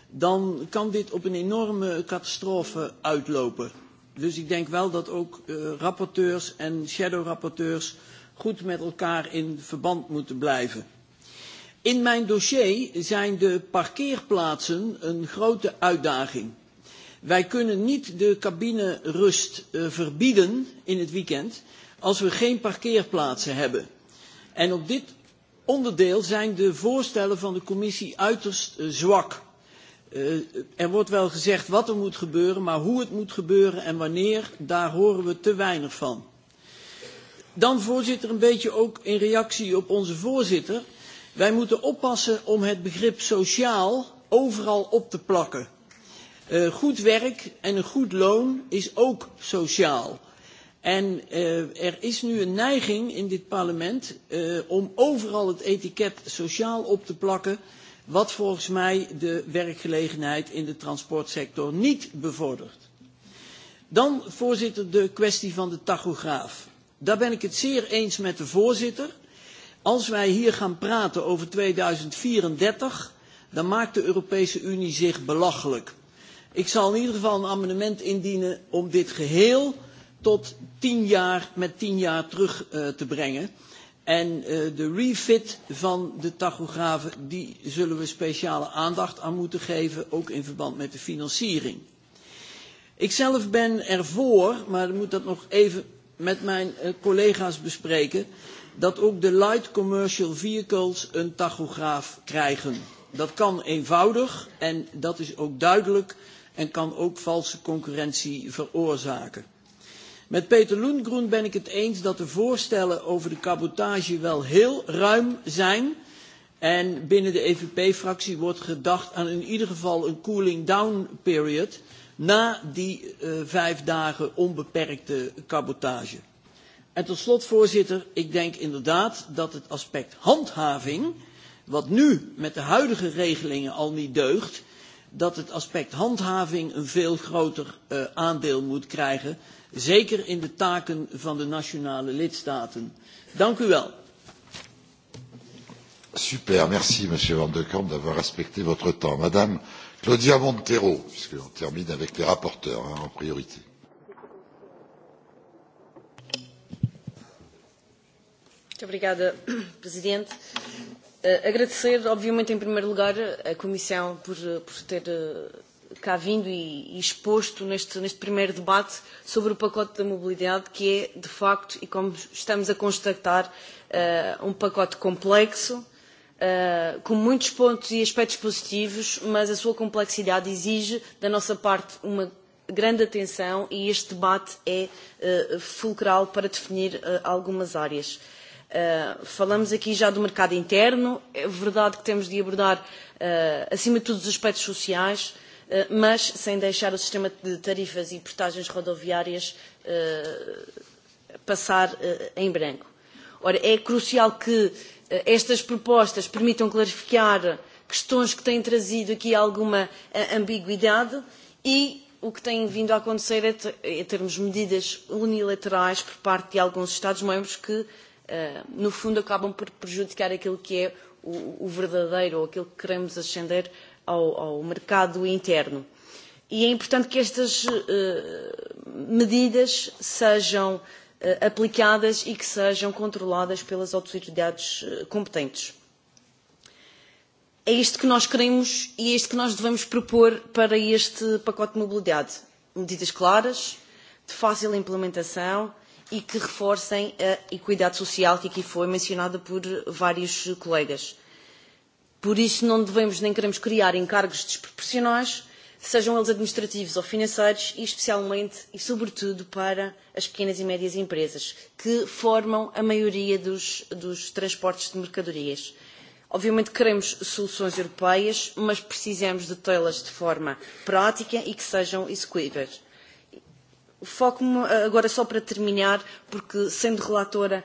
dan kan dit op een enorme catastrofe uitlopen. Dus ik denk wel dat ook rapporteurs en schaduwrapporteurs goed met elkaar in verband moeten blijven. In mijn dossier zijn de parkeerplaatsen een grote uitdaging. Wij kunnen niet de cabinerust verbieden in het weekend, als we geen parkeerplaatsen hebben. En op dit onderdeel zijn de voorstellen van de commissie uiterst zwak. er wordt wel gezegd wat er moet gebeuren, maar hoe het moet gebeuren en wanneer, daar horen we te weinig van. Dan, voorzitter, een beetje ook in reactie op onze voorzitter. Wij moeten oppassen om het begrip sociaal overal op te plakken. goed werk en een goed loon is ook sociaal. En er is nu een neiging in dit parlement om overal het etiket sociaal op te plakken, wat volgens mij de werkgelegenheid in de transportsector niet bevordert. Dan, voorzitter, de kwestie van de tachograaf. Daar ben ik het zeer eens met de voorzitter. Als wij hier gaan praten over 2034, dan maakt de Europese Unie zich belachelijk. Ik zal in ieder geval een amendement indienen om dit geheel tot tien jaar, met tien jaar terug te brengen. En de refit van de tachografen, die zullen we speciale aandacht aan moeten geven, ook in verband met de financiering. Ikzelf ben ervoor, maar ik moet dat nog even met mijn collega's bespreken, dat ook de light commercial vehicles een tachograaf krijgen. Dat kan eenvoudig en dat is ook duidelijk en kan ook valse concurrentie veroorzaken. Met Peter Loengroen ben ik het eens dat de voorstellen over de cabotage wel heel ruim zijn. En binnen de EVP-fractie wordt gedacht aan in ieder geval een cooling down period na die vijf dagen onbeperkte cabotage. En tot slot, voorzitter, ik denk inderdaad dat het aspect handhaving, wat nu met de huidige regelingen al niet deugt, dat het aspect handhaving een veel groter uh, aandeel moet krijgen, zeker in de taken van de nationale lidstaten. Dank u wel. Super, merci Monsieur Van de Kamp d'avoir respecté votre temps. Madame Claudia Montero, termine avec les rapporteurs hein, en priorité. Muito obrigada, Presidente agradecer, obviamente, em primeiro lugar, a Comissão por, por ter cá vindo e, exposto neste, neste primeiro debate sobre o pacote da mobilidade, que é, de facto, e como estamos a constatar, um pacote complexo, com muitos pontos e aspectos positivos, mas a sua complexidade exige, da nossa parte, uma grande atenção e este debate é fulcral para definir algumas áreas falamos aqui já do mercado interno, é verdade que temos de abordar, acima de tudo, os aspectos sociais, mas sem deixar o sistema de tarifas e portagens rodoviárias passar em branco. Ora, é crucial que estas propostas permitam clarificar questões que têm trazido aqui alguma ambiguidade e o que tem vindo a acontecer é termos medidas unilaterais por parte de alguns Estados-membros que no fundo, acabam por prejudicar aquilo que é o, verdadeiro ou aquilo que queremos ascender ao, mercado interno. E é importante que estas medidas sejam aplicadas e que sejam controladas pelas autoridades competentes. É isto que nós queremos e é isto que nós devemos propor para este pacote de mobilidade. Medidas claras, de fácil implementação e que reforcem a equidade social que aqui foi mencionada por vários colegas. Por isso, não devemos nem queremos criar encargos desproporcionais, sejam eles administrativos ou financeiros, e especialmente e sobretudo para as pequenas e médias empresas, que formam a maioria dos, dos transportes de mercadorias. Obviamente queremos soluções europeias, mas precisamos de tê-las de forma prática e que sejam execuíveis foco-me agora só para terminar, porque sendo relatora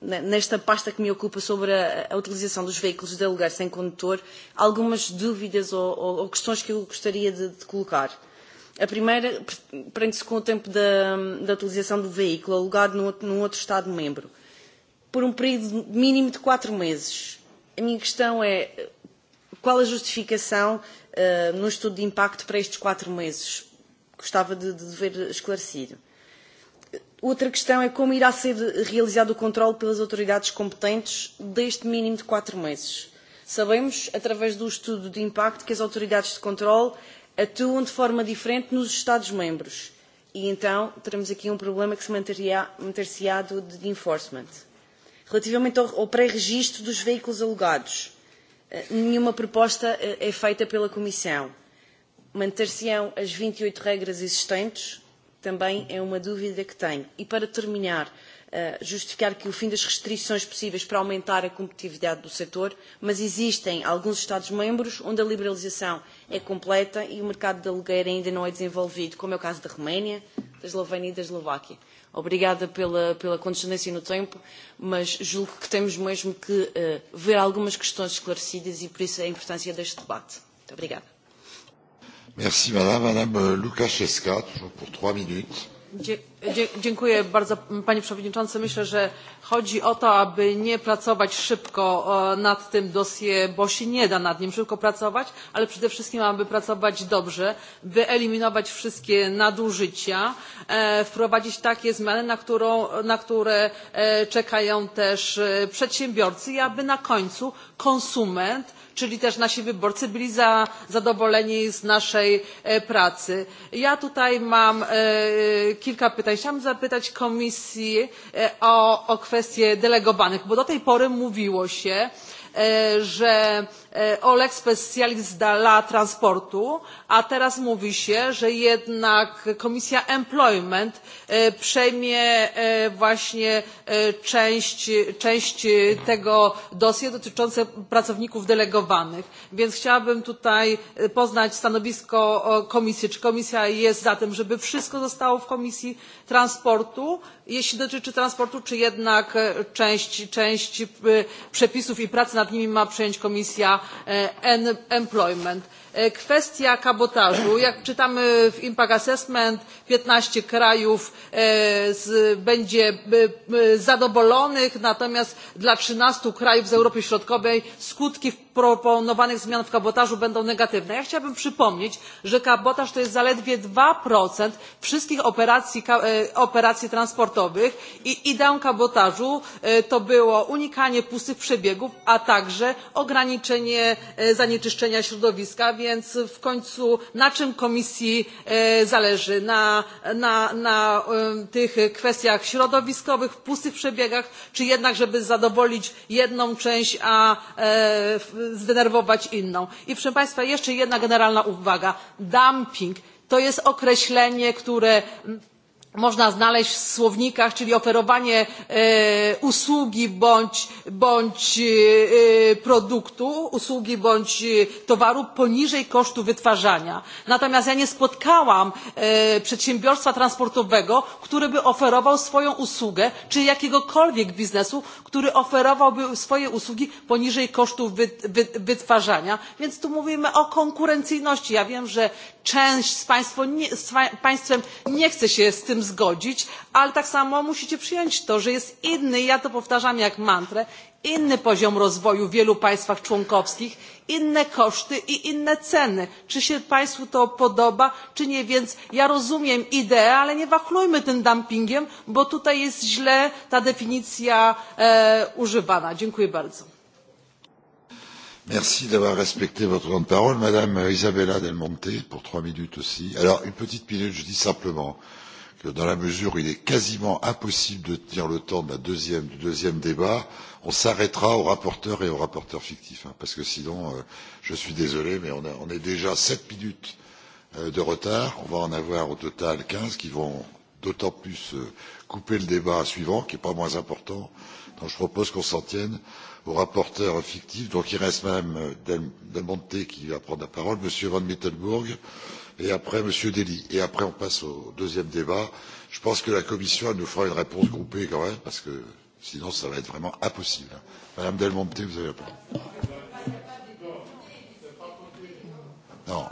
nesta pasta que me ocupa sobre a, a utilização dos veículos de aluguer sem condutor, algumas dúvidas ou, ou, ou questões que eu gostaria de, de colocar. A primeira prende-se com o tempo da, da utilização do veículo alugado num, num outro Estado-membro, por um período mínimo de quatro meses. A minha questão é qual a justificação uh, no estudo de impacto para estes quatro meses? gostava de, de ver esclarecido. Outra questão é como irá ser realizado o controle pelas autoridades competentes deste mínimo de quatro meses. Sabemos, através do estudo de impacto, que as autoridades de controle atuam de forma diferente nos Estados-membros. E então teremos aqui um problema que se manter-se-á do de enforcement. Relativamente ao, ao pré-registro dos veículos alugados, nenhuma proposta é feita pela Comissão manter-se-ão as vinte e oito regras existentes? Também é uma dúvida que tenho. E para terminar, justificar que o fim das restrições possíveis para aumentar a competitividade do setor, mas existem alguns Estados-membros onde a liberalização é completa e o mercado de aluguer ainda não é desenvolvido, como é o caso da Roménia, da Eslovénia e da Eslováquia. Obrigada pela, pela condescendência no tempo, mas julgo que temos mesmo que ver algumas questões esclarecidas e por isso a importância deste debate. Muito obrigada. Merci, madame. Madame Lukaszewska, toujours pour trois minutes panie przewodniczący! myślę że chodzi o to aby nie pracować szybko nad tym dossier bo się nie da nad nim szybko pracować ale przede wszystkim aby pracować dobrze by eliminować wszystkie nadużycia wprowadzić takie zmiany na które czekają też przedsiębiorcy i aby na końcu konsument czyli też nasi wyborcy byli zadowoleni z naszej pracy. Ja tutaj mam kilka pytań. Chciałam zapytać komisję o kwestię delegowanych, bo do tej pory mówiło się, że lex specialis dla transportu, a teraz mówi się, że jednak Komisja Employment przejmie właśnie część, tego dossier dotyczące pracowników delegowanych. Więc chciałabym tutaj poznać stanowisko Komisji. Czy Komisja jest za tym, żeby wszystko zostało w Komisji Transportu, jeśli dotyczy transportu, czy jednak część przepisów i pracy nad nimi ma przejąć Komisja employment. Kwestia kabotażu. Jak czytamy w Impact Assessment, piętnaście krajów będzie zadowolonych, natomiast dla trzynaście krajów z Europy Środkowej skutki proponowanych zmian w kabotażu będą negatywne. ja chciałabym przypomnieć że kabotaż to jest zaledwie dwa wszystkich operacji transportowych i ideą kabotażu to było unikanie pustych przebiegów a także ograniczenie zanieczyszczenia środowiska więc w końcu na czym komisji zależy? na tych kwestiach środowiskowych pustych przebiegach czy jednak żeby zadowolić jedną część a zdenerwować inną. I proszę Państwa, jeszcze jedna generalna uwaga. Dumping to jest określenie, które można znaleźć w słownikach, czyli oferowanie usługi bądź, produktu, usługi bądź towaru poniżej kosztu wytwarzania. Natomiast ja nie spotkałam przedsiębiorstwa transportowego, które by oferował swoją usługę, czy jakiegokolwiek biznesu, który oferowałby swoje usługi poniżej kosztów wytwarzania. Więc tu mówimy o konkurencyjności. Ja wiem, że część z, państwem nie chce się z tym zgodzić, ale tak samo musicie przyjąć to, że jest inny, ja to powtarzam jak mantrę, inny poziom rozwoju w wielu państwach członkowskich, inne koszty i inne ceny. Czy się Państwu to podoba, czy nie, więc ja rozumiem ideę, ale nie wachlujmy tym dumpingiem, bo tutaj jest źle ta definicja używana. Dziękuję bardzo. Merci d'avoir respecté votre temps de parole. Madame Isabella Del Monte, pour trois minutes aussi. Alors, une petite minute, je dis simplement que dans la mesure où il est quasiment impossible de tenir le temps de la deuxième, du deuxième débat, on s'arrêtera aux rapporteurs et aux rapporteurs fictifs, hein, parce que sinon, euh, je suis désolé, mais on, a, on est déjà sept minutes euh, de retard. On va en avoir au total quinze qui vont d'autant plus euh, couper le débat suivant, qui n'est pas moins important. Donc, je propose qu'on s'en tienne au rapporteur fictif. Donc il reste Madame Del Monte qui va prendre la parole, Monsieur Van Mittelbourg, et après Monsieur Dely. Et après on passe au deuxième débat. Je pense que la Commission elle nous fera une réponse groupée quand même, parce que sinon ça va être vraiment impossible. Madame Del Monte, vous avez la parole. Non.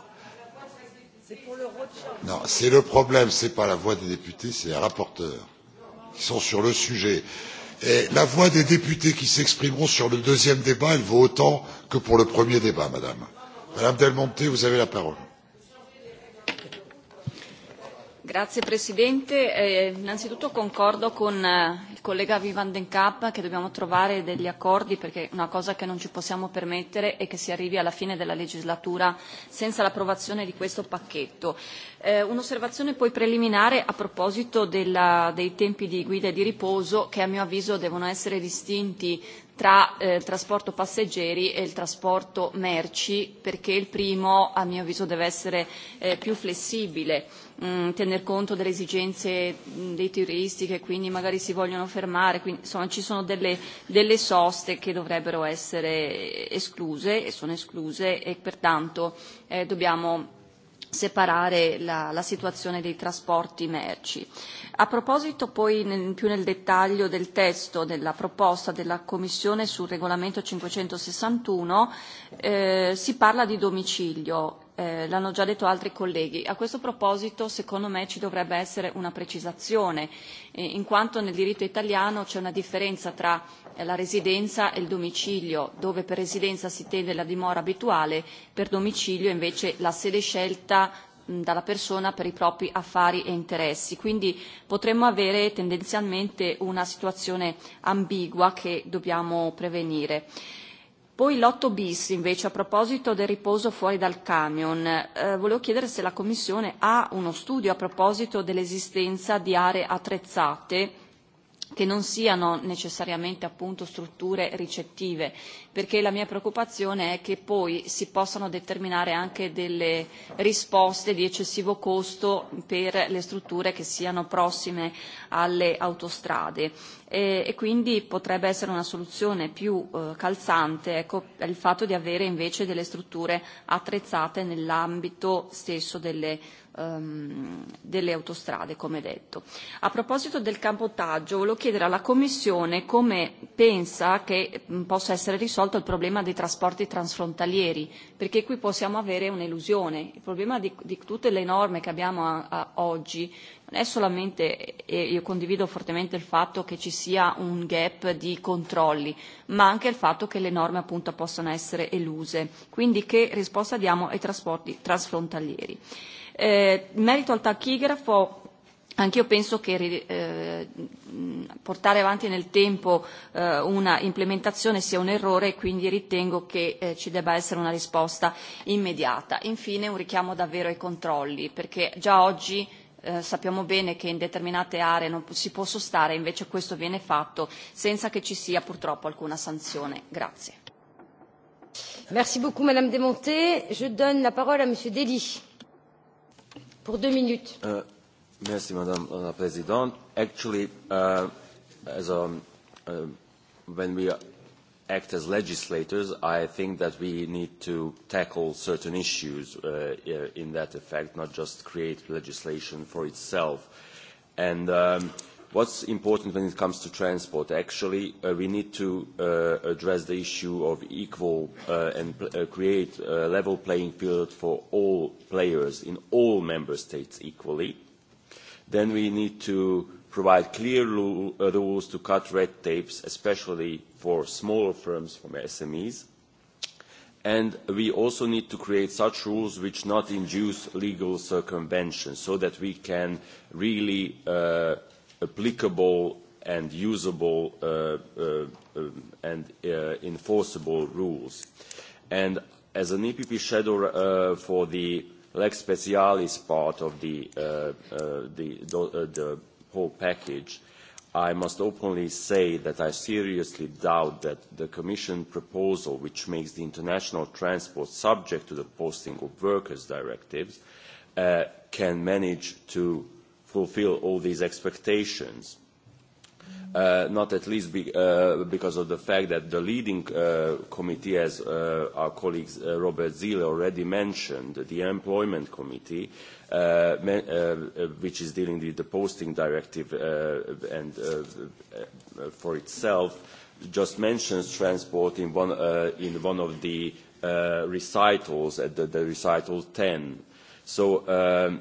Non, c'est le problème, ce n'est pas la voix des députés, c'est les rapporteurs qui sont sur le sujet la voix des députés qui s'exprimeront sur le deuxième débat vaut autant que pour le premier débat madame. madame del monte vous avez la parole. Grazie Presidente, colleghi innanzitutto concordo con il collega Vivan Den Kapp che dobbiamo trovare degli accordi perché una cosa che non ci possiamo permettere è che si arrivi alla fine della legislatura senza l'approvazione di questo pacchetto. un'osservazione poi preliminare a proposito della, dei tempi di guida e di riposo che a mio avviso devono essere distinti tra eh, il trasporto passeggeri e il trasporto merci perché il primo a mio avviso deve essere eh, più flessibile tener conto delle esigenze dei turisti che quindi magari si vogliono fermare, quindi insomma ci sono delle, delle soste che dovrebbero essere escluse e sono escluse e pertanto eh, dobbiamo separare la, la situazione dei trasporti merci. A proposito poi nel, più nel dettaglio del testo della proposta della Commissione sul regolamento 561 eh, si parla di domicilio eh, l'hanno già detto altri colleghi. A questo proposito, secondo me, ci dovrebbe essere una precisazione, eh, in quanto nel diritto italiano c'è una differenza tra eh, la residenza e il domicilio, dove per residenza si tende la dimora abituale, per domicilio invece la sede scelta dalla persona per i propri affari e interessi. Quindi potremmo avere tendenzialmente una situazione ambigua che dobbiamo prevenire. Eh, Poi l'otto bis invece a proposito del riposo fuori dal camion, eh, volevo chiedere se la Commissione ha uno studio a proposito dell'esistenza di aree attrezzate che non siano necessariamente appunto strutture ricettive, perché la mia preoccupazione è che poi si possano determinare anche delle risposte di eccessivo costo per le strutture che siano prossime alle autostrade e, e quindi potrebbe essere una soluzione più eh, calzante ecco, il fatto di avere invece delle strutture attrezzate nell'ambito stesso delle delle autostrade, come detto. A proposito del campottaggio, volevo chiedere alla Commissione come pensa che possa essere risolto il problema dei trasporti transfrontalieri, perché qui possiamo avere un'illusione. Il problema di, di tutte le norme che abbiamo a, a oggi non è solamente, e io condivido fortemente il fatto che ci sia un gap di controlli, ma anche il fatto che le norme appunto possano essere eluse. Quindi che risposta diamo ai trasporti transfrontalieri? Eh, merito al tachigrafo, Anch'io penso che eh, portare avanti nel tempo eh, una implementazione sia un errore e quindi ritengo che eh, ci debba essere una risposta immediata. Infine un richiamo davvero ai controlli, perché già oggi sappiamo bene che in determinate aree non si può sostare, invece questo viene fatto senza che ci sia purtroppo alcuna sanzione. Grazie. Merci beaucoup Madame Demonté. Je donne la parole à Monsieur Delis. Pour deux minutes. Uh, merci, Madame la Présidente. Actually, uh, as a, uh, when we act as legislators, I think that we need to tackle certain issues uh, in that effect, not just create legislation for itself. And um, What's important when it comes to transport? Actually, uh, we need to uh, address the issue of equal uh, and uh, create a level playing field for all players in all member states equally. Then we need to provide clear rules to cut red tapes, especially for smaller firms, from SMEs. And we also need to create such rules which not induce legal circumvention so that we can really applicable and usable and enforceable rules. And as an EPP shadow for the lex specialis part of the whole package, I must openly say that I seriously doubt that the Commission proposal, which makes the international transport subject to the Posting of Workers directives, can manage to fulfil all these expectations, not at least because of the fact that the leading committee, as our colleague Robert Zile already mentioned, the Employment Committee, which is dealing with the posting directive and for itself, just mentions transport in one, of the recitals, at the, recital ten. So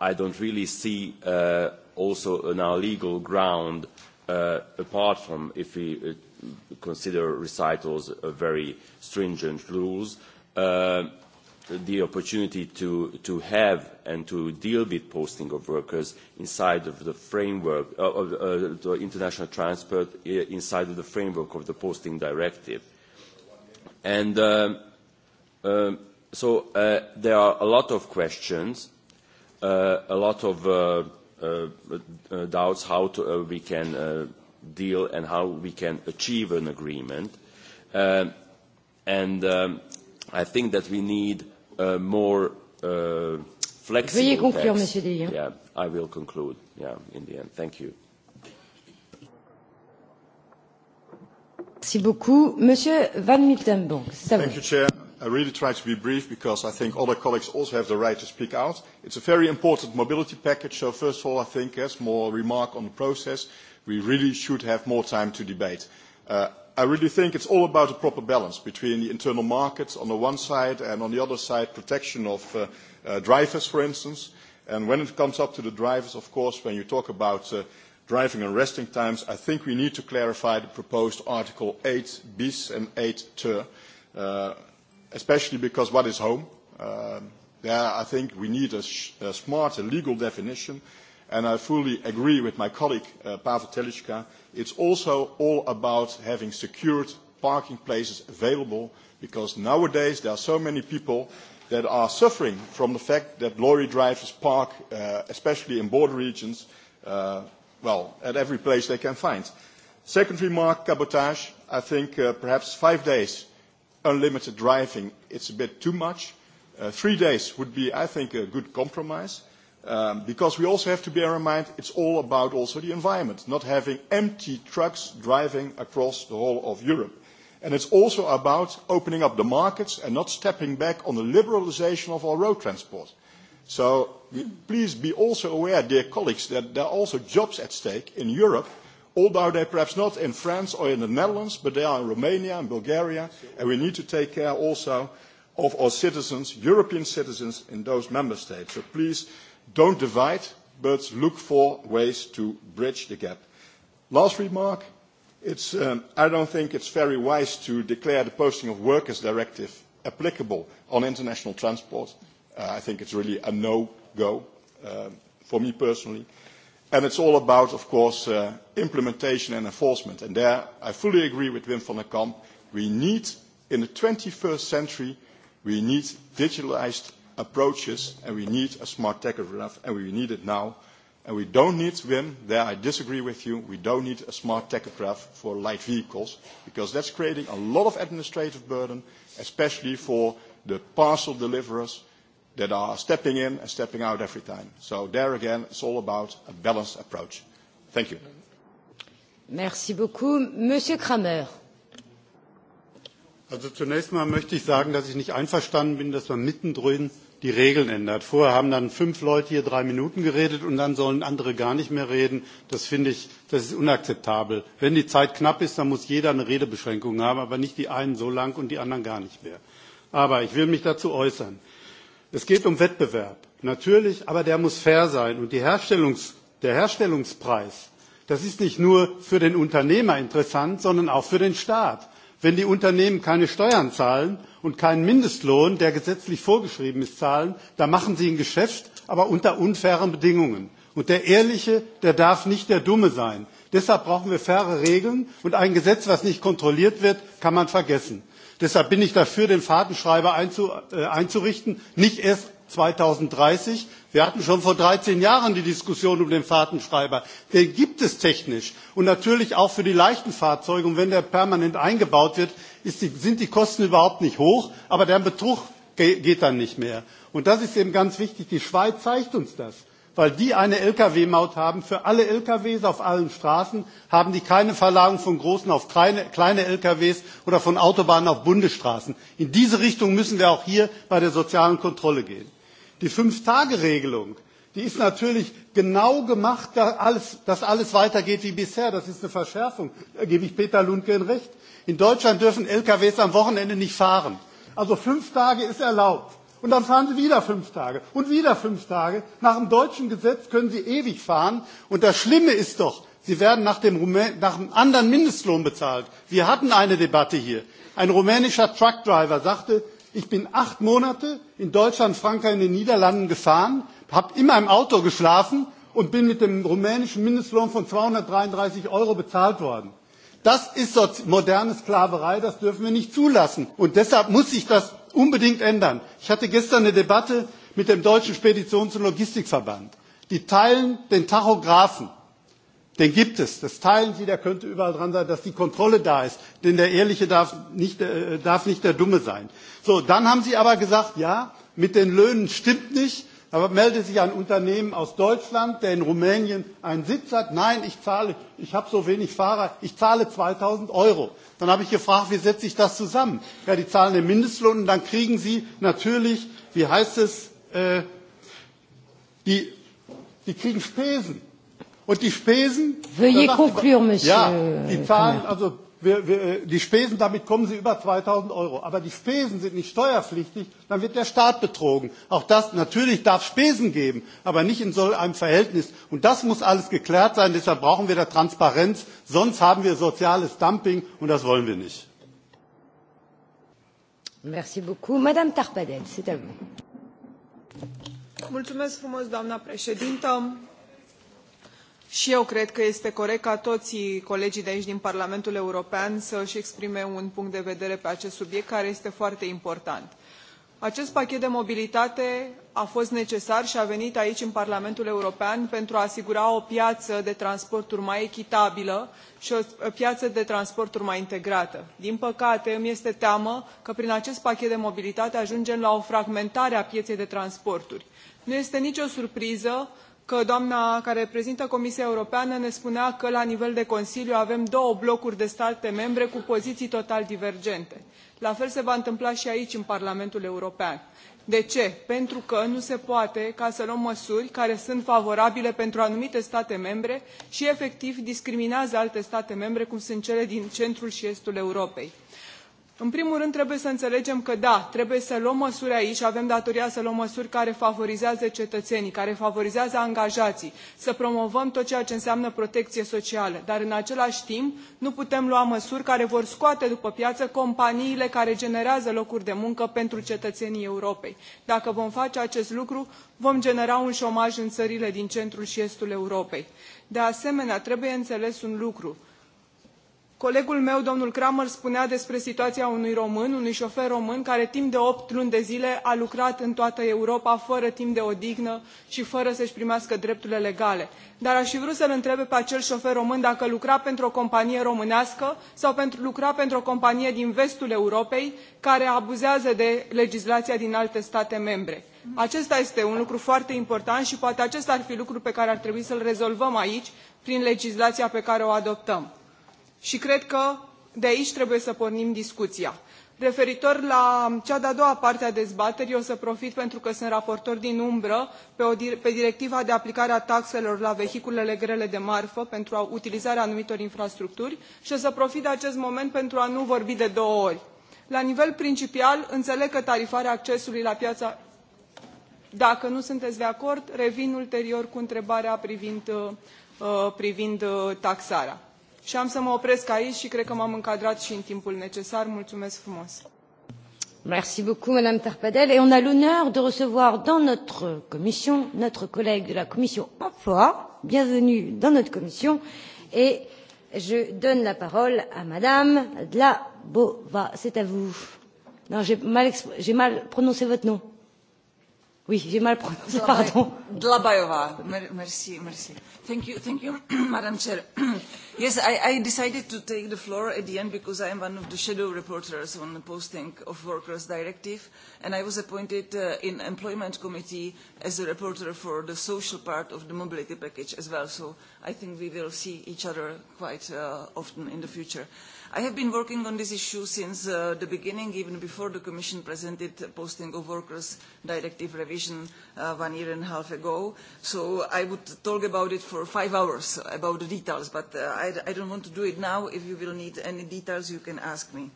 I don't really see uh, also now legal ground uh, apart from if we consider recitals a very stringent rules, uh, the opportunity to, to have and to deal with posting of workers inside of the framework of uh, the international transport inside of the framework of the posting directive. And so uh, there are a lot of questions a lot of doubts how we can deal and how we can achieve an agreement. And I think that we need a more flexible text. Yeah, I will conclude, yeah, in the end. Thank you. Merci beaucoup. Monsieur Van c'est à vous. I really try to be brief because I think other colleagues also have the right to speak out. It's a very important mobility package, so first of all, I think, as more remark on the process, we really should have more time to debate. Uh, I really think it's all about a proper balance between the internal markets on the one side and on the other side protection of uh, uh, drivers, for instance. And when it comes up to the drivers, of course, when you talk about uh, driving and resting times, I think we need to clarify the proposed Article 8 bis and 8 ter. Uh, especially because what is home? Um, there, I think we need a, sh a smarter legal definition, and I fully agree with my colleague uh, Pavel Telitschka. It's also all about having secured parking places available, because nowadays there are so many people that are suffering from the fact that lorry drivers park, uh, especially in border regions, uh, well, at every place they can find. Second remark, cabotage. I think uh, perhaps five days unlimited driving, it's a bit too much. Uh, three days would be, I think, a good compromise. Um, because we also have to bear in mind it's all about also the environment, not having empty trucks driving across the whole of Europe. And it's also about opening up the markets and not stepping back on the liberalisation of our road transport. So please be also aware, dear colleagues, that there are also jobs at stake in Europe – although they are perhaps not in France or in the Netherlands, but they are in Romania and Bulgaria, and we need to take care also of our citizens, European citizens in those member states. So please don't divide, but look for ways to bridge the gap. Last remark, it's, um, I don't think it's very wise to declare the Posting of Workers Directive applicable on international transport. I think it's really a no-go for me personally. And it's all about, of course, uh, implementation and enforcement. And there I fully agree with Wim van der Kamp. We need, in the 21st century, we need digitalized approaches and we need a smart tachograph and we need it now. And we don't need, Wim, there I disagree with you, we don't need a smart tachograph for light vehicles because that's creating a lot of administrative burden, especially for the parcel deliverers that are stepping in and stepping out every time. So there again, it's all about a balanced approach. Thank you. Merci beaucoup. Monsieur Kramer. Also zunächst mal möchte ich sagen, dass ich nicht einverstanden bin, dass man mittendrin die Regeln ändert. Vorher haben dann fünf Leute hier drei Minuten geredet und dann sollen andere gar nicht mehr reden. Das finde ich, das ist unakzeptabel. Wenn die Zeit knapp ist, dann muss jeder eine Redebeschränkung haben, aber nicht die einen so lang und die anderen gar nicht mehr. Aber ich will mich dazu äußern es geht um Wettbewerb, natürlich, aber der muss fair sein. Und der Herstellungspreis, das ist nicht nur für den Unternehmer interessant, sondern auch für den Staat. Wenn die Unternehmen keine Steuern zahlen und keinen Mindestlohn, der gesetzlich vorgeschrieben ist, zahlen, dann machen sie ein Geschäft, aber unter unfairen Bedingungen. Und der Ehrliche, der darf nicht der Dumme sein. Deshalb brauchen wir faire Regeln und ein Gesetz, das nicht kontrolliert wird, kann man vergessen deshalb bin ich dafür den fahrtenschreiber einzurichten nicht erst. zweitausenddreißig wir hatten schon vor dreizehn jahren die diskussion um den fahrtenschreiber den gibt es technisch und natürlich auch für die leichten fahrzeuge und wenn der permanent eingebaut wird sind die kosten überhaupt nicht hoch aber der betrug geht dann nicht mehr. und das ist eben ganz wichtig die schweiz zeigt uns das weil die eine Lkw Maut haben für alle Lkw auf allen Straßen, haben die keine Verlagerung von großen auf kleine Lkw oder von Autobahnen auf Bundesstraßen. In diese Richtung müssen wir auch hier bei der sozialen Kontrolle gehen. Die Fünf-Tage-Regelung, die ist natürlich genau gemacht, dass alles, weitergeht wie bisher. Das ist eine Verschärfung. Da gebe ich Peter Lundgren recht. In Deutschland dürfen Lkw am Wochenende nicht fahren. Also fünf Tage ist erlaubt Und dann fahren Sie wieder fünf Tage und wieder fünf Tage. Nach dem deutschen Gesetz können Sie ewig fahren. Und das Schlimme ist doch, Sie werden nach dem, nach dem anderen Mindestlohn bezahlt. Wir hatten eine Debatte hier. Ein rumänischer Truckdriver sagte, ich bin acht Monate in Deutschland, Frankreich und den Niederlanden gefahren, habe immer im Auto geschlafen und bin mit dem rumänischen Mindestlohn von 233 Euro bezahlt worden. Das ist moderne Sklaverei, das dürfen wir nicht zulassen. Und deshalb muss sich das unbedingt ändern. Ich hatte gestern eine Debatte mit dem Deutschen Speditions- und Logistikverband. Die teilen den Tachografen. Den gibt es. Das teilen sie. Der könnte überall dran sein, dass die Kontrolle da ist. Denn der Ehrliche darf nicht, äh, darf nicht der Dumme sein. So, dann haben sie aber gesagt, ja, mit den Löhnen stimmt nicht. Aber meldet sich ein Unternehmen aus Deutschland, der in Rumänien einen Sitz hat, nein, ich zahle, ich habe so wenig Fahrer, ich zahle 2000 Euro. Dann habe ich gefragt, wie setze ich das zusammen? Ja, die zahlen den Mindestlohn und dann kriegen sie natürlich, wie heißt es, äh, die, die kriegen Spesen. Und die Spesen, Veuillez conclure, Monsieur. Ja, die zahlen also wir, wir, die Spesen, damit kommen sie über 2000 Euro. Aber die Spesen sind nicht steuerpflichtig, dann wird der Staat betrogen. Auch das, natürlich darf Spesen geben, aber nicht in so einem Verhältnis. Und das muss alles geklärt sein, deshalb brauchen wir da Transparenz. Sonst haben wir soziales Dumping und das wollen wir nicht. Merci beaucoup. Madame Tarpadel, c'est à vous. Mulțumesc frumos, doamna președintă Și eu cred că este corect ca toți colegii de aici din Parlamentul European să își exprime un punct de vedere pe acest subiect, care este foarte important. Acest pachet de mobilitate a fost necesar și a venit aici în Parlamentul European pentru a asigura o piață de transporturi mai echitabilă și o piață de transporturi mai integrată. Din păcate, îmi este teamă că prin acest pachet de mobilitate ajungem la o fragmentare a pieței de transporturi. Nu este nicio surpriză că doamna care reprezintă Comisia Europeană ne spunea că la nivel de Consiliu avem două blocuri de state membre cu poziții total divergente. La fel se va întâmpla și aici, în Parlamentul European. De ce? Pentru că nu se poate ca să luăm măsuri care sunt favorabile pentru anumite state membre și efectiv discriminează alte state membre, cum sunt cele din centrul și estul Europei În primul rând, trebuie să înțelegem că, da, trebuie să luăm măsuri aici, avem datoria să luăm măsuri care favorizează cetățenii, care favorizează angajații, să promovăm tot ceea ce înseamnă protecție socială, dar în același timp nu putem lua măsuri care vor scoate după piață companiile care generează locuri de muncă pentru cetățenii Europei. Dacă vom face acest lucru, vom genera un șomaj în țările din centrul și estul Europei. De asemenea, trebuie înțeles un lucru Colegul meu, domnul Kramer, spunea despre situația unui român, unui șofer român, care timp de opt luni de zile a lucrat în toată Europa fără timp de odihnă și fără să-și primească drepturile legale. Dar aș fi vrut să-l întrebe pe acel șofer român dacă lucra pentru o companie românească sau pentru, lucra pentru o companie din vestul Europei care abuzează de legislația din alte state membre. Acesta este un lucru foarte important și poate acesta ar fi lucru pe care ar trebui să-l rezolvăm aici prin legislația pe care o adoptăm și cred că de aici trebuie să pornim discuția. Referitor la cea de-a doua parte a dezbaterii, o să profit pentru că sunt raportor din umbră pe, o, pe directiva de aplicare a taxelor la vehiculele grele de marfă pentru utilizarea anumitor infrastructuri și o să profit de acest moment pentru a nu vorbi de două ori. La nivel principal, înțeleg că tarifarea accesului la piața... Dacă nu sunteți de acord, revin ulterior cu întrebarea privind, privind taxarea Și am să mă opresc aici și cred că m-am încadrat și în timpul necesar. Mulțumesc frumos! Merci beaucoup, Madame Tarpadel. Et on a l'honneur de recevoir dans notre commission notre collègue de la commission emploi. Bienvenue dans notre commission. Et je donne la parole à Madame Dlabova. C'est à vous. Non, j'ai mal, mal prononcé votre nom. Oui, j'ai mal prononcé, pardon. Dlabayova. Merci, merci. Thank you, thank you, Madam Chair. yes, I, I decided to take the floor at the end because I am one of the shadow reporters on the posting of workers directive, and I was appointed uh, in employment committee as a reporter for the social part of the mobility package as well. So I think we will see each other quite uh, often in the future. Uh, I have been working on this issue since uh, the beginning, even before the Commission presented the Posting of Workers Directive revision uh, one year and a half ago. So I would talk about it for five hours, about the details, but uh, I, I don't want to do it now. If you will need any details, you can ask me.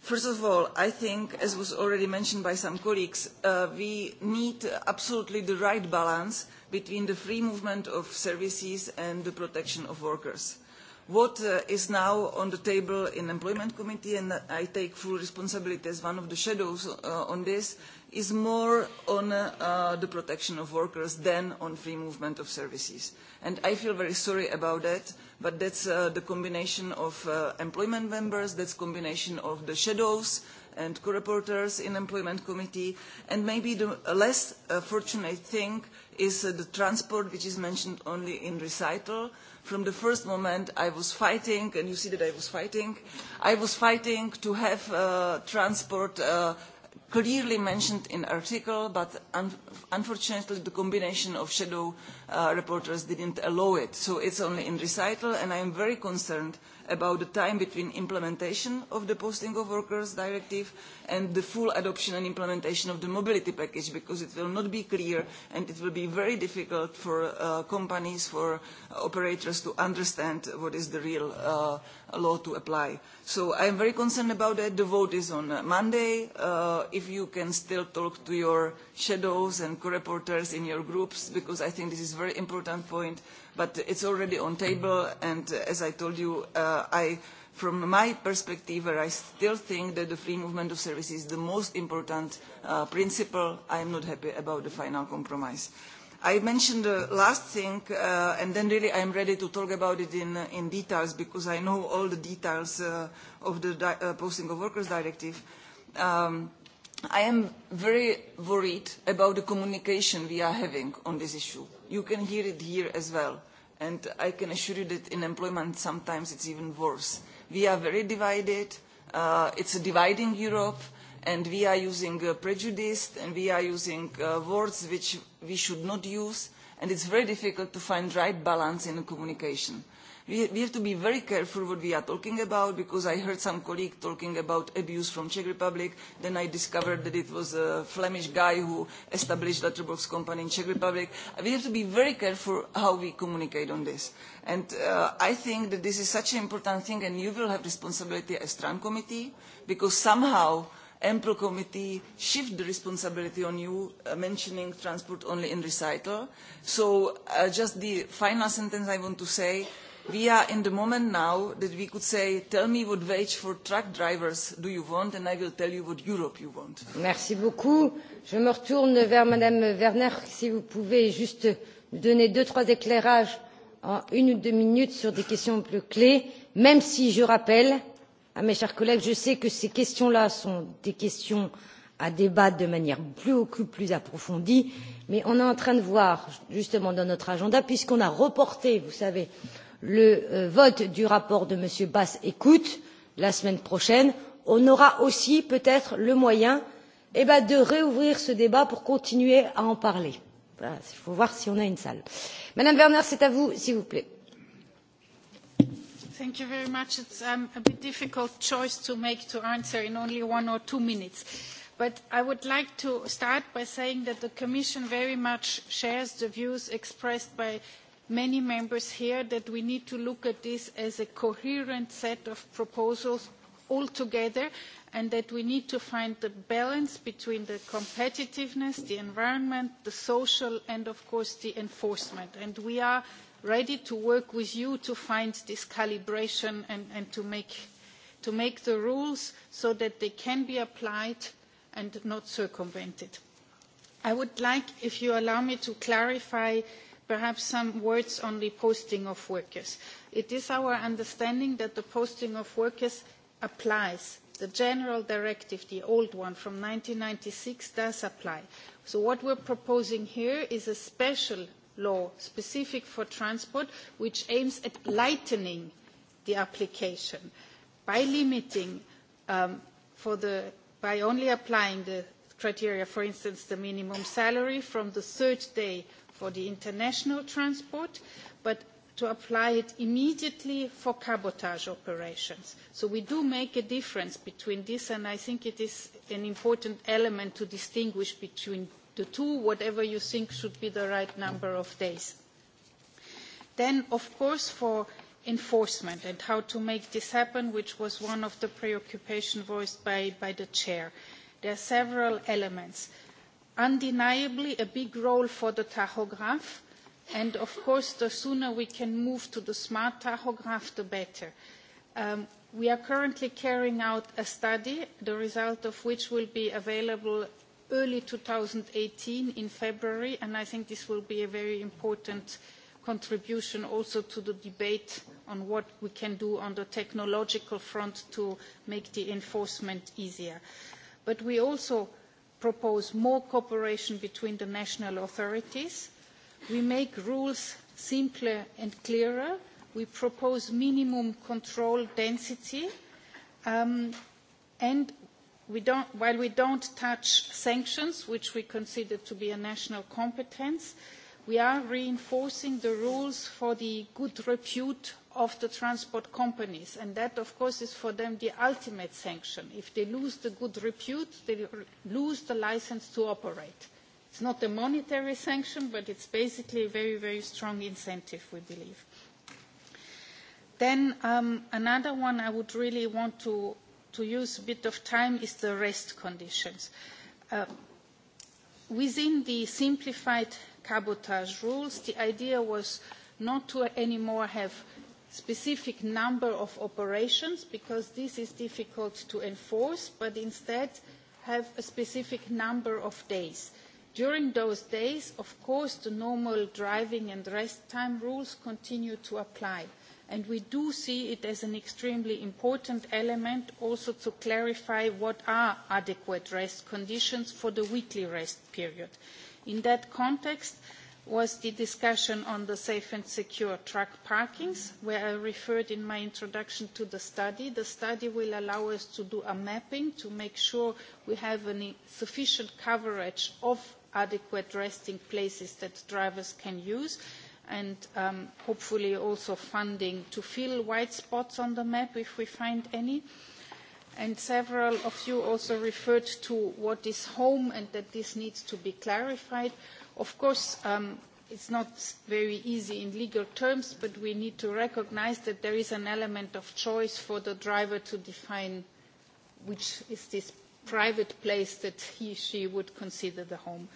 First of all, I think, as was already mentioned by some colleagues, we need absolutely the right balance between the free movement of services and the protection of workers what is now on the table in the employment committee and i take full responsibility as one of the shadows on this is more on the protection of workers than on free movement of services and i feel very sorry about that but that's uh, the combination of employment members that's the combination of the shadows and co-reporters in employment committee and maybe the less fortunate thing is the transport which is mentioned only in recital uh, From the first moment, I was fighting, and you see that I was fighting. I was fighting to have transport clearly mentioned in the article, but un unfortunately the combination of shadow uh, reporters didn't allow it. So it's only in recital, and I am very concerned about the time between implementation of the Posting of Workers Directive and the full adoption and implementation of the mobility package, because it will not be clear and it will be very difficult for uh, companies, for operators to understand what is the real uh, law to apply. So I am very concerned about that. The vote is on Monday. Uh, if you can still talk to your shadows and co-reporters in your groups, because I think this is a very important point, but it's already on table, and as I told you, I, from my perspective, where I still think that the free movement of services is the most important principle, I am not happy about the final compromise. I mentioned the last thing, uh, and then really I'm ready to talk about it in, in details because I know all the details uh, of the di uh, Posting of Workers Directive. Um, I am very worried about the communication we are having on this issue. You can hear it here as well. And I can assure you that in employment sometimes it's even worse. We are very divided. Uh, it's a dividing Europe. And we are using uh, prejudice and we are using uh, words which we should not use. And it's very difficult to find the right balance in the communication we, have to be very careful what we are talking about because I heard some colleague talking about abuse from Czech Republic. Then I discovered that it was a Flemish guy who established letterbox company in Czech Republic. We have to be very careful how we communicate on this. And uh, I think that this is such an important thing and you will have responsibility as Tran committee because somehow ample committee shift the responsibility on you, uh, mentioning transport only in recital. So uh, just the final sentence I want to say, we are in the moment now that we could say, tell me what wage for truck drivers do you want, and I will tell you what Europe you want. Merci beaucoup. Je me retourne vers Madame Werner, si vous pouvez juste nous donner deux, trois éclairages en une ou deux minutes sur des questions plus clés, même si je rappelle à mes chers collègues, je sais que ces questions-là sont des questions à débattre de manière plus plus approfondie, mais on est en train de voir justement dans notre agenda, puisqu'on a reporté, vous savez, le vote du rapport de m. bas écoute la semaine prochaine on aura aussi peut être le moyen de rouvrir ce débat pour continuer à en parler. il faut voir si on a une salle. madame werner c'est à vous s'il vous plaît. a difficult choice to make to answer in only one or two minutes. But I would like to start by saying that the Commission very much shares the views expressed by many members here that we need to look at this as a coherent set of proposals all together and that we need to find the balance between the competitiveness, the environment, the social and of course the enforcement. And we are ready to work with you to find this calibration and, to, make, the rules so that they can be applied and not circumvented. I would like, if you allow me, to clarify uh, perhaps some words on the posting of workers. It is our understanding that the posting of workers applies. The general directive, the old one from ninety six does apply. So what we are proposing here is a special law specific for transport which aims at lightening the application by limiting for the by only applying the criteria, for instance, the minimum salary from the third day for the international transport, but to apply it immediately for cabotage operations. So we do make a difference between this, and I think it is an important element to distinguish between the two, whatever you think should be the right number of days. Then, of course, for enforcement and how to make this happen, which was one of the preoccupations voiced by, the chair. There are several elements undeniably a big role for the tachograph, and of course, the sooner we can move to the smart tachograph, the better. we are currently carrying out a study, the result of which will be available early eighteen in February, and I think this will be a very important contribution also to the debate on what we can do on the technological front to make the enforcement easier. But we also propose more cooperation between the national authorities. We make rules simpler and clearer. We propose minimum control density. and we don't, while we don't touch sanctions, which we consider to be a national competence, we are reinforcing the rules for the good repute of the transport companies and that of course is for them the ultimate sanction if they lose the good repute they lose the licence to operate it's not a monetary sanction but it's basically a very very strong incentive we believe then um, another one I would really want to to use a bit of time is the rest conditions uh, within the simplified cabotage rules the idea was not to anymore have specific number of operations because this is difficult to enforce, but instead have a specific number of days. During those days, of course, the normal driving and rest time rules continue to apply. And we do see it as an extremely important element also to clarify what are adequate rest conditions for the weekly rest period. In that context, was the discussion on the safe and secure truck parkings, where I referred in my introduction to the study. The study will allow us to do a mapping to make sure we have sufficient coverage of adequate resting places that drivers can use and hopefully also funding to fill white spots on the map if we find any. several of you also referred to what is home and that this needs to be clarified. Of course, um, it's not very easy in legal terms, but we need to recognise that there is an element of choice for the driver to define which is this private place that he or she would consider the home.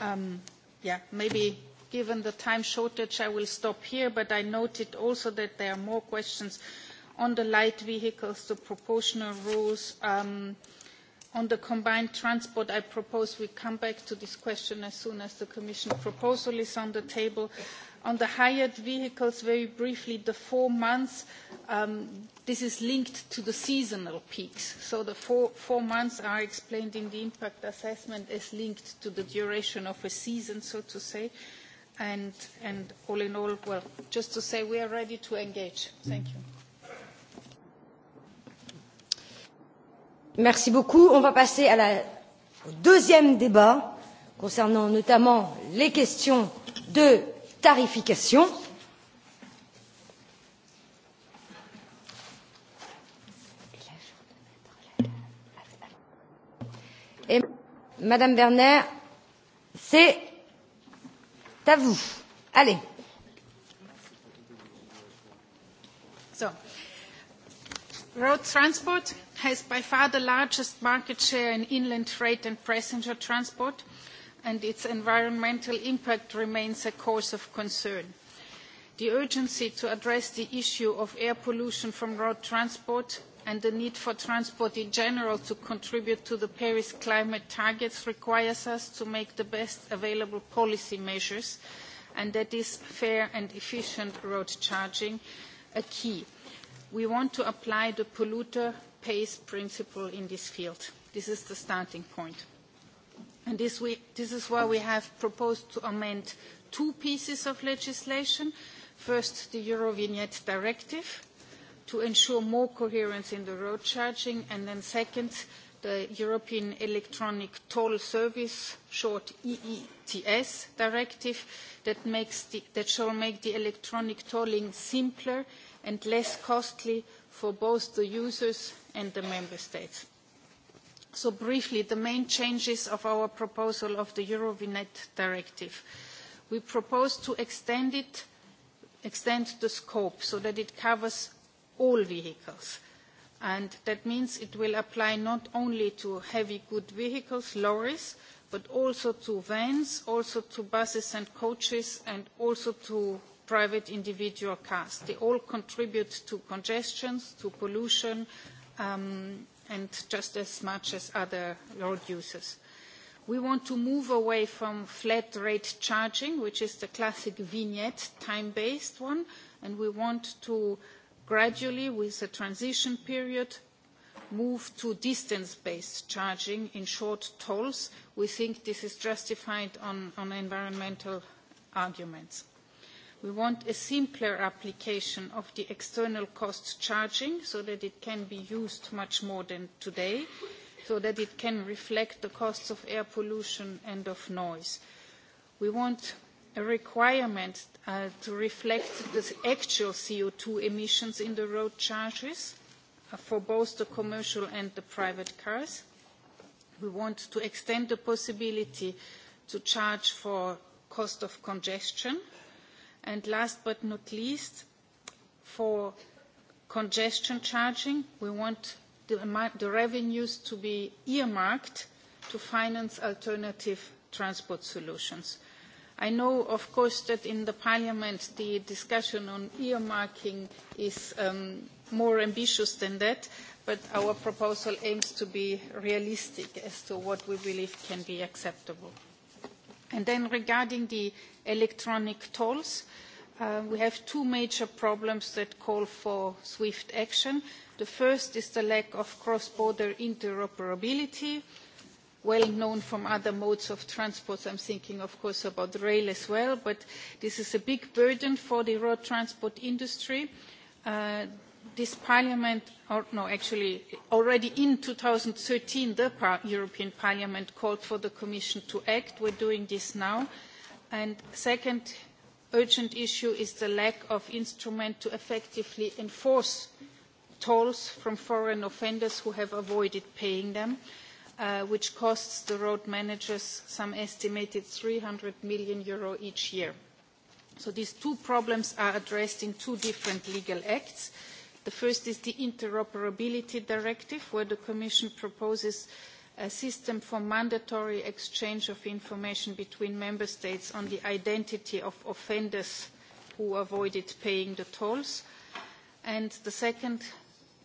Um, yeah, maybe given the time shortage, I will stop here, but I noted also that there are more questions on the light vehicles, the proportional rules, um, On the combined transport, I propose we come back to this question as soon as the Commission proposal is on the table. On the hired vehicles, very briefly, the four months, this is linked to the seasonal peaks. So the four, months are explained in the impact assessment as linked to the duration of a season, so to say. And, all in all, well, just to say we are ready to engage. Thank you. Merci beaucoup. On va passer à la, au deuxième débat concernant notamment les questions de tarification. Et Madame Werner, c'est à vous. Allez. road transport has by far the largest market share in inland freight and passenger transport, and its environmental impact remains a cause of concern. The urgency to address the issue of air pollution from road transport and the need for transport in general to contribute to the Paris climate targets requires us to make the best available policy measures, and that is fair and efficient road charging, a key. We want to apply the polluter pace principle in this field. This is the starting point. And this, we, this is why we have proposed to amend two pieces of legislation. First, the Eurovignette Directive to ensure more coherence in the road charging, and then second, the European Electronic Toll Service, short EETS directive, that, makes the, that shall make the electronic tolling simpler and less costly for both the users and the member states. So briefly, the main changes of our proposal of the Eurovignette directive. We propose to extend it, extend the scope so that it covers all vehicles. And that means it will apply not only to heavy good vehicles, lorries, but also to vans, also to buses and coaches, and also to private individual cars. They all contribute to congestion, to pollution, and just as much as other road users. We want to move away from flat rate charging, which is the classic vignette time-based one, and we want to gradually, with a transition period, move to distance-based charging in short tolls. We think this is justified on environmental arguments. We want a simpler application of the external cost charging so that it can be used much more than today, so that it can reflect the costs of air pollution and of noise. We want a requirement to reflect the actual co two emissions in the road charges for both the commercial and the private cars. We want to extend the possibility to charge for cost of congestion And last but not least, for congestion charging, we want the revenues to be earmarked to finance alternative transport solutions. I know, of course, that in the Parliament the discussion on earmarking is more ambitious than that, but our proposal aims to be realistic as to what we believe can be acceptable then regarding the electronic tolls, we have two major problems that call for swift action. The first is the lack of cross-border interoperability, well known from other modes of transport. I'm thinking, of course, about rail as well, but this is a big burden for the road transport industry this parliament, or no, actually already in thirteen the European Parliament called for the Commission to act. We are doing this now. And second urgent issue is the lack of instrument to effectively enforce tolls from foreign offenders who have avoided paying them, which costs the road managers some estimated EUR three hundred million each year. So these two problems are addressed in two different legal acts. The first is the Interoperability Directive, where the Commission proposes a system for mandatory exchange of information between member states on the identity of offenders who avoided paying the tolls. And the second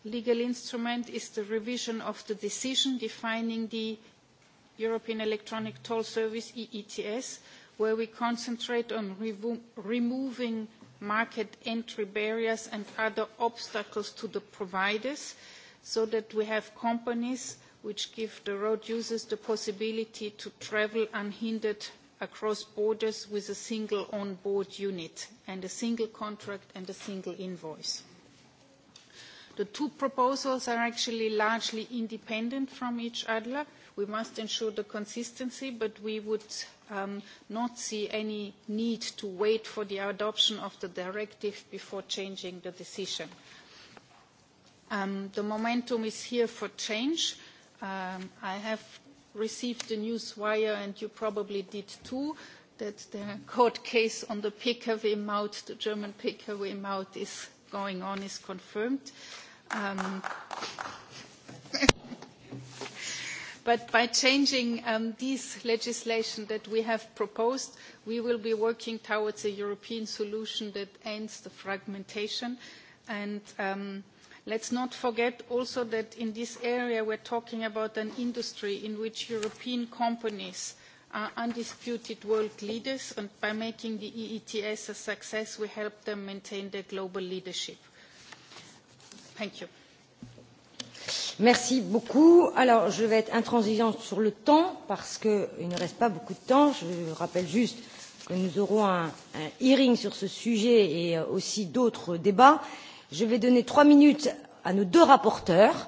legal instrument is the revision of the decision defining the European Electronic Toll Service, EETS, where we concentrate on removing market entry barriers and other obstacles to the providers so that we have companies which give the road users the possibility to travel unhindered across borders with a single on board unit and a single contract and a single invoice. The two proposals are actually largely independent from each other We must ensure the consistency, but we would not see any need to wait for the adoption of the directive before changing the decision. the momentum is here for change. I have received the news wire, and you probably did too, that the court case on the PKW Maut, the German PKW Maut, is going on, is confirmed. But by changing this legislation that we have proposed, we will be working towards a European solution that ends the fragmentation. And let's not forget also that in this area we are talking about an industry in which European companies are undisputed world leaders, and by making the EETS a success, we help them maintain their global leadership. Thank you. Merci beaucoup. Alors, je vais être intransigeante sur le temps parce qu'il ne reste pas beaucoup de temps. Je rappelle juste que nous aurons un, hearing sur ce sujet et aussi d'autres débats. Je vais donner trois minutes à nos deux rapporteurs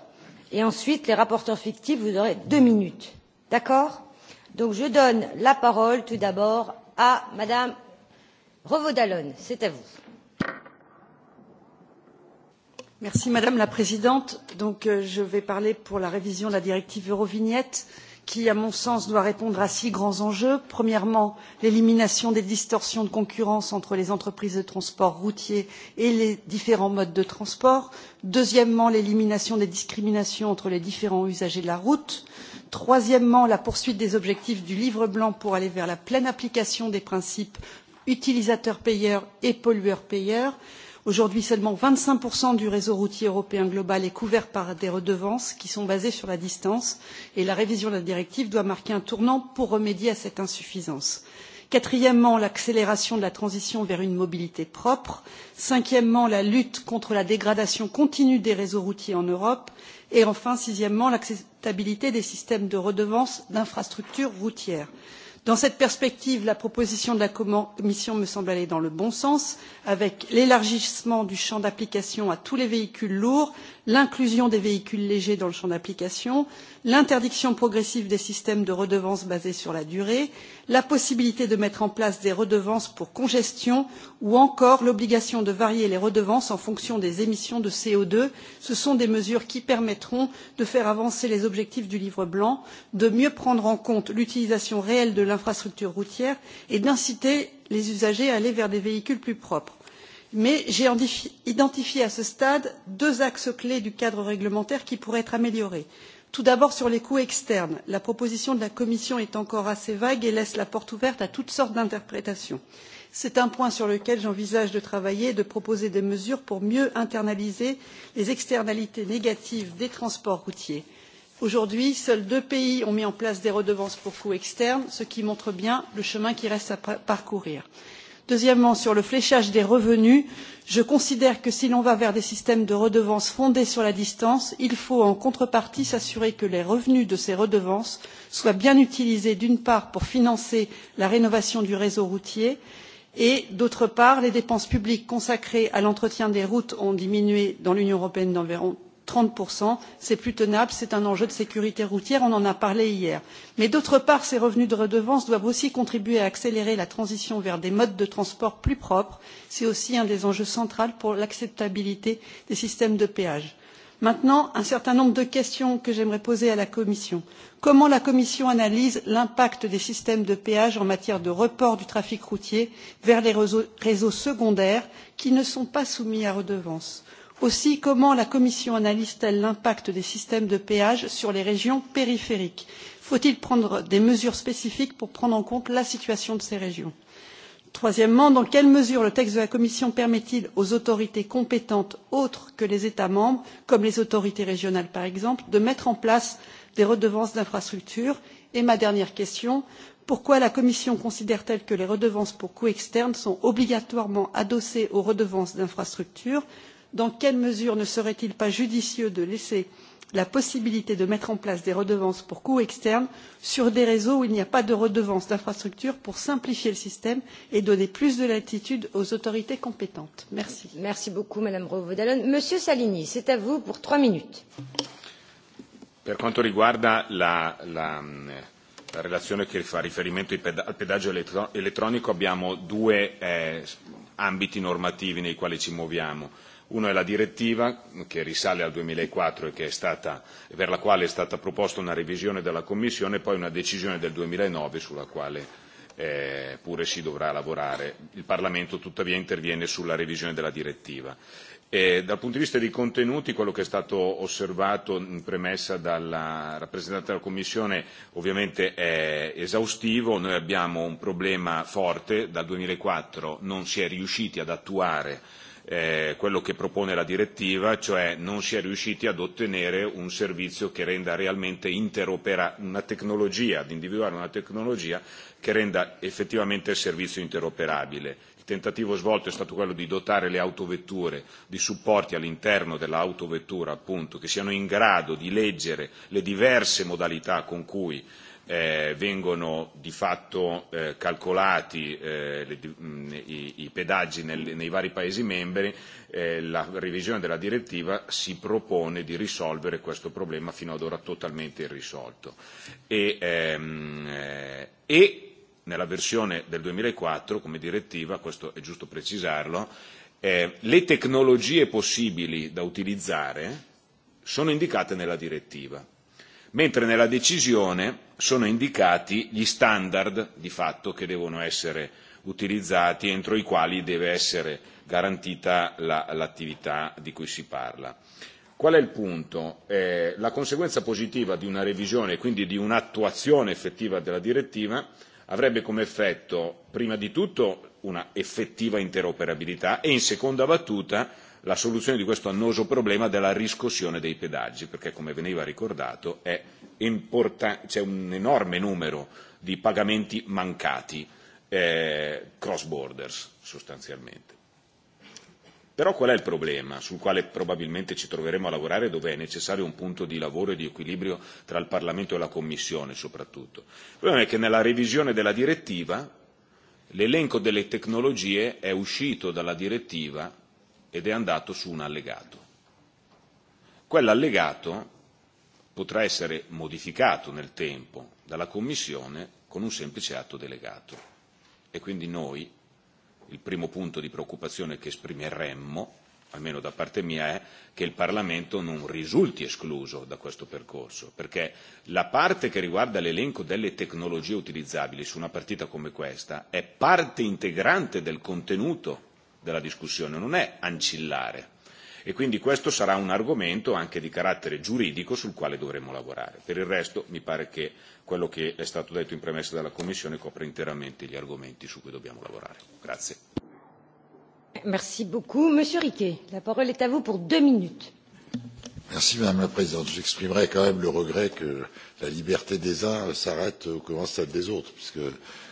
et ensuite les rapporteurs fictifs, vous aurez deux minutes. D'accord Donc je donne la parole tout d'abord à Madame revaud C'est à vous madame la présidente je vais parler pour la révision de la directive eurovignette qui à mon sens doit répondre à six grands enjeux premièrement l'élimination des distorsions de concurrence entre les entreprises de transport routier et les différents modes de transport deuxièmement l'élimination des discriminations entre les différents usagers de la route troisièmement la poursuite des objectifs du livre blanc pour aller vers la pleine application des principes utilisateur payeur et pollueur payeur quatrièmement Aujourd'hui, seulement vingt cinq du réseau routier européen global est couvert par des redevances qui sont basées sur la distance et la révision de la directive doit marquer un tournant pour remédier à cette insuffisance quatrièmement l'accélération de la transition vers une mobilité propre cinquièmement la lutte contre la dégradation continue des réseaux routiers en europe et enfin sixièmement l'acceptabilité des systèmes de redevance d'infrastructures routières dans cette perspective la proposition de la commission me semble aller dans le bon sens avec l'élargissement du champ d'application à tous les véhicules lourds l'inclusion des véhicules légers dans le champ d'application, l'interdiction progressive des systèmes de redevances basés sur la durée, la possibilité de mettre en place des redevances pour congestion ou encore l'obligation de varier les redevances en fonction des émissions de co deux ce sont des mesures qui permettront de faire avancer les objectifs du livre blanc de mieux prendre en compte l'utilisation réelle de l'infrastructure routière et d'inciter les usagers à aller vers des véhicules plus propres mais j'ai identifié à ce stade deux axes clés du cadre réglementaire qui pourraient être améliorés. tout d'abord sur les coûts externes la proposition de la commission est encore assez vague et laisse la porte ouverte à toutes sortes d'interprétations. c'est un point sur lequel j'envisage de travailler et de proposer des mesures pour mieux internaliser les externalités négatives des transports routiers. aujourd'hui seuls deux pays ont mis en place des redevances pour coûts externes ce qui montre bien le chemin qui reste à parcourir. il deuxièmement sur le fléchage des revenus je considère que si l'on va vers des systèmes de redevances fondés sur la distance il faut en contrepartie s'assurer que les revenus de ces redevances soient bien utilisés d'une part pour financer la rénovation du réseau routier et d'autre part les dépenses publiques consacrées à l'entretien des routes ont diminué dans l'union européenne d'environ trente c'est plus tenable c'est un enjeu de sécurité routière on en a parlé hier. mais d'autre part ces revenus de redevance doivent aussi contribuer à accélérer la transition vers des modes de transport plus propres c'est aussi un des enjeux centraux pour l'acceptabilité des systèmes de péage. maintenant un certain nombre de questions que j'aimerais poser à la commission comment la commission analyse l'impact des systèmes de péage en matière de report du trafic routier vers les réseaux secondaires qui ne sont pas soumis à redevance? aussi comment la commission analyse t elle l'impact des systèmes de péage sur les régions périphériques? faut il prendre des mesures spécifiques pour prendre en compte la situation de ces régions? troisièmement dans quelle mesure le texte de la commission permet il aux autorités compétentes autres que les états membres comme les autorités régionales par exemple de mettre en place des redevances d'infrastructures? et ma dernière question pourquoi la commission considère t elle que les redevances pour coûts externes sont obligatoirement adossées aux redevances d'infrastructures? dans quelle mesure ne serait il pas judicieux de laisser la possibilité de mettre en place des redevances pour coûts externes sur des réseaux où il n'y a pas de redevance d'infrastructure pour simplifier le système et donner plus de latitude aux autorités compétentes? Merci beaucoup madame revaudallon monsieur salini c'est à vous pour trois minutes. per quanto riguarda la relazione che fa riferimento al pedaggio elettronico abbiamo due ambiti normativi nei quali ci muoviamo Uno è la direttiva che risale al duemilaquattro e che è stata, per la quale è stata proposta una revisione dalla Commissione e poi una decisione del duemilanove sulla quale pure si dovrà lavorare. Il Parlamento tuttavia interviene sulla revisione della direttiva. dal punto di vista dei contenuti, quello che è stato osservato in premessa dalla rappresentante della Commissione ovviamente è esaustivo. Noi abbiamo un problema forte. Dal duemilaquattro non si è riusciti ad attuare quello che propone la direttiva, cioè non si è riusciti ad ottenere un servizio che renda realmente interoperabile una tecnologia, ad individuare una tecnologia che renda effettivamente il servizio interoperabile. Il tentativo svolto è stato quello di dotare le autovetture di supporti all'interno dell'autovettura, appunto, che siano in grado di leggere le diverse modalità con cui eh, vengono di fatto eh, calcolati eh, le, i, i pedaggi nel, nei vari Paesi membri, eh, la revisione della direttiva si propone di risolvere questo problema fino ad ora totalmente irrisolto. E, ehm, eh, e nella versione del 2004, come direttiva, questo è giusto precisarlo, eh, le tecnologie possibili da utilizzare sono indicate nella direttiva mentre nella decisione sono indicati gli standard di fatto che devono essere utilizzati entro i quali deve essere garantita l'attività di cui si parla. Qual è il punto? Eh, la conseguenza positiva di una revisione e quindi di un'attuazione effettiva della direttiva avrebbe come effetto prima di tutto una effettiva interoperabilità e in seconda battuta la soluzione di questo annoso problema della riscossione dei pedaggi, perché come veniva ricordato c'è un enorme numero di pagamenti mancati cross borders sostanzialmente. Però qual è il problema sul quale probabilmente ci troveremo a lavorare dove è necessario un punto di lavoro e di equilibrio tra il Parlamento e la Commissione soprattutto? Il problema è che nella revisione della direttiva l'elenco delle tecnologie è uscito dalla direttiva ed è andato su un allegato. Quell'allegato potrà essere modificato nel tempo dalla Commissione con un semplice atto delegato e quindi noi il primo punto di preoccupazione che esprimeremmo, almeno da parte mia, è che il Parlamento non risulti escluso da questo percorso, perché la parte che riguarda l'elenco delle tecnologie utilizzabili su una partita come questa è parte integrante del contenuto della discussione, non è ancillare. E quindi questo sarà un argomento anche di carattere giuridico sul quale dovremo lavorare. Per il resto mi pare che quello che è stato detto in premessa dalla Commissione copra interamente gli argomenti su cui dobbiamo lavorare. Grazie. Merci beaucoup. Monsieur Riquet, la parole est à vous pour deux minutes. Merci Madame la Présidente. J'exprimerai quand même le regret que la liberté des uns s'arrête au commence celle des autres, puisque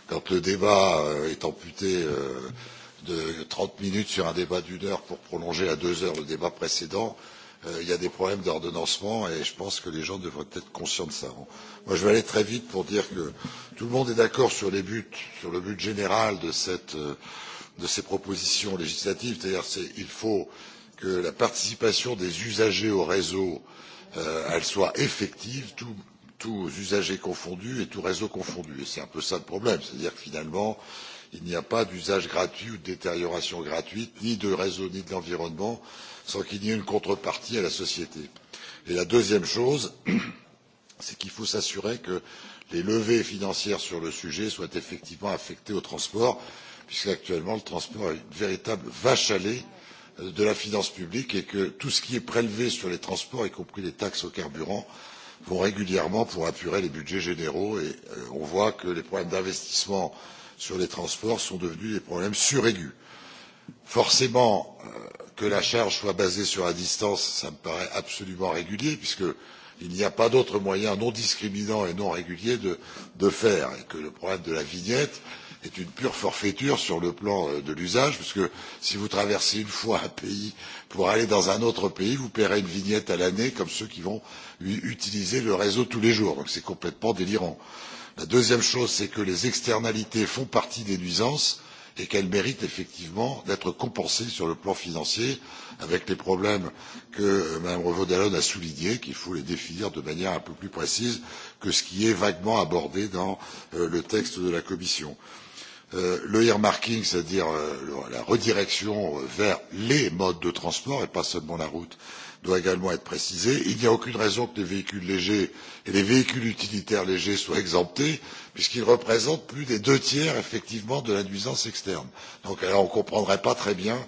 quand le débat est amputé euh, de trente minutes sur un débat d'une heure pour prolonger à deux heures le débat précédent, il y a des problèmes d'ordonnancement et je pense que les gens devraient être conscients de ça. Moi, je vais aller très vite pour dire que tout le monde est d'accord sur les buts, sur le but général de, cette, de ces propositions législatives, c'est-à-dire qu'il faut que la participation des usagers au réseau elle soit effective, tout, tous usagers confondus et tous réseaux confondus. Et c'est un peu ça le problème, c'est-à-dire que finalement, euh, il n'y a pas d'usage gratuit ou de détérioration gratuite, ni de réseau, ni de l'environnement, sans qu'il y ait une contrepartie à la société. Et la deuxième chose, c'est qu'il faut s'assurer que les levées financières sur le sujet soient effectivement affectées au transport, puisqu'actuellement le transport est une véritable vache à lait de la finance publique et que tout ce qui est prélevé sur les transports, y compris les taxes au carburant, vont régulièrement pour apurer les budgets généraux et on voit que les problèmes d'investissement sur les transports sont devenus des problèmes suraigus. Forcément, que la charge soit basée sur la distance, ça me paraît absolument régulier, puisqu'il n'y a pas d'autre moyen non discriminant et non régulier de, faire, et que le problème de la vignette est une pure forfaiture sur le plan de l'usage, puisque si vous traversez une fois un pays pour aller dans un autre pays, vous paierez une vignette à l'année, comme ceux qui vont utiliser le réseau tous les jours. Donc c'est complètement délirant. Euh, La deuxième chose, c'est que les externalités font partie des nuisances et qu'elles méritent effectivement d'être compensées sur le plan financier, avec les problèmes que Mme Revaud Dallon a soulignés, qu'il faut les définir de manière un peu plus précise que ce qui est vaguement abordé dans le texte de la Commission. le earmarking, c'est-à-dire la redirection vers les modes de transport et pas seulement la route, doit également être précisé. Il n'y a aucune raison que les véhicules légers et les véhicules utilitaires légers soient exemptés, puisqu'ils représentent plus des deux tiers, effectivement, de la nuisance externe. on ne comprendrait pas très bien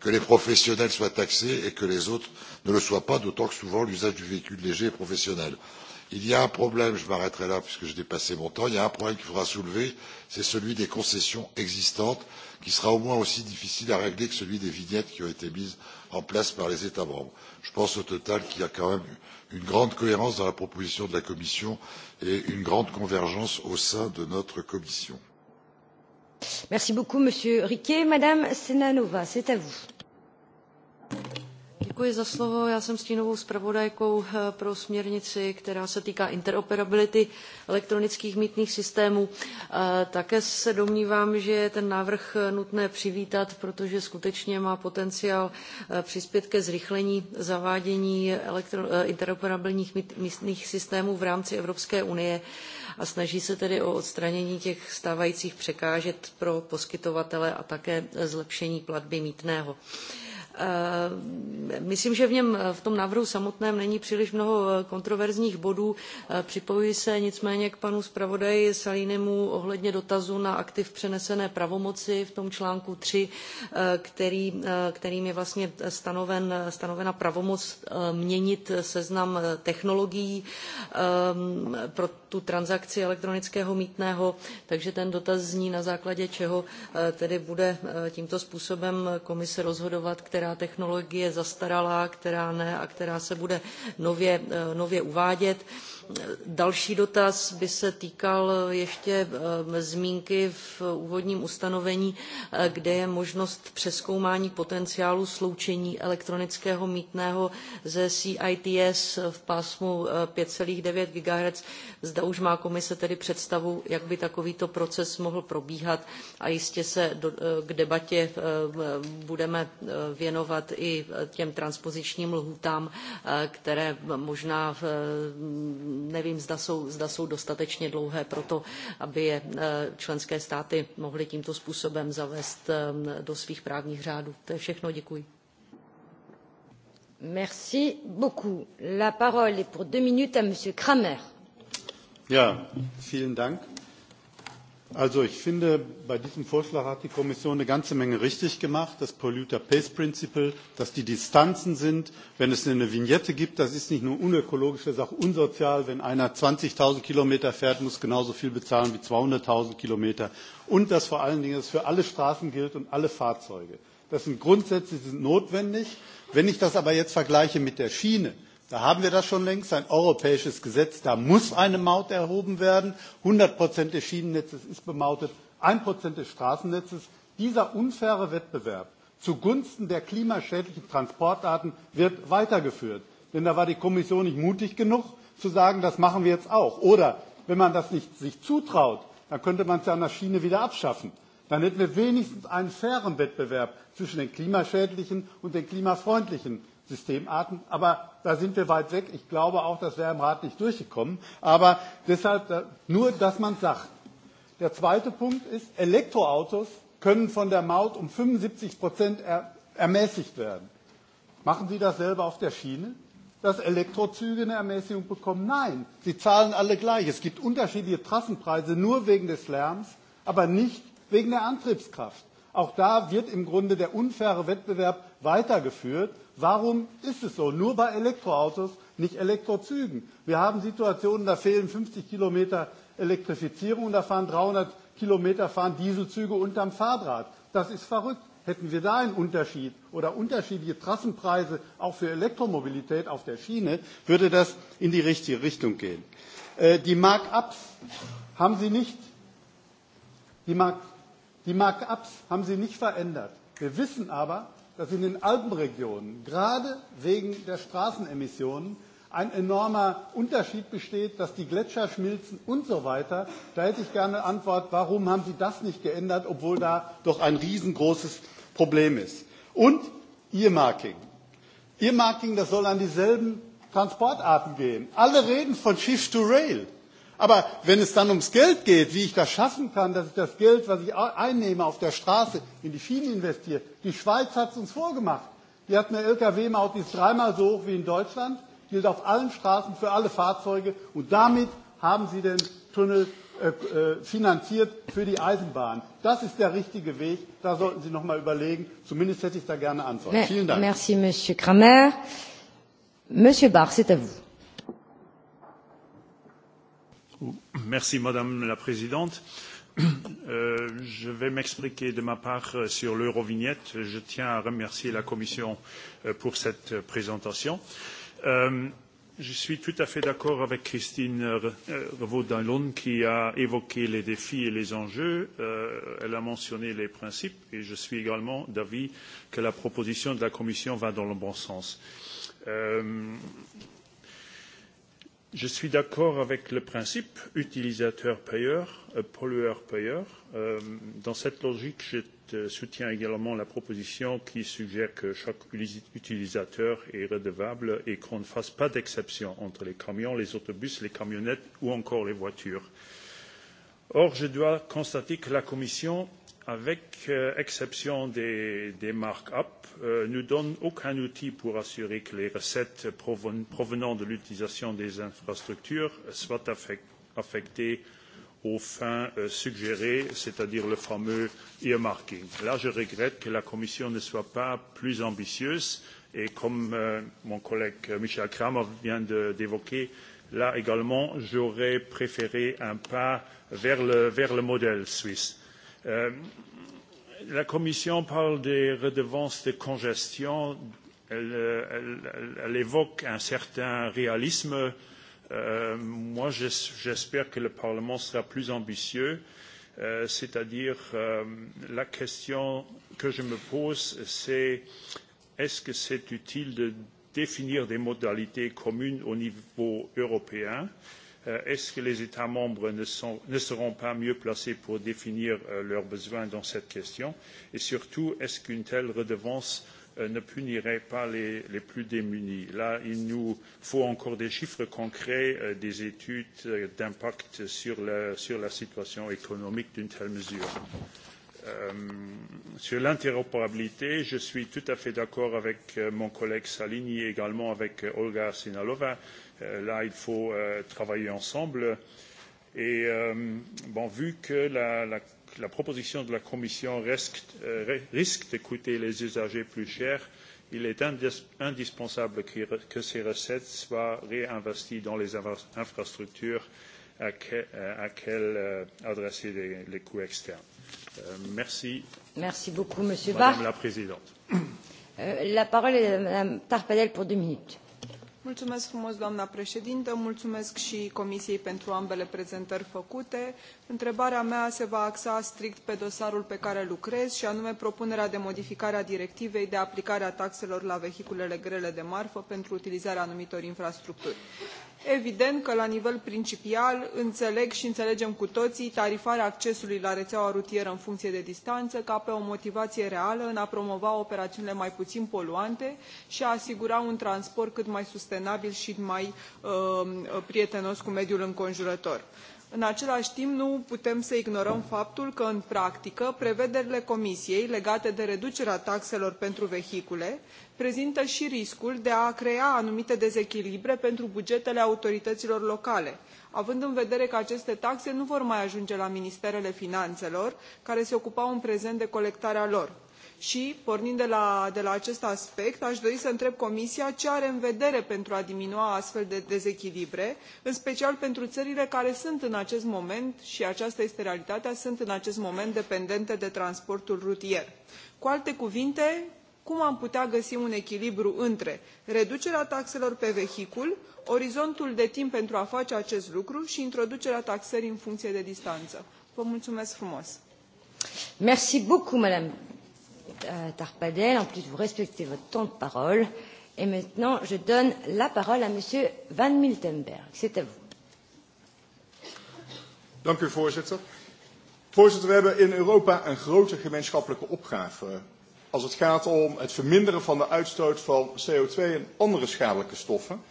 que les professionnels soient taxés et que les autres ne le soient pas, d'autant que souvent l'usage du véhicule léger est professionnel. Il y a un problème, je m'arrêterai là puisque j'ai dépassé mon temps, il y a un problème qu'il faudra soulever, c'est celui des concessions existantes, qui sera au moins aussi difficile à régler que celui des vignettes qui ont été mises en place par les États membres. Je pense au total qu'il y a quand même une grande cohérence dans la proposition de la Commission et une grande convergence au sein de notre Commission. Merci beaucoup, Monsieur Riquet. Madame Senanova, c'est à vous Děkuji za slovo. Já jsem stínovou zpravodajkou pro směrnici, která se týká interoperability elektronických mýtných systémů. Také se domnívám, že je ten návrh nutné přivítat, protože skutečně má potenciál přispět ke zrychlení zavádění interoperabilních mýtných systémů v rámci Evropské unie a snaží se tedy o odstranění těch stávajících překážek pro poskytovatele a také zlepšení platby mýtného. Myslím, že v, něm, v tom návrhu samotném není příliš mnoho kontroverzních bodů. Připojuji se nicméně k panu zpravodaji Salínemu ohledně dotazu na aktiv přenesené pravomoci v tom článku 3, který, kterým je vlastně stanoven, stanovena pravomoc měnit seznam technologií, proto tu transakci elektronického mítného, takže ten dotaz zní na základě čeho tedy bude tímto způsobem komise rozhodovat, která technologie zastarala, která ne a která se bude nově, uvádět. Další dotaz by se týkal ještě zmínky v úvodním ustanovení, kde je možnost přeskoumání potenciálu sloučení elektronického mítného ze CITS v pásmu 5,9 GHz. Zda už má komise tedy představu, jak by takovýto proces mohl probíhat a jistě se k debatě budeme věnovat i těm transpozičním lhůtám, které možná nevím, zda jsou, dostatečně dlouhé pro to, aby je členské státy mohly tímto způsobem zavést do svých právních řádů. To je všechno, děkuji. Merci beaucoup. La parole est pour deux minutes à Monsieur Kramer. Ja, vielen Dank Also ich finde, bei diesem Vorschlag hat die Kommission eine ganze Menge richtig gemacht. Das Polluter Pays Principle, dass die Distanzen sind. Wenn es eine Vignette gibt, das ist nicht nur unökologisch, das ist auch unsozial. Wenn einer 20.000 Kilometer fährt, muss genauso viel bezahlen wie 200.000 Kilometer. Und dass vor allen Dingen das für alle Straßen gilt und alle Fahrzeuge. Das sind Grundsätze, die sind notwendig. Wenn ich das aber jetzt vergleiche mit der Schiene, Da haben wir das schon längst, ein europäisches Gesetz. Da muss eine Maut erhoben werden. 100 Prozent des Schienennetzes ist bemautet, 1 Prozent des Straßennetzes. Dieser unfaire Wettbewerb zugunsten der klimaschädlichen Transportarten wird weitergeführt. Denn da war die Kommission nicht mutig genug, zu sagen, das machen wir jetzt auch. Oder wenn man das nicht sich zutraut, dann könnte man es ja an der Schiene wieder abschaffen. Dann hätten wir wenigstens einen fairen Wettbewerb zwischen den klimaschädlichen und den klimafreundlichen Systemarten. Aber da sind wir weit weg. Ich glaube auch, das wäre im Rat nicht durchgekommen. Aber deshalb nur, dass man es sagt. Der zweite Punkt ist, Elektroautos können von der Maut um 75 Prozent ermäßigt werden. Machen Sie dasselbe auf der Schiene? dass Elektrozüge eine Ermäßigung bekommen. Nein, sie zahlen alle gleich. Es gibt unterschiedliche Trassenpreise nur wegen des Lärms, aber nicht wegen der Antriebskraft. Auch da wird im Grunde der unfaire Wettbewerb weitergeführt. Warum ist es so? Nur bei Elektroautos, nicht Elektrozügen. Wir haben Situationen, da fehlen 50 Kilometer Elektrifizierung, da fahren 300 Kilometer fahren Dieselzüge unterm Fahrrad. Das ist verrückt. Hätten wir da einen Unterschied oder unterschiedliche Trassenpreise auch für Elektromobilität auf der Schiene, würde das in die richtige Richtung gehen. Die Markups haben Sie nicht, die Markups haben Sie nicht verändert. Wir wissen aber, dass in den Alpenregionen gerade wegen der Straßenemissionen ein enormer Unterschied besteht, dass die Gletscher schmilzen und so weiter. Da hätte ich gerne eine Antwort, warum haben Sie das nicht geändert, obwohl da doch ein riesengroßes Problem ist. Und Earmarking. Earmarking, das soll an dieselben Transportarten gehen. Alle reden von Shift to Rail. Aber wenn es dann ums Geld geht, wie ich das schaffen kann, dass ich das Geld, das ich einnehme auf der Straße, in die Schiene investiere, die Schweiz hat es uns vorgemacht. Die hat eine Lkw-Maut, die ist dreimal so hoch wie in Deutschland, gilt auf allen Straßen für alle Fahrzeuge und damit haben sie den Tunnel finanziert für die Eisenbahn. Das ist der richtige Weg. Da sollten Sie noch mal überlegen. Zumindest hätte ich da gerne Antwort. Vielen Dank. Merci, Monsieur Kramer. Monsieur c'est à vous. Merci Madame la Présidente. je vais m'expliquer de ma part sur l'Eurovignette. Je tiens à remercier la Commission pour cette présentation. je suis tout à fait d'accord avec Christine Revaud-Dallon qui a évoqué les défis et les enjeux. elle a mentionné les principes et je suis également d'avis que la proposition de la Commission va dans le bon sens Je suis d'accord avec le principe utilisateur-payeur, pollueur-payeur. dans cette logique, je soutiens également la proposition qui suggère que chaque utilisateur est redevable et qu'on ne fasse pas d'exception entre les camions, les autobus, les camionnettes ou encore les voitures. Or, je dois constater que la Commission avec exception des, des mark-up, ne donne aucun outil pour assurer que les recettes provenant de l'utilisation des infrastructures soient affectées aux fins suggérées, c'est-à-dire le fameux earmarking. Là, je regrette que la Commission ne soit pas plus ambitieuse et comme mon collègue Michel Kramer vient d'évoquer, là également, j'aurais préféré un pas vers le, modèle suisse la Commission parle des redevances de congestion. Elle, évoque un certain réalisme. moi, j'espère que le Parlement sera plus ambitieux. C'est-à-dire, la question que je me pose, c'est est-ce que c'est utile de définir des modalités communes au niveau européen euh, est-ce que les États membres ne, seront pas mieux placés pour définir leurs besoins dans cette question Et surtout, est-ce qu'une telle redevance ne punirait pas les, plus démunis Là, il nous faut encore des chiffres concrets, des études d'impact sur la, situation économique d'une telle mesure. sur l'interopérabilité, je suis tout à fait d'accord avec mon collègue Salini et également avec Olga Sinalova là, il faut travailler ensemble. Et bon, vu que la, proposition de la Commission risque, de coûter les usagers plus cher, il est indispensable que, ces recettes soient réinvesties dans les infrastructures à, quelles adresser les, coûts externes. merci. Merci beaucoup, Monsieur Madame la Présidente. la parole est à Mme Tarpadel pour deux minutes Mulțumesc frumos, doamnă președintă, mulțumesc și Comisiei pentru ambele prezentări făcute. Întrebarea mea se va axa strict pe dosarul pe care lucrez și anume propunerea de modificare a directivei de aplicare a taxelor la vehiculele grele de marfă pentru utilizarea anumitor infrastructuri. Evident că la nivel principial înțeleg și înțelegem cu toții tarifarea accesului la rețeaua rutieră în funcție de distanță ca pe o motivație reală în a promova operațiunile mai puțin poluante și a asigura un transport cât mai sustenabil și mai prietenos cu mediul înconjurător În același timp, nu putem să ignorăm faptul că, în practică, prevederile Comisiei legate de reducerea taxelor pentru vehicule prezintă și riscul de a crea anumite dezechilibre pentru bugetele autorităților locale, având în vedere că aceste taxe nu vor mai ajunge la Ministerele Finanțelor, care se ocupau în prezent de colectarea lor Și, pornind de la, de la acest aspect, aș dori să întreb Comisia ce are în vedere pentru a diminua astfel de dezechilibre, în special pentru țările care sunt în acest moment, și aceasta este realitatea, sunt în acest moment dependente de transportul rutier. Cu alte cuvinte, cum am putea găsi un echilibru între reducerea taxelor pe vehicul, orizontul de timp pentru a face acest lucru și introducerea taxării în funcție de distanță. Vă mulțumesc frumos! Merci Tarpadel. En plus, vous respectez votre temps de parole. Et maintenant, je donne la parole à Monsieur Van Miltenberg. C'est à vous. Dank u, voorzitter. Voorzitter, we hebben in Europa een grote gemeenschappelijke opgave als het gaat om het verminderen van de uitstoot van CO2 en andere schadelijke stoffen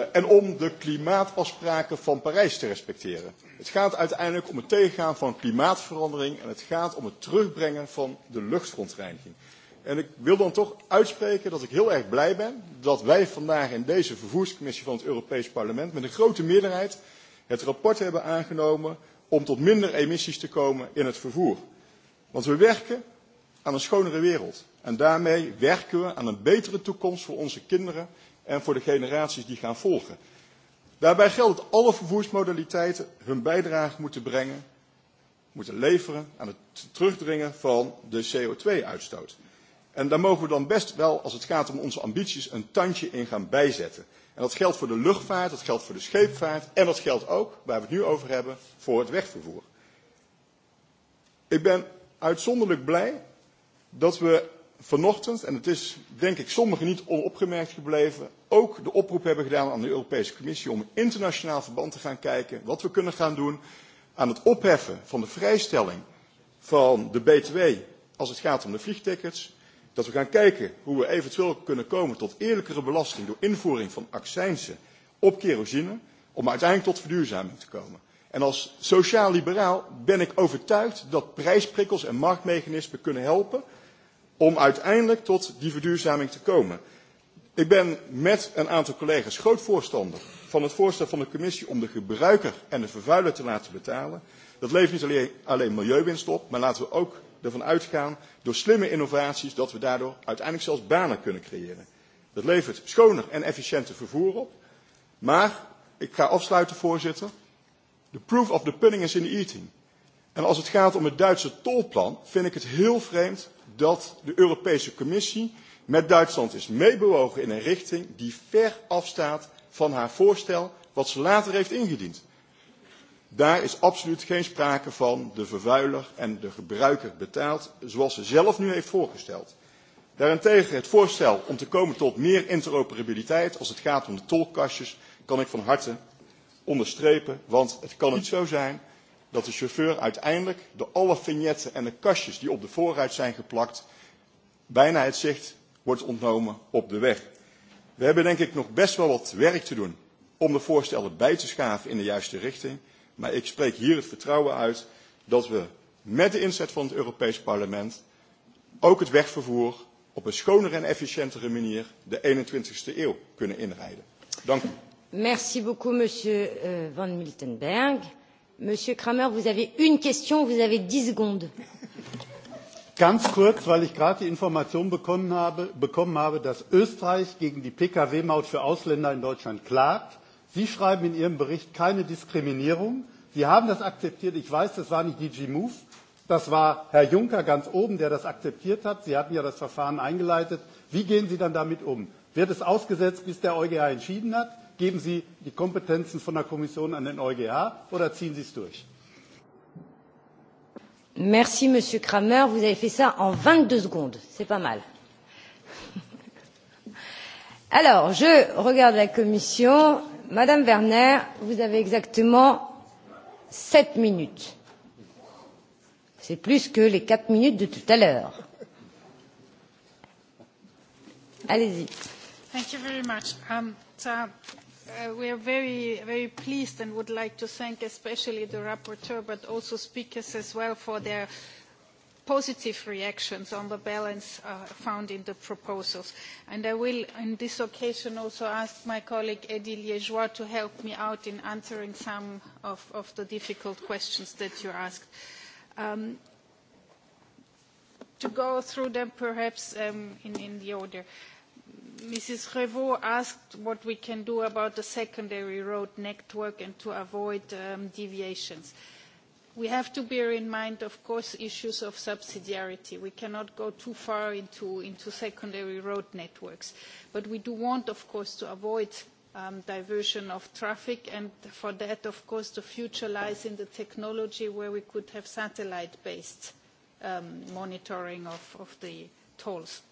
en om de klimaatafspraken van Parijs te respecteren. Het gaat uiteindelijk om het tegengaan van klimaatverandering en het gaat om het terugbrengen van de luchtverontreiniging. En ik wil dan toch uitspreken dat ik heel erg blij ben dat wij vandaag in deze vervoerscommissie van het Europees Parlement met een grote meerderheid het rapport hebben aangenomen om tot minder emissies te komen in het vervoer. Want we werken aan een schonere wereld. En daarmee werken we aan een betere toekomst voor onze kinderen en voor de generaties die gaan volgen. Daarbij geldt dat alle vervoersmodaliteiten hun bijdrage moeten brengen, moeten leveren aan het terugdringen van de CO2-uitstoot. En daar mogen we dan best wel, als het gaat om onze ambities, een tandje in gaan bijzetten. En dat geldt voor de luchtvaart, dat geldt voor de scheepvaart en dat geldt ook, waar we het nu over hebben, voor het wegvervoer. Ik ben uitzonderlijk blij dat we vanochtend, en het is denk ik sommigen niet onopgemerkt gebleven, ook de oproep hebben gedaan aan de Europese Commissie om in internationaal verband te gaan kijken wat we kunnen gaan doen aan het opheffen van de vrijstelling van de BTW als het gaat om de vliegtickets. Dat we gaan kijken hoe we eventueel kunnen komen tot eerlijkere belasting door invoering van accijnsen op kerosine, om uiteindelijk tot verduurzaming te komen. En als sociaal-liberaal ben ik overtuigd dat prijsprikkels en marktmechanismen kunnen helpen om uiteindelijk tot die verduurzaming te komen. Ik ben met een aantal collega's groot voorstander van het voorstel van de commissie om de gebruiker en de vervuiler te laten betalen. Dat levert niet alleen, alleen milieuwinst op, maar laten we ook ervan uitgaan door slimme innovaties dat we daardoor uiteindelijk zelfs banen kunnen creëren. Dat levert schoner en efficiënter vervoer op. Maar, ik ga afsluiten voorzitter, De proof of the pudding is in the eating. En als het gaat om het Duitse tolplan vind ik het heel vreemd dat de Europese Commissie met Duitsland is meebewogen in een richting die ver afstaat van haar voorstel wat ze later heeft ingediend. Daar is absoluut geen sprake van de vervuiler en de gebruiker betaalt, zoals ze zelf nu heeft voorgesteld. Daarentegen het voorstel om te komen tot meer interoperabiliteit als het gaat om de tolkastjes kan ik van harte onderstrepen, want het kan niet zo zijn dat de chauffeur uiteindelijk door alle vignetten en de kastjes die op de voorruit zijn geplakt, bijna het zicht wordt ontnomen op de weg. We hebben denk ik nog best wel wat werk te doen om de voorstellen bij te schaven in de juiste richting. Maar ik spreek hier het vertrouwen uit dat we met de inzet van het Europees Parlement ook het wegvervoer op een schonere en efficiëntere manier de 21ste eeuw kunnen inrijden. Dank u. Merci beaucoup, monsieur Van Miltenberg Monsieur Kramer, vous avez une question, vous avez dix secondes. Ganz kurz, weil ich gerade die Information bekommen habe, dass Österreich gegen die Pkw-Maut für Ausländer in Deutschland klagt. Sie schreiben in Ihrem Bericht keine Diskriminierung. Sie haben das akzeptiert. Ich weiß, das war nicht DG Move. Das war Herr Juncker ganz oben, der das akzeptiert hat. Sie hatten ja das Verfahren eingeleitet. Wie gehen Sie dann damit um? Wird es ausgesetzt, bis der EuGH entschieden hat? Geben Sie die Kompetenzen von der Kommission an den EuGH oder ziehen Sie es durch? Merci, Monsieur Kramer. Vous avez fait ça en 22 secondes. C'est pas mal. Alors, je regarde la Commission. Madame Werner, vous avez exactement sept minutes. C'est plus que les quatre minutes de tout à l'heure. Allez-y. Thank you very much. Um, so we are very, very pleased and would like to thank especially the rapporteur, but also speakers as well for their positive reactions on the balance found in the proposals. And I will, on this occasion, also ask my colleague Eddie Liegeois to help me out in answering some of, the difficult questions that you asked. to go through them perhaps in, the order. Mrs. Revaux asked what we can do about the secondary road network and to avoid deviations. We have to bear in mind, of course, issues of subsidiarity. We cannot go too far into, secondary road networks. But we do want, of course, to avoid diversion of traffic. And for that, of course, the future lies in the technology where we could have satellite-based monitoring of, the tolls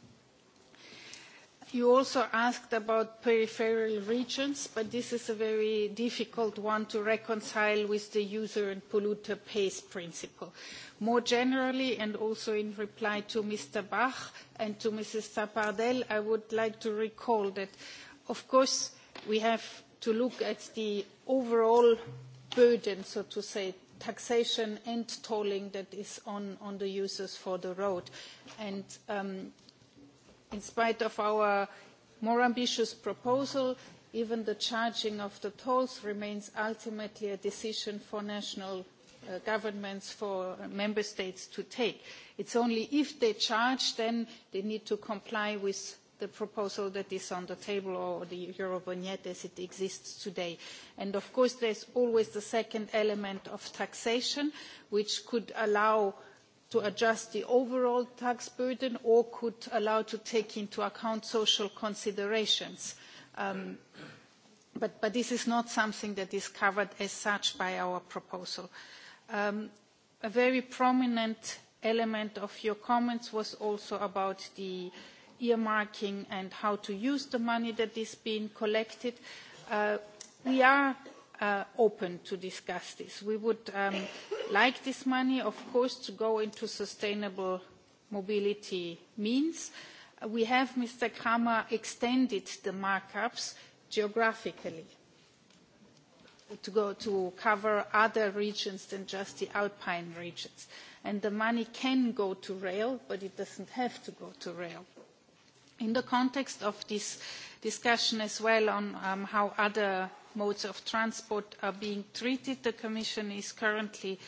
You also asked about peripheral regions, but this is a very difficult one to reconcile with the user and polluter pays principle. More generally, and also in reply to Mr. Bach and to Mrs. Tapardel, I would like to recall that, of course, we have to look at the overall burden, so to say, taxation and tolling that is on the users for the road. And in spite of our more ambitious proposal, even the charging of the tolls remains ultimately a decision for national governments for member states to take. It's only if they charge, then they need to comply with the proposal that is on the table or the Eurovignette as it exists today. And of course, there's always the second element of taxation, which could allow to adjust the overall tax burden or could allow to take into account social considerations. but, this is not something that is covered as such by our proposal. a very prominent element of your comments was also about the earmarking and how to use the money that is being collected. we are open to discuss this. We would like this money, of course, to go into sustainable mobility means. We have, Mr. Kramer, extended the markups geographically to go to cover other regions than just the alpine regions. And the money can go to rail, but it doesn't have to go to rail. In the context of this discussion as well on how other modes of transport are being treated. The Commission is currently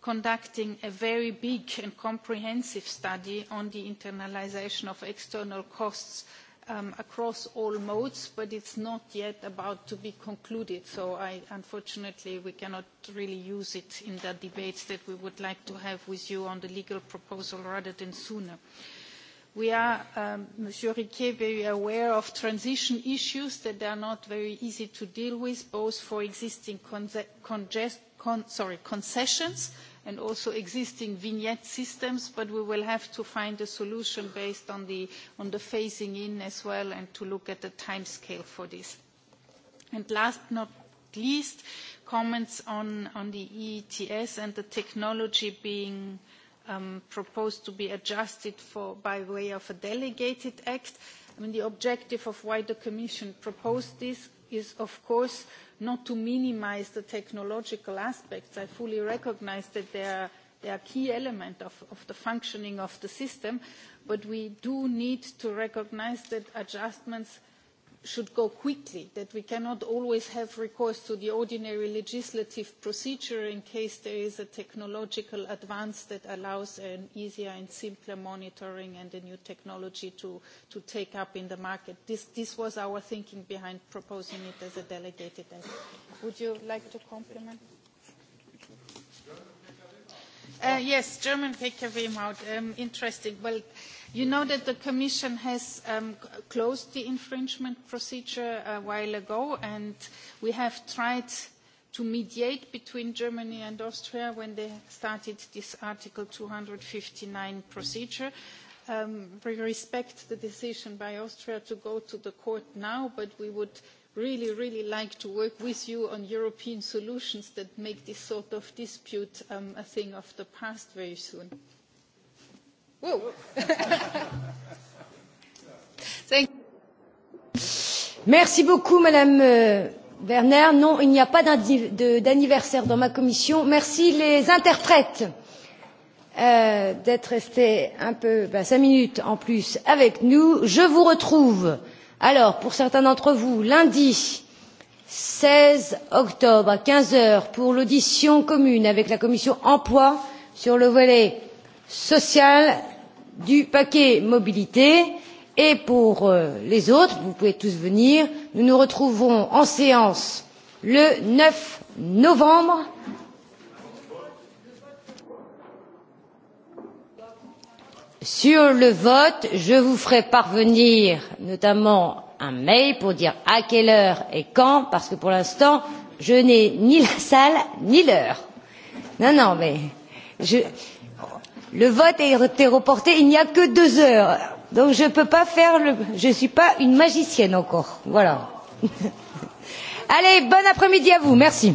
conducting a very big and comprehensive study on the internalisation of external costs across all modes, but it is not yet about to be concluded. So I, unfortunately, we cannot really use it in the debates that we would like to have with you on the legal proposal rather than sooner. We are, Monsieur Riquet, very aware of transition issues that are not very easy to deal with, both for existing concessions and also existing vignette systems, but we will have to find a solution based on the phasing in as well and to look at the timescale for this. And Last but not least, comments on the EETS and the technology being proposed to be adjusted by way of a delegated act. the objective of why the Commission proposed this is, of course, not to minimise the technological aspects. I fully recognise that they are, they are key element of, of the functioning of the system, but we do need to recognise that adjustments should go quickly, that we cannot always have recourse to the ordinary legislative procedure in case there is a technological advance that allows an easier and simpler monitoring and a new technology to, to take up in the market. This, this was our thinking behind proposing it as a delegated act. Would you like to compliment? Uh, yes, German PKW mode. Um, interesting. Well, You know that the Commission has closed the infringement procedure a while ago, and we have tried to mediate between Germany and Austria when they started this Article two hundred and fifty nine procedure. we respect the decision by Austria to go to the court now, but we would really, really like to work with you on European solutions that make this sort of dispute a thing of the past very soon. Thank Merci beaucoup, Madame Werner. Non, il n'y a pas d'anniversaire dans ma commission. Merci les interprètes euh, d'être restés un peu, ben, cinq minutes en plus avec nous. Je vous retrouve, alors, pour certains d'entre vous, lundi seize octobre à quinze heures pour l'audition commune avec la commission emploi sur le volet social du paquet mobilité et pour les autres vous pouvez tous venir nous nous retrouverons en séance le neuf novembre sur le vote je vous ferai parvenir notamment un mail pour dire à quelle heure et quand parce que pour l'instant je n'ai ni la salle ni l'heure. non non mais je le vote a été reporté il n'y a que deux heures donc je ne peux pas faire le je ne suis pas une magicienne encore voilà allez bon après midi à vous merci.